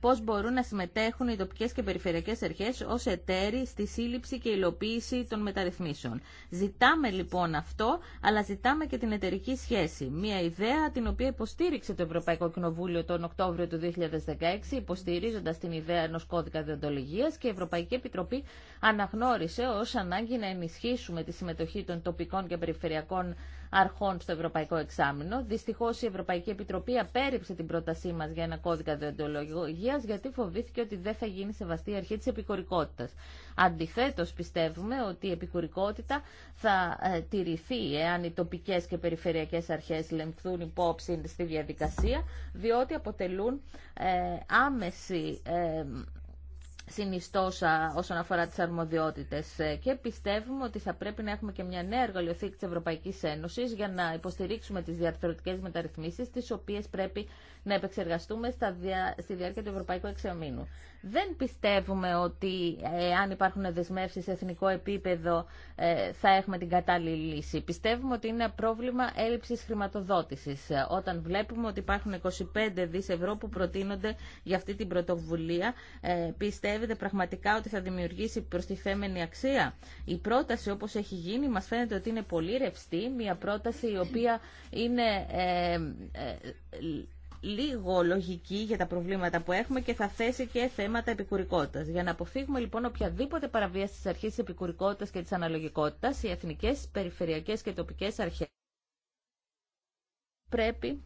πώς μπορούν να συμμετέχουν οι τοπικές και περιφερειακές αρχέ ως εταίροι στη σύλληψη και υλοποίηση των μεταρρυθμίσεων. Ζητάμε λοιπόν αυτό, αλλά ζητάμε και την εταιρική σχέση. Μία ιδέα την οποία υποστήριξε το Ευρωπαϊκό Κοινοβούλιο τον Οκτώβριο του 2016, υποστηρίζοντας την ιδέα ενός κώδικα διοντολογία και η Ευρωπαϊκή Επιτροπή αναγνώρισε ω ανάγκη να ενισχύσουμε τη συμμετοχή των τοπικών και περιφερειακών αρχών στο Ευρωπαϊκό Εξάμεινο. Δυστυχώ η Ευρωπαϊκή Επιτροπή απέριψε την πρότασή μα για ένα κώδικα διοντολογία γιατί φοβήθηκε ότι δεν θα γίνει σεβαστή η αρχή τη επικουρικότητα. Αντιθέτω, πιστεύουμε ότι η επικουρικότητα θα ε, τηρηθεί εάν οι τοπικέ και περιφερειακέ αρχέ λεμφθούν υπόψη στη διαδικασία, διότι αποτελούν ε, άμεση. Ε, συνιστόσα όσον αφορά τις αρμοδιότητες ε, και πιστεύουμε ότι θα πρέπει να έχουμε και μια νέα εργαλειοθήκη της Ευρωπαϊκής Ένωσης για να υποστηρίξουμε τις διαρθρωτικές μεταρρυθμίσεις τις οποίες πρέπει να επεξεργαστούμε στα στη διάρκεια του Ευρωπαϊκού Εξαμήνου. Δεν πιστεύουμε ότι ε, αν υπάρχουν δεσμεύσεις σε εθνικό επίπεδο ε, θα έχουμε την κατάλληλη λύση. Πιστεύουμε ότι είναι πρόβλημα έλλειψης χρηματοδότησης. Ε, όταν βλέπουμε ότι υπάρχουν 25 δις ευρώ που προτείνονται για αυτή την πρωτοβουλία, πιστεύετε πραγματικά ότι θα δημιουργήσει προστιθέμενη αξία. Η πρόταση όπως έχει γίνει μας φαίνεται ότι είναι πολύ ρευστή, μια πρόταση η οποία είναι λίγο λογική για τα προβλήματα που έχουμε και θα θέσει και θέματα επικούρικότητα. Για να αποφύγουμε λοιπόν οποιαδήποτε παραβίαση τη αρχή τη Επικουρικότητα και της αναλογικότητας, οι εθνικέ, περιφερειακές και τοπικές αρχές πρέπει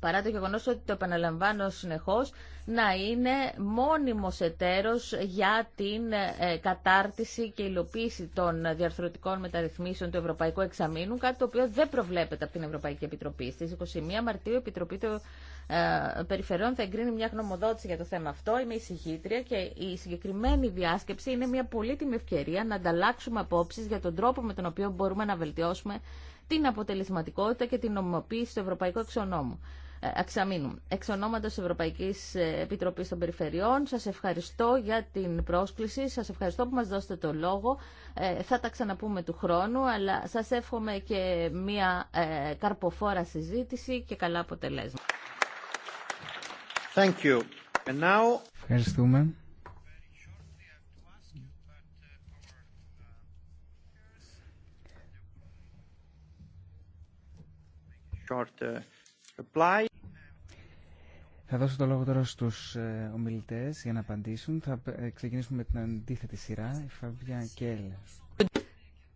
παρά το γεγονός ότι το επαναλαμβάνω συνεχώς, να είναι μόνιμος εταίρος για την ε, κατάρτιση και υλοποίηση των διαρθρωτικών μεταρρυθμίσεων του Ευρωπαϊκού Εξαμήνου, κάτι το οποίο δεν προβλέπεται από την Ευρωπαϊκή Επιτροπή. Στις 21 Μαρτίου η Επιτροπή των ε, Περιφερειών θα εγκρίνει μια γνωμοδότηση για το θέμα αυτό. Είμαι συγχύτρια και η συγκεκριμένη διάσκεψη είναι μια πολύτιμη ευκαιρία να ανταλλάξουμε απόψεις για τον τρόπο με τον οποίο μπορούμε να βελτιώσουμε την αποτελεσματικότητα και την νομιμοποίηση του Ευρωπαϊκού Εξονόμου. Αξαμίνου. Ε, Εξ Ευρωπαϊκής ε, Επιτροπής των Περιφερειών, σας ευχαριστώ για την πρόσκληση, σας ευχαριστώ που μας δώσετε το λόγο. Ε, θα τα ξαναπούμε του χρόνου, αλλά σας εύχομαι και μια καρποφόρα συζήτηση και καλά αποτελέσματα. Ευχαριστούμε. Uh, θα δώσω το λόγο τώρα στους ε, ομιλητές για να απαντήσουν. Θα ε, ξεκινήσουμε με την αντίθετη σειρά, η Φαβιά Κέλ.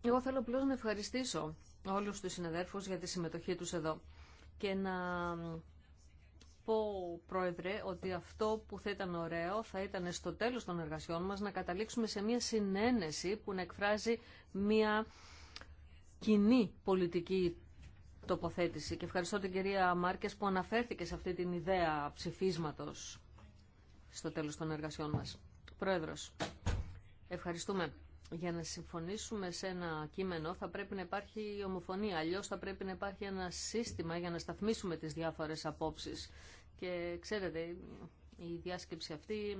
Εγώ θέλω απλώ να ευχαριστήσω όλους τους συναδέρφους για τη συμμετοχή τους εδώ και να πω, Πρόεδρε, ότι αυτό που θα ήταν ωραίο θα ήταν στο τέλος των εργασιών μας να καταλήξουμε σε μια συνένεση που να εκφράζει μια κοινή πολιτική τοποθέτηση και ευχαριστώ την κυρία Μάρκες που αναφέρθηκε σε αυτή την ιδέα ψηφίσματος στο τέλος των εργασιών μας. Πρόεδρος, ευχαριστούμε. Για να συμφωνήσουμε σε ένα κείμενο θα πρέπει να υπάρχει ομοφωνία, αλλιώς θα πρέπει να υπάρχει ένα σύστημα για να σταθμίσουμε τις διάφορες απόψεις. Και ξέρετε, η διάσκεψη αυτή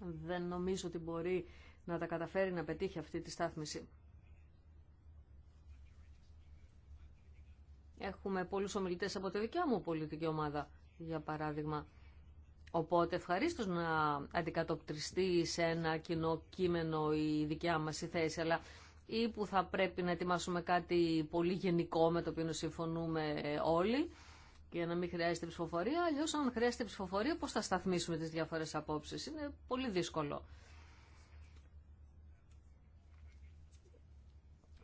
δεν νομίζω ότι μπορεί να τα καταφέρει να πετύχει αυτή τη στάθμιση. Έχουμε πολλούς ομιλητές από τη δικιά μου πολιτική ομάδα, για παράδειγμα. Οπότε ευχαρίστω να αντικατοπτριστεί σε ένα κοινό κείμενο η δικιά μας η θέση, αλλά ή που θα πρέπει να ετοιμάσουμε κάτι πολύ γενικό με το οποίο συμφωνούμε όλοι και να μην χρειάζεται ψηφοφορία, αλλιώ αν χρειάζεται ψηφοφορία πώς θα σταθμίσουμε τις διάφορες απόψεις. Είναι πολύ δύσκολο.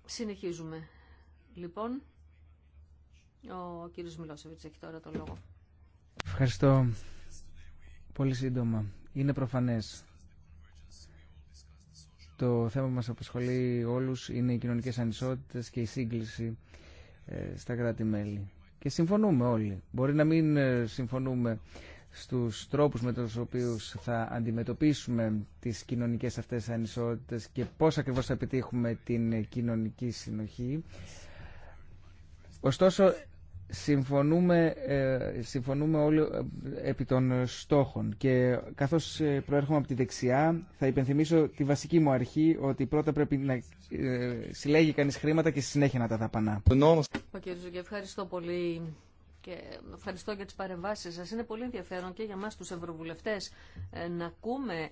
Συνεχίζουμε. Λοιπόν, ο κύριος Μιλόσεβιτς έχει τώρα το λόγο. Ευχαριστώ πολύ σύντομα. Είναι προφανές. Το θέμα που μας απασχολεί όλους είναι οι κοινωνικές ανισότητες και η σύγκληση ε, στα κράτη-μέλη. Και συμφωνούμε όλοι. Μπορεί να μην ε, συμφωνούμε στους τρόπους με τους οποίους θα αντιμετωπίσουμε τις κοινωνικές αυτές ανισότητες και πώς ακριβώς θα επιτύχουμε την κοινωνική συνοχή. Ωστόσο, συμφωνούμε, ε, συμφωνούμε όλοι ε, επί των στόχων και καθώς ε, προέρχομαι από τη δεξιά θα υπενθυμίσω τη βασική μου αρχή ότι πρώτα πρέπει να συλλέγει κανείς χρήματα και συνέχεια να τα δαπανά. Ο κ. Ζουγκέ, ευχαριστώ πολύ και ευχαριστώ για τις παρεμβάσεις σας. Είναι πολύ ενδιαφέρον και για μας τους ευρωβουλευτές να ακούμε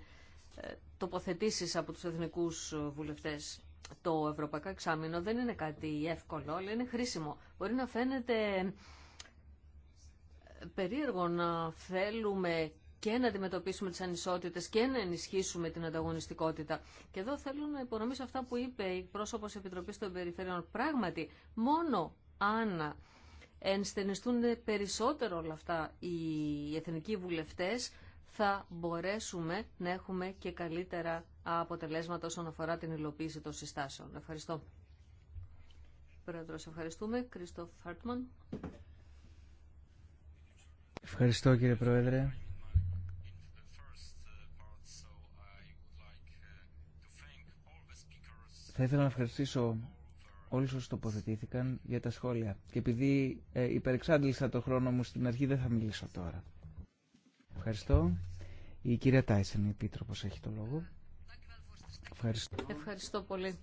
τοποθετήσεις από τους εθνικούς βουλευτές το ευρωπαϊκό εξάμεινο δεν είναι κάτι εύκολο, αλλά είναι χρήσιμο. Μπορεί να φαίνεται ε, περίεργο να θέλουμε και να αντιμετωπίσουμε τις ανισότητες και να ενισχύσουμε την ανταγωνιστικότητα. Και εδώ θέλω να υπονομήσω αυτά που είπε η πρόσωπος Επιτροπής των Περιφερειών. Πράγματι, μόνο αν ενστενιστούν περισσότερο όλα αυτά οι εθνικοί βουλευτές, θα μπορέσουμε να έχουμε και καλύτερα αποτελέσματα όσον αφορά την υλοποίηση των συστάσεων. Ευχαριστώ. Πρόεδρος, ευχαριστούμε. Κρίστοφ Χάρτμαν. Ευχαριστώ κύριε Πρόεδρε. Θα ήθελα να ευχαριστήσω όλους όσοι τοποθετήθηκαν για τα σχόλια. Και επειδή ε, υπερεξάντλησα το χρόνο μου στην αρχή δεν θα μιλήσω τώρα. Ευχαριστώ. Η κυρία Τάισεν, η Επίτροπος, έχει το λόγο. Ευχαριστώ. πολύ.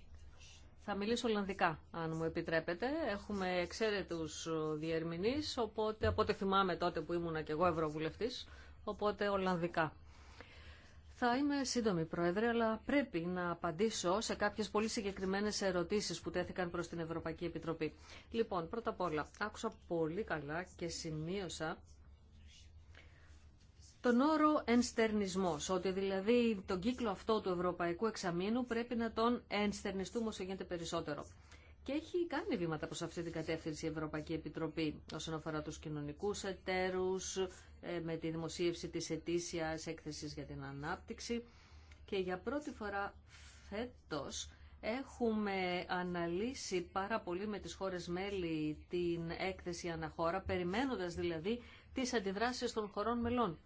Θα μιλήσω Ολλανδικά, αν μου επιτρέπετε. Έχουμε εξαίρετους διερμηνείς, οπότε, από ό,τι θυμάμαι τότε που ήμουνα και εγώ Ευρωβουλευτής, οπότε Ολλανδικά. Θα είμαι σύντομη, Πρόεδρε, αλλά πρέπει να απαντήσω σε κάποιε πολύ συγκεκριμένε ερωτήσει που τέθηκαν προ την Ευρωπαϊκή Επιτροπή. Λοιπόν, πρώτα απ' όλα, άκουσα πολύ καλά και σημείωσα τον όρο ενστερνισμός, ότι δηλαδή τον κύκλο αυτό του ευρωπαϊκού εξαμήνου πρέπει να τον ενστερνιστούμε όσο γίνεται περισσότερο. Και έχει κάνει βήματα προς αυτή την κατεύθυνση η Ευρωπαϊκή Επιτροπή όσον αφορά τους κοινωνικούς εταίρους, ε, με τη δημοσίευση της ετήσιας έκθεσης για την ανάπτυξη και για πρώτη φορά φέτος έχουμε αναλύσει πάρα πολύ με τις χώρες μέλη την έκθεση αναχώρα, περιμένοντας δηλαδή τις αντιδράσεις των χωρών μελών.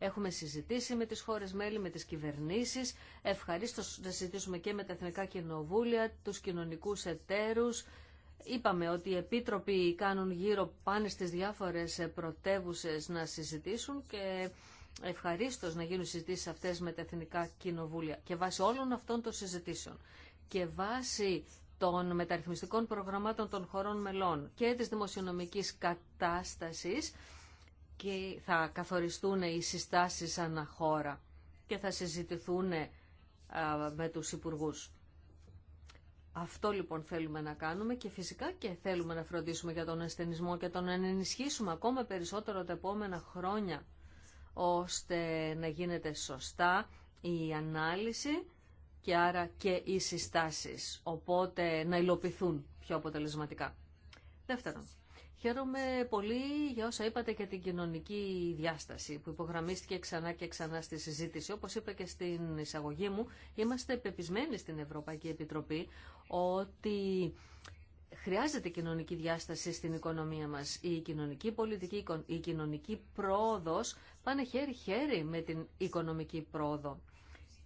Έχουμε συζητήσει με τις χώρες μέλη, με τις κυβερνήσεις. Ευχαρίστω να συζητήσουμε και με τα εθνικά κοινοβούλια, τους κοινωνικούς εταίρους. Είπαμε ότι οι επίτροποι κάνουν γύρω πάνε στις διάφορες πρωτεύουσε να συζητήσουν και ευχαρίστως να γίνουν συζητήσεις αυτές με τα εθνικά κοινοβούλια και βάσει όλων αυτών των συζητήσεων και βάσει των μεταρρυθμιστικών προγραμμάτων των χωρών μελών και της δημοσιονομικής κατάστασης και θα καθοριστούν οι συστάσεις αναχώρα και θα συζητηθούν ε, με τους υπουργούς. Αυτό λοιπόν θέλουμε να κάνουμε και φυσικά και θέλουμε να φροντίσουμε για τον ασθενισμό και τον ενισχύσουμε ακόμα περισσότερο τα επόμενα χρόνια ώστε να γίνεται σωστά η ανάλυση και άρα και οι συστάσεις, οπότε να υλοποιηθούν πιο αποτελεσματικά. Δεύτερον, Χαίρομαι πολύ για όσα είπατε και την κοινωνική διάσταση που υπογραμμίστηκε ξανά και ξανά στη συζήτηση. Όπως είπα και στην εισαγωγή μου, είμαστε πεπισμένοι στην Ευρωπαϊκή Επιτροπή ότι χρειάζεται κοινωνική διάσταση στην οικονομία μας. Η κοινωνική πολιτική, η κοινωνική πρόοδος πάνε χέρι-χέρι με την οικονομική πρόοδο.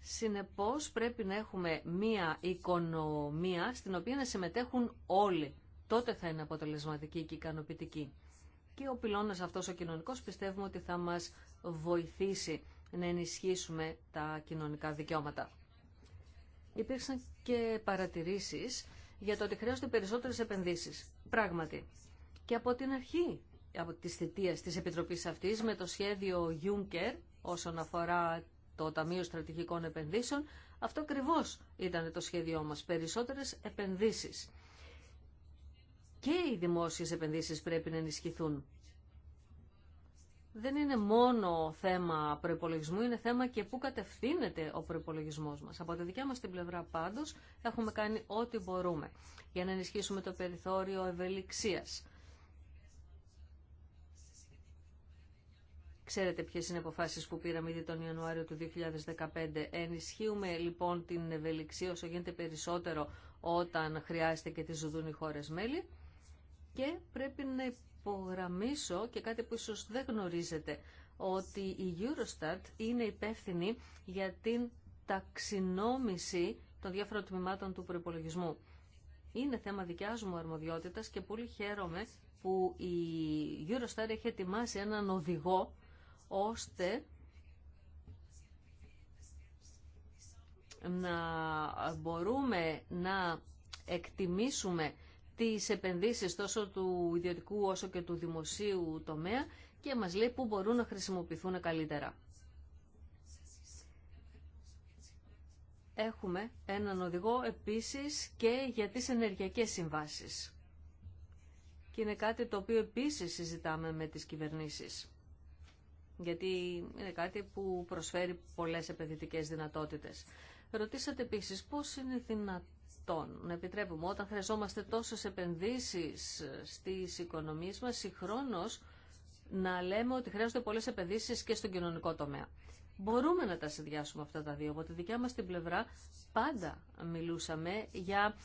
Συνεπώς πρέπει να έχουμε μία οικονομία στην οποία να συμμετέχουν όλοι τότε θα είναι αποτελεσματική και ικανοποιητική. Και ο πυλώνας αυτός ο κοινωνικός πιστεύουμε ότι θα μας βοηθήσει να ενισχύσουμε τα κοινωνικά δικαιώματα. Υπήρξαν και παρατηρήσεις για το ότι χρειάζονται περισσότερες επενδύσεις. Πράγματι. Και από την αρχή από τη θητείας της Επιτροπής αυτής με το σχέδιο Juncker όσον αφορά το Ταμείο Στρατηγικών Επενδύσεων, αυτό ακριβώ ήταν το σχέδιό μας, περισσότερες επενδύσεις και οι δημόσιες επενδύσεις πρέπει να ενισχυθούν. Δεν είναι μόνο θέμα προπολογισμού, είναι θέμα και πού κατευθύνεται ο προπολογισμό μα. Από τη δικιά μα την πλευρά πάντω έχουμε κάνει ό,τι μπορούμε για να ενισχύσουμε το περιθώριο ευελιξία. Ξέρετε ποιες είναι οι αποφάσεις που πήραμε ήδη τον Ιανουάριο του 2015. Ενισχύουμε λοιπόν την ευελιξία όσο γίνεται περισσότερο όταν χρειάζεται και τη ζουδούν οι χώρες μέλη. Και πρέπει να υπογραμμίσω και κάτι που ίσως δεν γνωρίζετε, ότι η Eurostat είναι υπεύθυνη για την ταξινόμηση των διάφορων τμήματων του προπολογισμού. Είναι θέμα δικιάς μου αρμοδιότητας και πολύ χαίρομαι που η Eurostar έχει ετοιμάσει έναν οδηγό ώστε να μπορούμε να εκτιμήσουμε τις επενδύσεις τόσο του ιδιωτικού όσο και του δημοσίου τομέα και μας λέει πού μπορούν να χρησιμοποιηθούν καλύτερα. Έχουμε έναν οδηγό επίσης και για τις ενεργειακές συμβάσεις. Και είναι κάτι το οποίο επίσης συζητάμε με τις κυβερνήσεις. Γιατί είναι κάτι που προσφέρει πολλές επενδυτικές δυνατότητες. Ρωτήσατε επίσης πώς είναι δυνατόν να επιτρέπουμε όταν χρειαζόμαστε τόσες επενδύσεις στις οικονομίες μας, συγχρόνως να λέμε ότι χρειάζονται πολλές επενδύσεις και στον κοινωνικό τομέα. Μπορούμε να τα συνδυάσουμε αυτά τα δύο. Από τη δικιά μας την πλευρά πάντα μιλούσαμε για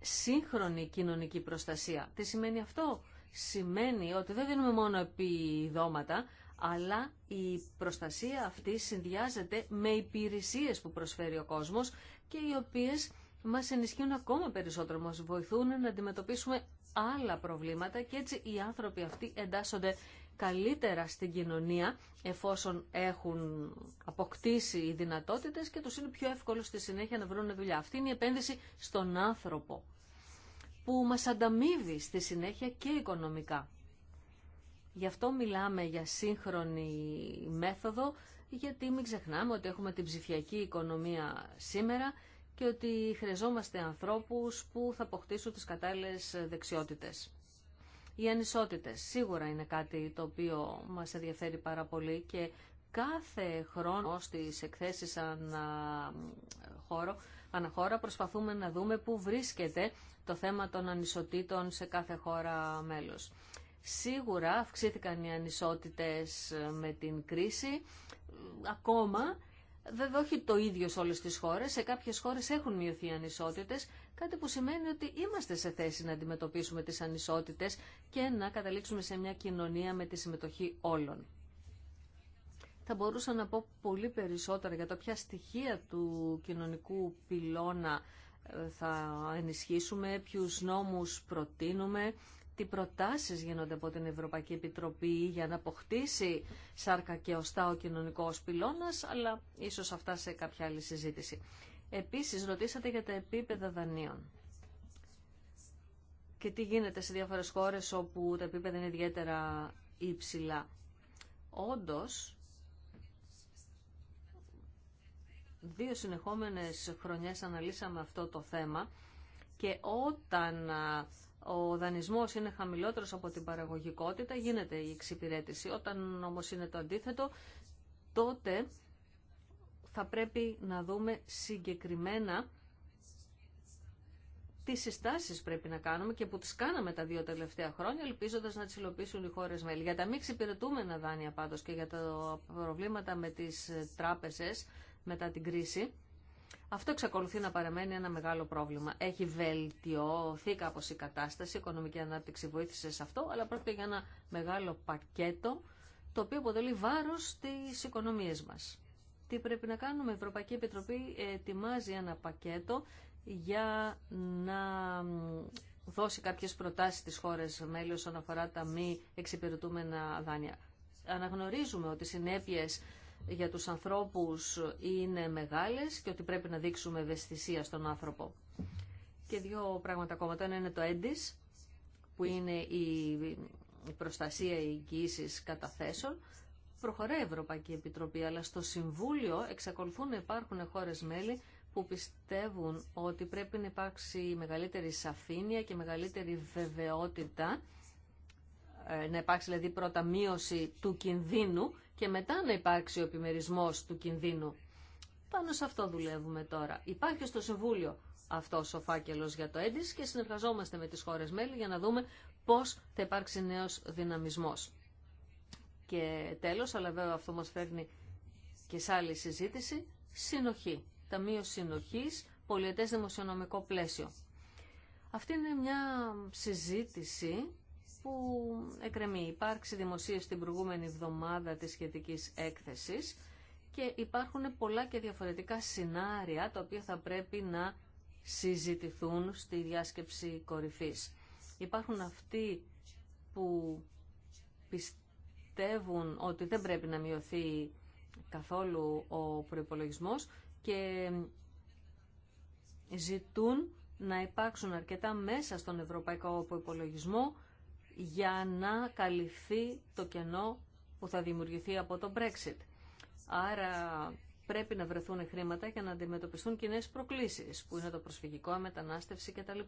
σύγχρονη κοινωνική προστασία. Τι σημαίνει αυτό? Σημαίνει ότι δεν δίνουμε μόνο επιδόματα, αλλά η προστασία αυτή συνδυάζεται με υπηρεσίες που προσφέρει ο κόσμος και οι οποίες μας ενισχύουν ακόμα περισσότερο, μας βοηθούν να αντιμετωπίσουμε άλλα προβλήματα και έτσι οι άνθρωποι αυτοί εντάσσονται καλύτερα στην κοινωνία εφόσον έχουν αποκτήσει οι δυνατότητες και τους είναι πιο εύκολο στη συνέχεια να βρουν δουλειά. Αυτή είναι η επένδυση στον άνθρωπο που μας ανταμείβει στη συνέχεια και οικονομικά. Γι' αυτό μιλάμε για σύγχρονη μέθοδο, γιατί μην ξεχνάμε ότι έχουμε την ψηφιακή οικονομία σήμερα και ότι χρειαζόμαστε ανθρώπους που θα αποκτήσουν τις κατάλληλες δεξιότητες. Οι ανισότητες σίγουρα είναι κάτι το οποίο μας ενδιαφέρει πάρα πολύ και κάθε χρόνο στις εκθέσεις χώρο, αναχώρα προσπαθούμε να δούμε πού βρίσκεται το θέμα των ανισοτήτων σε κάθε χώρα μέλος. Σίγουρα αυξήθηκαν οι ανισότητες με την κρίση, ακόμα Βέβαια όχι το ίδιο σε όλες τις χώρες, σε κάποιες χώρες έχουν μειωθεί οι κάτι που σημαίνει ότι είμαστε σε θέση να αντιμετωπίσουμε τις ανισότητες και να καταλήξουμε σε μια κοινωνία με τη συμμετοχή όλων. Θα μπορούσα να πω πολύ περισσότερα για το ποια στοιχεία του κοινωνικού πυλώνα ε, θα ενισχύσουμε, ποιους νόμους προτείνουμε, τι προτάσεις γίνονται από την Ευρωπαϊκή Επιτροπή για να αποκτήσει σάρκα και οστά ο κοινωνικός πυλώνας, αλλά ίσως αυτά σε κάποια άλλη συζήτηση. Επίσης, ρωτήσατε για τα επίπεδα δανείων και τι γίνεται σε διάφορες χώρες όπου τα επίπεδα είναι ιδιαίτερα υψηλά. Όντως, δύο συνεχόμενες χρονιές αναλύσαμε αυτό το θέμα και όταν ο δανεισμός είναι χαμηλότερος από την παραγωγικότητα, γίνεται η εξυπηρέτηση. Όταν όμως είναι το αντίθετο, τότε θα πρέπει να δούμε συγκεκριμένα τι συστάσεις πρέπει να κάνουμε και που τις κάναμε τα δύο τελευταία χρόνια, ελπίζοντας να τις υλοποιήσουν οι χώρες μέλη. Για τα μη εξυπηρετούμενα δάνεια πάντως και για τα προβλήματα με τις τράπεζες μετά την κρίση, αυτό εξακολουθεί να παραμένει ένα μεγάλο πρόβλημα. Έχει βελτιωθεί κάπω η κατάσταση, η οικονομική ανάπτυξη βοήθησε σε αυτό, αλλά πρόκειται για ένα μεγάλο πακέτο το οποίο αποτελεί βάρο στι οικονομίε μα. Τι πρέπει να κάνουμε, η Ευρωπαϊκή Επιτροπή ετοιμάζει ένα πακέτο για να δώσει κάποιες προτάσεις στις χώρες μέλη όσον αφορά τα μη εξυπηρετούμενα δάνεια. Αναγνωρίζουμε ότι οι συνέπειες για τους ανθρώπους είναι μεγάλες και ότι πρέπει να δείξουμε ευαισθησία στον άνθρωπο. Και δύο πράγματα ακόμα. Το ένα είναι το έντις, που είναι η προστασία εγγύησης καταθέσεων. Προχωράει η Ευρωπαϊκή Επιτροπή, αλλά στο Συμβούλιο εξακολουθούν να υπάρχουν χώρες μέλη που πιστεύουν ότι πρέπει να υπάρξει μεγαλύτερη σαφήνεια και μεγαλύτερη βεβαιότητα, ε, να υπάρξει δηλαδή πρώτα μείωση του κινδύνου και μετά να υπάρξει ο επιμερισμός του κινδύνου. Πάνω σε αυτό δουλεύουμε τώρα. Υπάρχει στο Συμβούλιο αυτός ο φάκελος για το έντι και συνεργαζόμαστε με τις χώρε μέλη για να δούμε πώς θα υπάρξει νέο δυναμισμός. Και τέλος, αλλά βέβαια αυτό μας φέρνει και σε άλλη συζήτηση, συνοχή. Ταμείο συνοχή πολιτέ δημοσιονομικό πλαίσιο. Αυτή είναι μια συζήτηση που εκρεμεί. Υπάρξει δημοσίες την προηγούμενη εβδομάδα της σχετικής έκθεσης και υπάρχουν πολλά και διαφορετικά σενάρια τα οποία θα πρέπει να συζητηθούν στη διάσκεψη κορυφής. Υπάρχουν αυτοί που πιστεύουν ότι δεν πρέπει να μειωθεί καθόλου ο προπολογισμό και ζητούν να υπάρξουν αρκετά μέσα στον ευρωπαϊκό προϋπολογισμό για να καλυφθεί το κενό που θα δημιουργηθεί από το Brexit. Άρα πρέπει να βρεθούν χρήματα για να αντιμετωπιστούν κοινέ προκλήσεις, που είναι το προσφυγικό, μετανάστευση κτλ.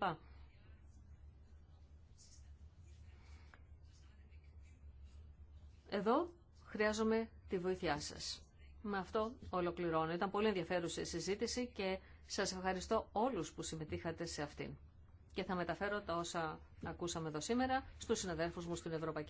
Εδώ χρειάζομαι τη βοήθειά σας. Με αυτό ολοκληρώνω. Ήταν πολύ ενδιαφέρουσα η συζήτηση και σας ευχαριστώ όλους που συμμετείχατε σε αυτήν και θα μεταφέρω τα όσα ακούσαμε εδώ σήμερα στους συναδέλφους μου στην Ευρωπαϊκή